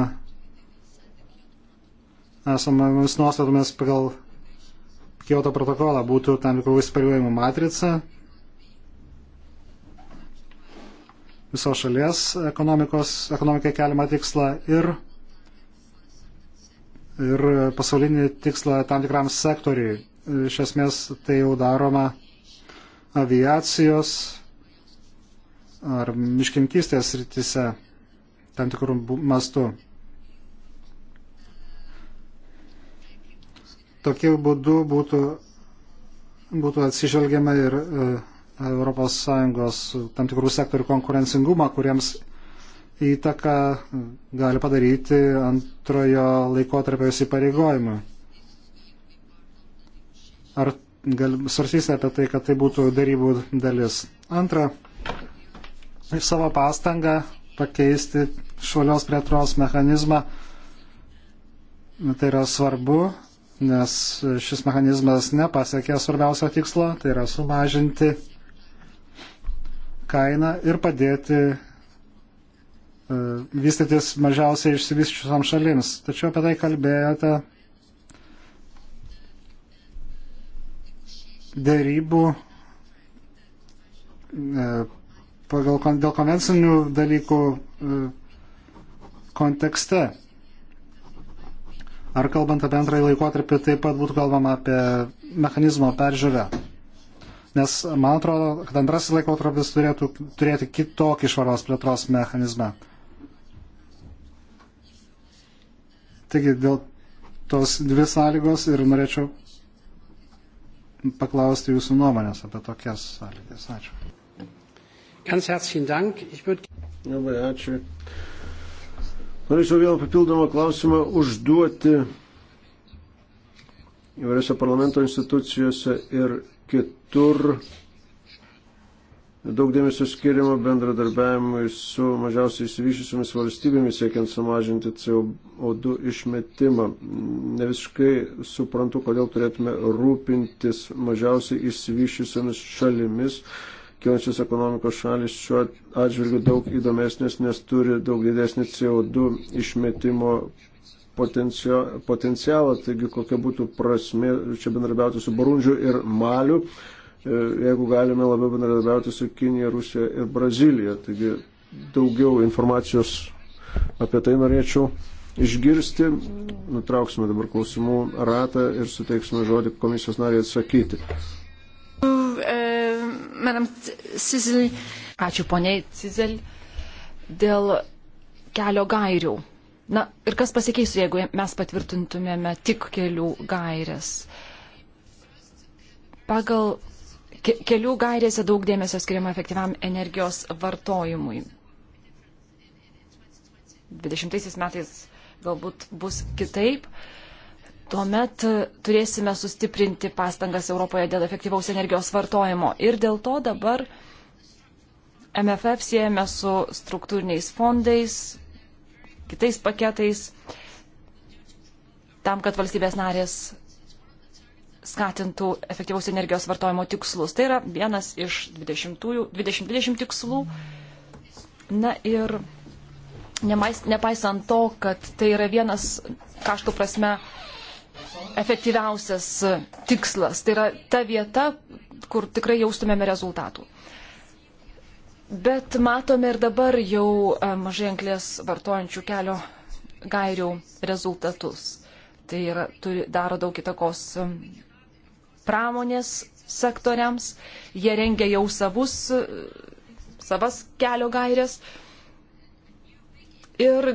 esamomis nuostatomis pagal Kyoto protokolą būtų tam tikrų įsipareigojimų matrica visos šalies ekonomikos, ekonomikai keliamą tikslą ir ir pasaulinį tikslą tam tikram sektoriui. Iš esmės tai jau daroma aviacijos ar miškinkystės rytise tam tikrų mastų. Tokiu būdu būtų, būtų atsižvelgiama ir ES tam tikrų sektorių konkurencingumą, kuriems įtaką gali padaryti antrojo laikotarpio įsipareigojimą. Ar svarstysite apie tai, kad tai būtų darybų dalis? Antra, savo pastangą pakeisti švalios plėtros mechanizmą. Tai yra svarbu, nes šis mechanizmas nepasiekė svarbiausio tikslo, tai yra sumažinti kainą ir padėti E, vystytis mažiausiai išsivysčiusiam šalims. Tačiau apie tai kalbėjote dėrybų e, pagal, dėl konvencinių dalykų e, kontekste. Ar kalbant apie antrąjį laikotarpį, taip pat būtų kalbama apie mechanizmo peržiūrę. Nes man atrodo, kad antrasis laikotarpis turėtų turėti kitokį švaros plėtros mechanizmą. Taigi dėl tos dvi sąlygos ir norėčiau paklausti jūsų nuomonės apie tokias sąlygas. Ačiū. Ganz herzlichen Dank. Ich würde. Labai ačiū. Norėčiau vėl papildomą klausimą užduoti įvairiose parlamento institucijose ir kitur Daug dėmesio skiriama bendradarbiavimui su mažiausiai įsivyšusiomis valstybėmis, siekiant sumažinti CO2 išmetimą. Ne visiškai suprantu, kodėl turėtume rūpintis mažiausiai įsivyšusiomis šalimis. Kilančios ekonomikos šalis šiuo atžvilgiu daug įdomesnės, nes turi daug didesnį CO2 išmetimo potencialą. Taigi, kokia būtų prasme čia bendrabiauti su Barundžiu ir Maliu E, jeigu galime labiau bendradarbiauti su Kinija, Rusija ir Brazilija. Taigi daugiau informacijos apie tai norėčiau išgirsti. Nutrauksime dabar klausimų ratą ir suteiksime žodį komisijos nariai atsakyti. Ačiū poniai Cizel dėl kelio gairių. Na ir kas pasikeisų, jeigu mes patvirtintumėme tik kelių gairias? Pagal Kelių gairėse daug dėmesio skiriama efektyviam energijos vartojimui. 20 metais galbūt bus kitaip. Tuomet turėsime sustiprinti pastangas Europoje dėl efektyvaus energijos vartojimo. Ir dėl to dabar MFF siejame su struktūriniais fondais, kitais paketais, tam, kad valstybės narės skatintų efektyvaus energijos vartojimo tikslus. Tai yra vienas iš 2020 20, 20 tikslų. Na ir nemais, nepaisant to, kad tai yra vienas kaštų prasme efektyviausias tikslas, tai yra ta vieta, kur tikrai jaustumėme rezultatų. Bet matome ir dabar jau e, mažai anglės vartojančių kelio gairių rezultatus. Tai yra, turi, daro daug įtakos pramonės sektoriams, jie rengia jau savus, savas kelio gairias. Ir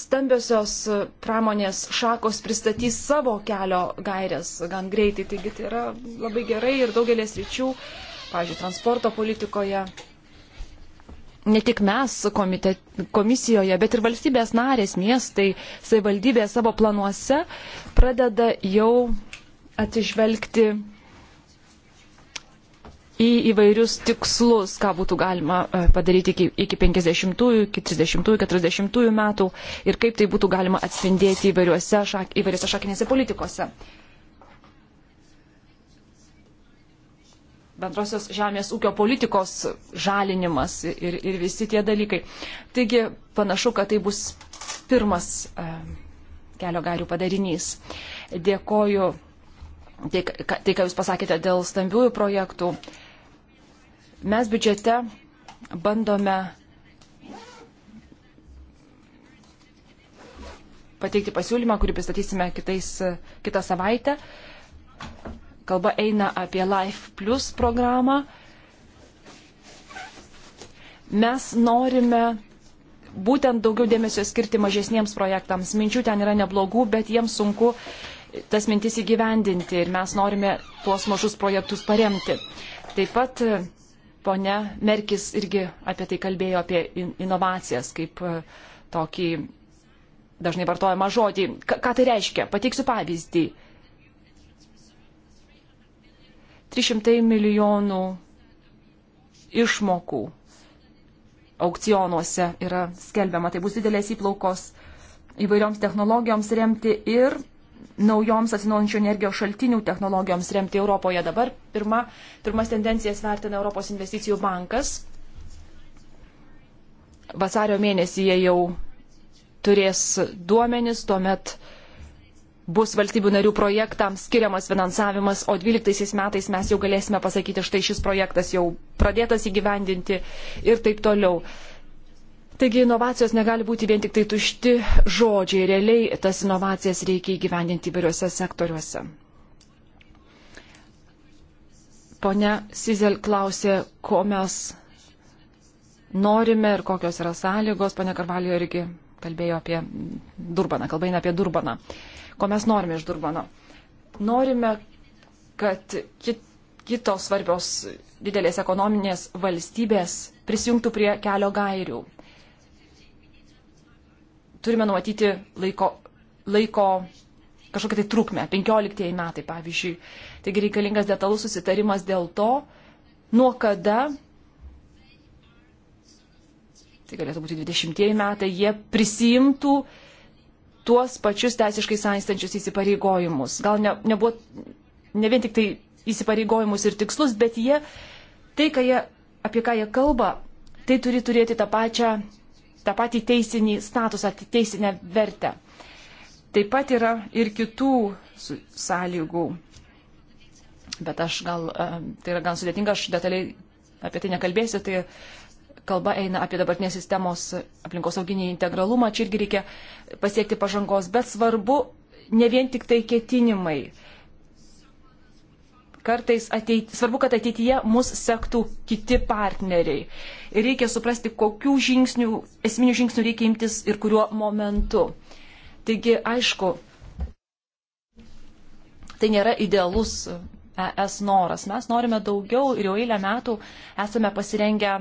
stambiosios pramonės šakos pristatys savo kelio gairias gan greitai, taigi tai yra labai gerai ir daugelės ryčių, pavyzdžiui, transporto politikoje. Ne tik mes komite, komisijoje, bet ir valstybės narės, miestai, savivaldybė savo planuose pradeda jau atsižvelgti į įvairius tikslus, ką būtų galima e, padaryti iki, iki 50-ųjų, iki 30-ųjų, 40-ųjų metų ir kaip tai būtų galima atspindėti įvairiose, šak, įvairiose šakinėse politikose. Bendrosios žemės ūkio politikos žalinimas ir, ir visi tie dalykai. Taigi panašu, kad tai bus pirmas e, kelio garių padarinys. Dėkoju tai, tai ką Jūs pasakėte dėl stambiųjų projektų. Mes biudžete bandome pateikti pasiūlymą, kurį pristatysime kitais, kitą savaitę. Kalba eina apie Life Plus programą. Mes norime būtent daugiau dėmesio skirti mažesniems projektams. Minčių ten yra neblogų, bet jiems sunku tas mintis įgyvendinti ir mes norime tuos mažus projektus paremti. Taip pat e, ponia Merkis irgi apie tai kalbėjo, apie inovacijas, kaip e, tokį dažnai vartojamą žodį. K ką tai reiškia? Pateiksiu pavyzdį. 300 milijonų išmokų aukcionuose yra skelbiama. Tai bus didelės įplaukos įvairioms technologijoms remti ir naujoms atsinaujančių energijos šaltinių technologijoms remti Europoje. Dabar pirma, pirmas tendencijas vertina Europos investicijų bankas. Vasario mėnesį jie jau turės duomenis, tuomet bus valstybių narių projektams skiriamas finansavimas, o 12 metais mes jau galėsime pasakyti, štai šis projektas jau pradėtas įgyvendinti ir taip toliau. Taigi inovacijos negali būti vien tik tai tušti žodžiai, realiai tas inovacijas reikia įgyvendinti įvairiuose sektoriuose. Pone Sizel klausė, ko mes norime ir kokios yra sąlygos. Pone Karvalio irgi kalbėjo apie Durbaną, kalbaina apie Durbaną. Ko mes norime iš Durbano? Norime, kad kit, kitos svarbios didelės ekonominės valstybės prisijungtų prie kelio gairių, turime numatyti laiko, laiko kažkokią tai trukmę, 15 metai pavyzdžiui. Taigi reikalingas detalus susitarimas dėl to, nuo kada, tai galėtų būti 20 metai, jie prisimtų tuos pačius teisiškai sąstančius įsipareigojimus. Gal ne, nebuvo ne vien tik tai įsipareigojimus ir tikslus, bet jie, tai, ką jie, apie ką jie kalba, tai turi turėti tą pačią tą patį teisinį statusą, teisinę vertę. Taip pat yra ir kitų sąlygų, bet aš gal, e, tai yra gan sudėtinga, aš detaliai apie tai nekalbėsiu, tai kalba eina apie dabartinės sistemos aplinkosauginį integralumą, čia irgi reikia pasiekti pažangos, bet svarbu ne vien tik tai ketinimai kartais ateit, svarbu, kad ateityje mus sektų kiti partneriai reikia suprasti, kokių žingsnių, esminių žingsnių reikia imtis ir kuriuo momentu. Taigi, aišku, tai nėra idealus ES noras. Mes norime daugiau ir jau eilę metų esame pasirengę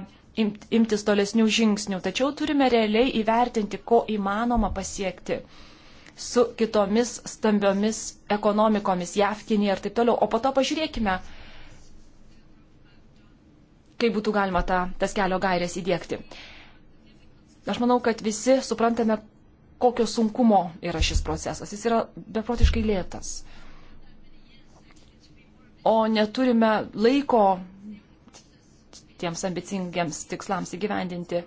imtis tolesnių žingsnių, tačiau turime realiai įvertinti, ko įmanoma pasiekti su kitomis stambiomis ekonomikomis, JAV, Kinija ir taip toliau. O po to pažiūrėkime, kaip būtų galima ta, tas kelio gairės įdėkti. Aš manau, kad visi suprantame, kokio sunkumo yra šis procesas. Jis yra beprotiškai lėtas. O neturime laiko tiems ambicingiams tikslams įgyvendinti.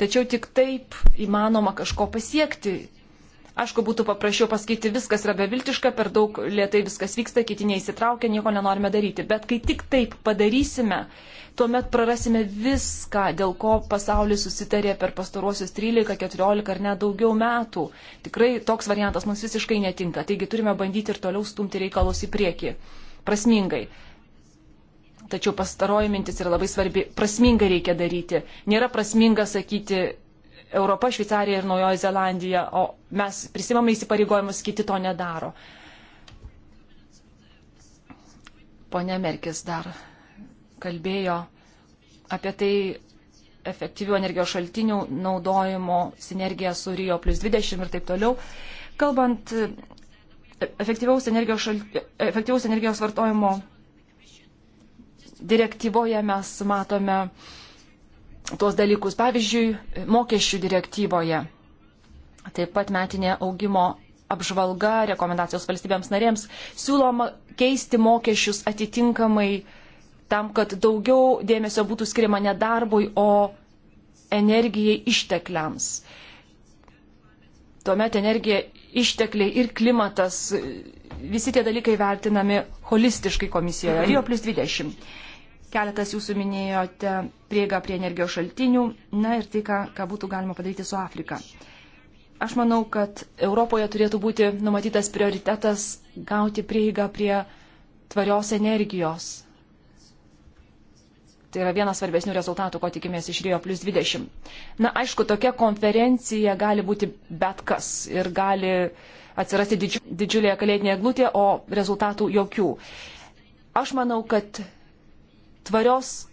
Tačiau tik taip įmanoma kažko pasiekti Aišku, būtų paprasčiau pasakyti, viskas yra beviltiška, per daug lietai viskas vyksta, kiti neįsitraukia, nieko nenorime daryti. Bet kai tik taip padarysime, tuomet prarasime viską, dėl ko pasaulis susitarė per pastaruosius 13, 14 ar net daugiau metų. Tikrai toks variantas mums visiškai netinka. Taigi turime bandyti ir toliau stumti reikalus į priekį. Prasmingai. Tačiau pastaroji mintis yra labai svarbi. Prasmingai reikia daryti. Nėra prasminga sakyti Europa, Šveicarija ir Naujoji Zelandija, o mes prisimame įsipareigojimus, kiti to nedaro. Pone Merkis dar kalbėjo apie tai efektyvių energijos šaltinių naudojimo, sinergija su Rio plus 20 ir taip toliau. Kalbant efektyvaus energijos, šalt... efektyvaus energijos vartojimo direktyvoje mes matome uh, tuos dalykus. Pavyzdžiui, mokesčių direktyvoje. Taip pat metinė augimo apžvalga, rekomendacijos valstybėms narėms. Siūloma keisti mokesčius atitinkamai tam, kad daugiau dėmesio būtų skirima ne darbui, o energijai ištekliams. Tuomet energija, ištekliai ir klimatas, visi tie dalykai vertinami holistiškai komisijoje. Rio plus 20. Keletas jūsų minėjote prieigą prie energijos šaltinių, na ir tai, ką, ką būtų galima padaryti su Afrika. Aš manau, kad Europoje turėtų būti numatytas prioritetas gauti prieigą prie tvarios energijos. Tai yra vienas svarbesnių rezultatų, ko tikimės iš Rio plus 20. Na, aišku, tokia konferencija gali būti bet kas ir gali atsirasti didžiulėje kalėdinėje glūtėje, o rezultatų jokių. Aš manau, kad tvarios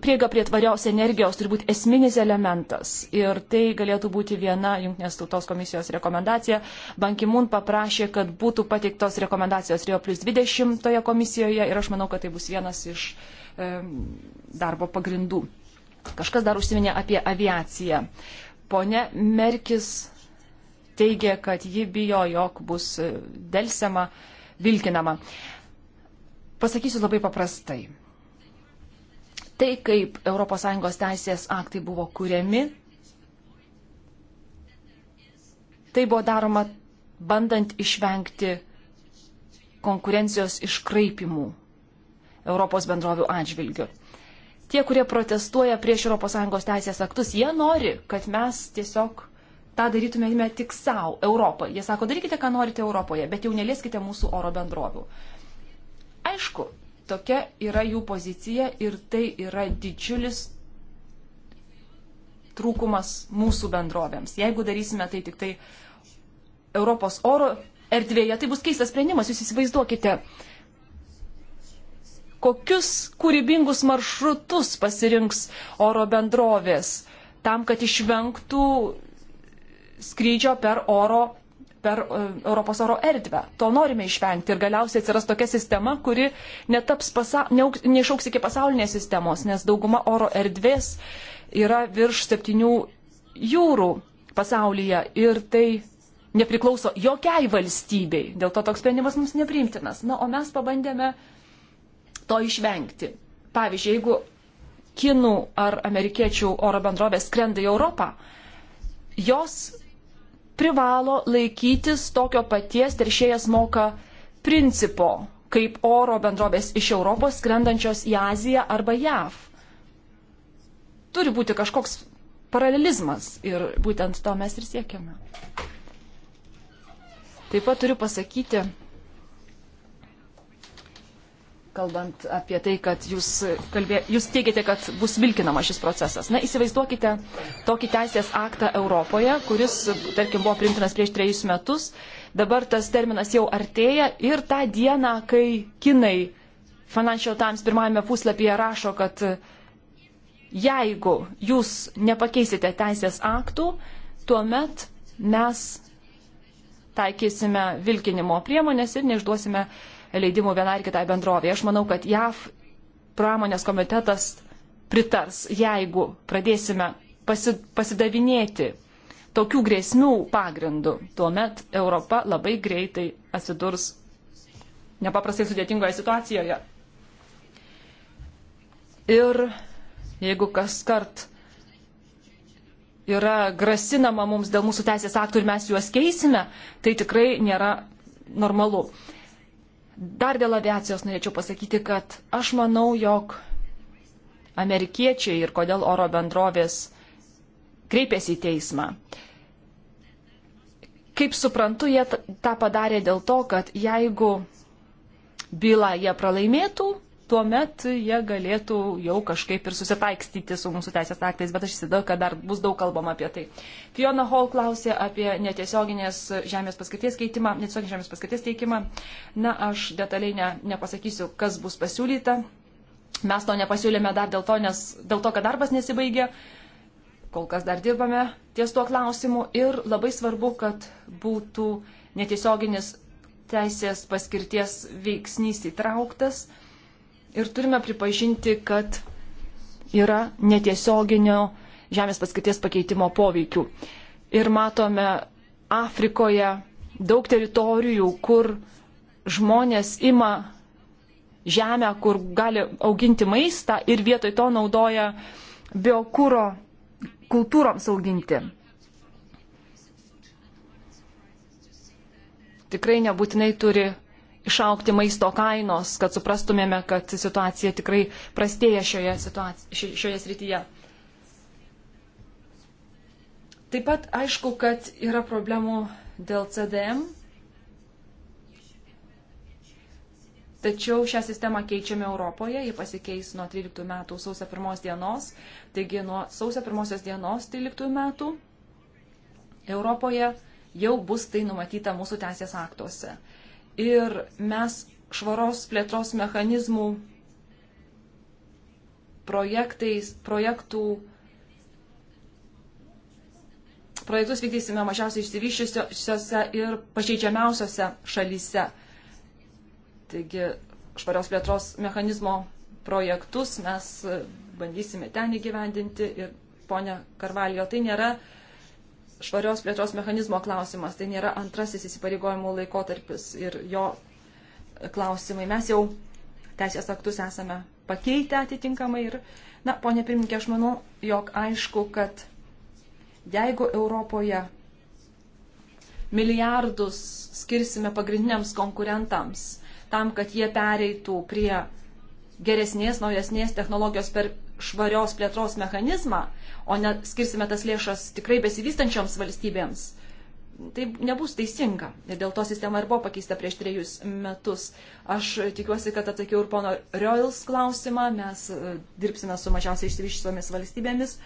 prieiga prie tvarios energijos turi būti esminis elementas. Ir tai galėtų būti viena Junktinės tautos komisijos rekomendacija. Bankimun paprašė, kad būtų pateiktos rekomendacijos Rio plus 20 toje komisijoje ir aš manau, kad tai bus vienas iš e, darbo pagrindų. Kažkas dar užsiminė apie aviaciją. Pone Merkis teigė, kad ji bijo, jog bus e, delsiama, vilkinama. Pasakysiu labai paprastai Tai, kaip ES teisės aktai buvo kuriami, tai buvo daroma bandant išvengti konkurencijos iškraipimų Europos bendrovių atžvilgių. Tie, kurie protestuoja prieš ES teisės aktus, jie nori, kad mes tiesiog tą darytumėme tik savo, Europą. Jie sako, darykite, ką norite Europoje, bet jau nelieskite mūsų oro bendrovių. Aišku, Tokia yra jų pozicija ir tai yra didžiulis trūkumas mūsų bendrovėms. Jeigu darysime tai tik tai Europos oro erdvėje, tai bus keistas sprendimas, jūs įsivaizduokite. Kokius kūrybingus maršrutus pasirinks oro bendrovės tam, kad išvengtų skrydžio per oro per e, Europos oro erdvę. To norime išvengti ir galiausiai atsiras tokia sistema, kuri pasa... neišauks iki pasaulinės sistemos, nes dauguma oro erdvės yra virš septynių jūrų pasaulyje ir tai nepriklauso jokiai valstybei. Dėl to toks sprendimas mums nepriimtinas. Na, o mes pabandėme to išvengti. Pavyzdžiui, jeigu kinų ar amerikiečių oro bendrovės skrenda į Europą, jos privalo laikytis tokio paties teršėjas moka principo, kaip oro bendrovės iš Europos skrendančios į Aziją arba JAV. Turi būti kažkoks paralelizmas ir būtent to mes ir siekiame. Taip pat turiu pasakyti, kalbant apie tai, kad jūs, kalbė, jūs teigiate, kad bus vilkinama šis procesas. Na, įsivaizduokite tokį teisės aktą Europoje, kuris, tarkim, buvo priimtinas prieš trejus metus, dabar tas terminas jau artėja ir tą dieną, kai kinai Financial Times pirmajame puslapyje rašo, kad jeigu jūs nepakeisite teisės aktų, tuomet mes taikysime vilkinimo priemonės ir neišduosime uh, leidimų vienai ar kitai bendrovė. Aš manau, kad JAV pramonės komitetas pritars, jeigu pradėsime pasi, pasidavinėti tokių grėsmių pagrindų, tuomet Europa labai greitai atsidurs nepaprastai sudėtingoje situacijoje. Ir jeigu kas kart yra grasinama mums dėl mūsų teisės aktų ir mes juos keisime, tai tikrai nėra normalu. Dar dėl aviacijos norėčiau pasakyti, kad aš manau, jog amerikiečiai ir kodėl oro bendrovės kreipėsi į teismą. Kaip suprantu, jie tą padarė dėl to, kad jeigu bylą jie pralaimėtų, tuomet jie galėtų jau kažkaip ir susitaikstyti su mūsų teisės aktais, bet aš įsivaizduoju, kad dar bus daug kalbama apie tai. Fiona Hall klausė apie netiesioginės žemės paskirties keitimą, netiesioginės žemės paskirties teikimą. Na, aš detaliai ne, nepasakysiu, kas bus pasiūlyta. Mes to nepasiūlėme dar dėl to, nes, dėl to kad darbas nesibaigė. Kol kas dar dirbame ties tuo klausimu ir labai svarbu, kad būtų netiesioginis teisės paskirties veiksnys įtrauktas ir turime pripažinti, kad yra netiesioginio žemės paskirties pakeitimo poveikių. Ir matome Afrikoje daug teritorijų, kur žmonės ima žemę, kur gali auginti maistą ir vietoj to naudoja biokūro kultūroms auginti. Tikrai nebūtinai turi išaukti maisto kainos, kad suprastumėme, kad situacija tikrai prastėja šioje, situaci šioje srityje. Taip pat aišku, kad yra problemų dėl CDM, tačiau šią sistemą keičiame Europoje, ji pasikeis nuo 13 metų sausio 1 dienos, taigi nuo sausio 1 dienos 13 metų Europoje jau bus tai numatyta mūsų teisės aktuose ir mes švaros plėtros mechanizmų projektais, projektų, projektus vykdysime mažiausiai išsivyščiusiose ir pažeidžiamiausiose šalyse. Taigi švarios plėtros mechanizmo projektus mes bandysime ten įgyvendinti ir ponia Karvalijo, tai nėra švarios plėtros mechanizmo klausimas, tai nėra antrasis įsipareigojimų laikotarpis ir jo klausimai. Mes jau teisės aktus esame pakeitę atitinkamai ir, na, ponė pirmininkė, aš manau, jog aišku, kad jeigu Europoje milijardus skirsime pagrindiniams konkurentams, tam, kad jie pereitų prie geresnės, naujesnės technologijos per švarios plėtros mechanizmą, o ne skirsime tas lėšas tikrai besivystančioms valstybėms, tai nebus teisinga. Ir dėl to sistema ir buvo pakeista prieš trejus metus. Aš tikiuosi, kad atsakiau ir pono Royals klausimą. Mes e, dirbsime su mažiausiai išsivyščiomis valstybėmis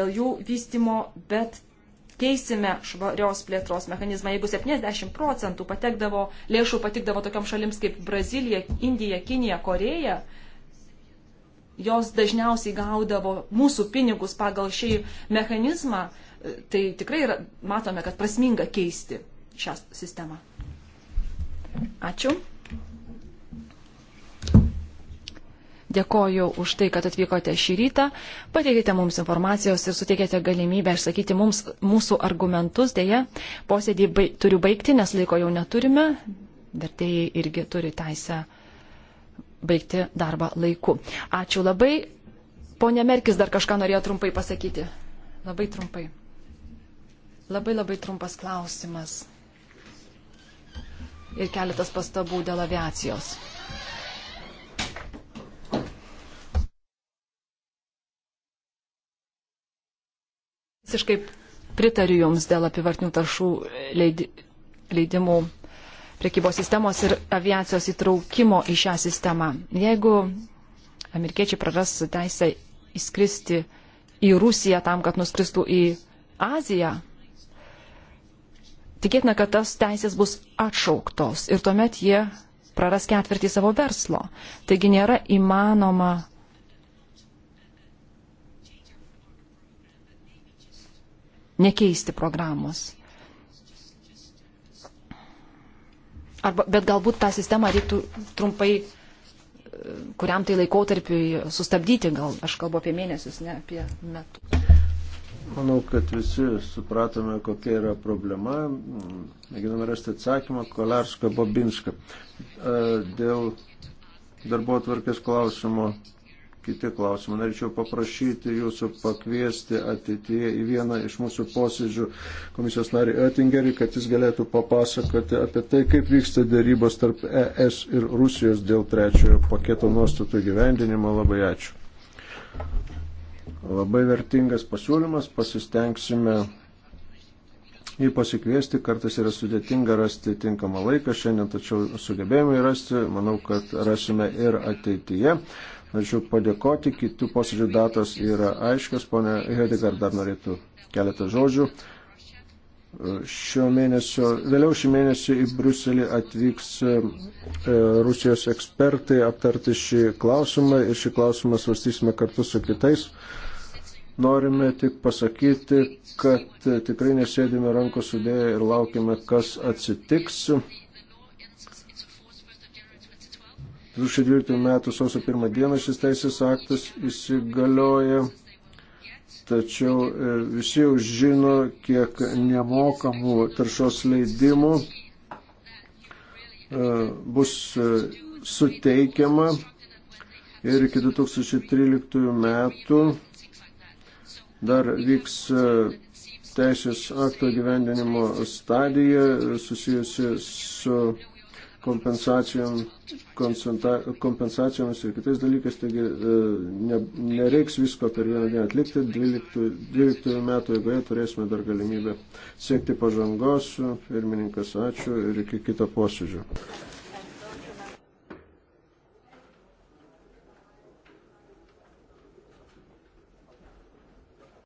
dėl jų vystimo, bet keisime švarios plėtros mechanizmą. Jeigu 70 procentų patekdavo, lėšų patikdavo tokiam šalims kaip Brazilija, Indija, Kinija, Koreja, jos dažniausiai gaudavo mūsų pinigus pagal šį mechanizmą, tai tikrai yra, matome, kad prasminga keisti šią sistemą. Ačiū. Dėkoju už tai, kad atvykote šį rytą, pateikite mums informacijos ir suteikėte galimybę išsakyti mums mūsų argumentus. Deja, posėdį baig, turiu baigti, nes laiko jau neturime. Vertėjai irgi turi teisę baigti darbą laiku. Ačiū labai. Pone Merkis dar kažką norėjo trumpai pasakyti. Labai trumpai. Labai labai trumpas klausimas. Ir keletas pastabų dėl aviacijos. Visiškai pritariu Jums dėl apivartinių taršų leidimų priekybos sistemos ir aviacijos įtraukimo į šią sistemą. Jeigu amerikiečiai praras teisę įskristi į Rusiją tam, kad nuskristų į Aziją, tikėtina, kad tas teisės bus atšauktos ir tuomet jie praras ketvirtį savo verslo. Taigi nėra įmanoma nekeisti programos. Arba, bet galbūt tą sistemą reiktų trumpai, e, kuriam tai laikotarpiui sustabdyti, gal aš kalbu apie mėnesius, ne apie metus. Manau, kad visi supratome, kokia yra problema. Mėginame rasti atsakymą, Kolarska, Bobinska. E, dėl darbo tvarkės klausimo kiti klausimai. Norėčiau paprašyti jūsų pakviesti ateityje į vieną iš mūsų posėdžių komisijos narį Oettingerį, kad jis galėtų papasakoti apie tai, kaip vyksta dėrybos tarp ES ir Rusijos dėl trečiojo paketo nuostatų gyvendinimo. Labai ačiū. Labai vertingas pasiūlymas, pasistengsime jį pasikviesti, kartais yra sudėtinga rasti tinkamą laiką šiandien, tačiau sugebėjome rasti, manau, kad rasime ir ateityje. Norėčiau padėkoti, kitų posėdžių datos yra aiškios, ponė Hedegar dar norėtų keletą žodžių. Šio mėnesio, vėliau šį mėnesį į Bruselį atvyks e, Rusijos ekspertai aptarti šį klausimą ir šį klausimą svarstysime kartu su kitais norime tik pasakyti, kad tikrai nesėdime rankos sudėję ir laukime, kas atsitiks. 2012 m. sausio 1 dieną šis teisės aktas įsigalioja, tačiau e, visi jau žino, kiek nemokamų taršos leidimų e, bus e, suteikiama ir iki 2013 metų dar vyks teisės akto gyvendinimo stadija susijusi su kompensacijom, kompensacijomis ir kitais dalykais, taigi e, ne, nereiks visko per vieną dieną atlikti. 12, 12 metų eigoje turėsime dar galimybę siekti pažangos. Pirmininkas, ačiū ir iki kito posėdžio.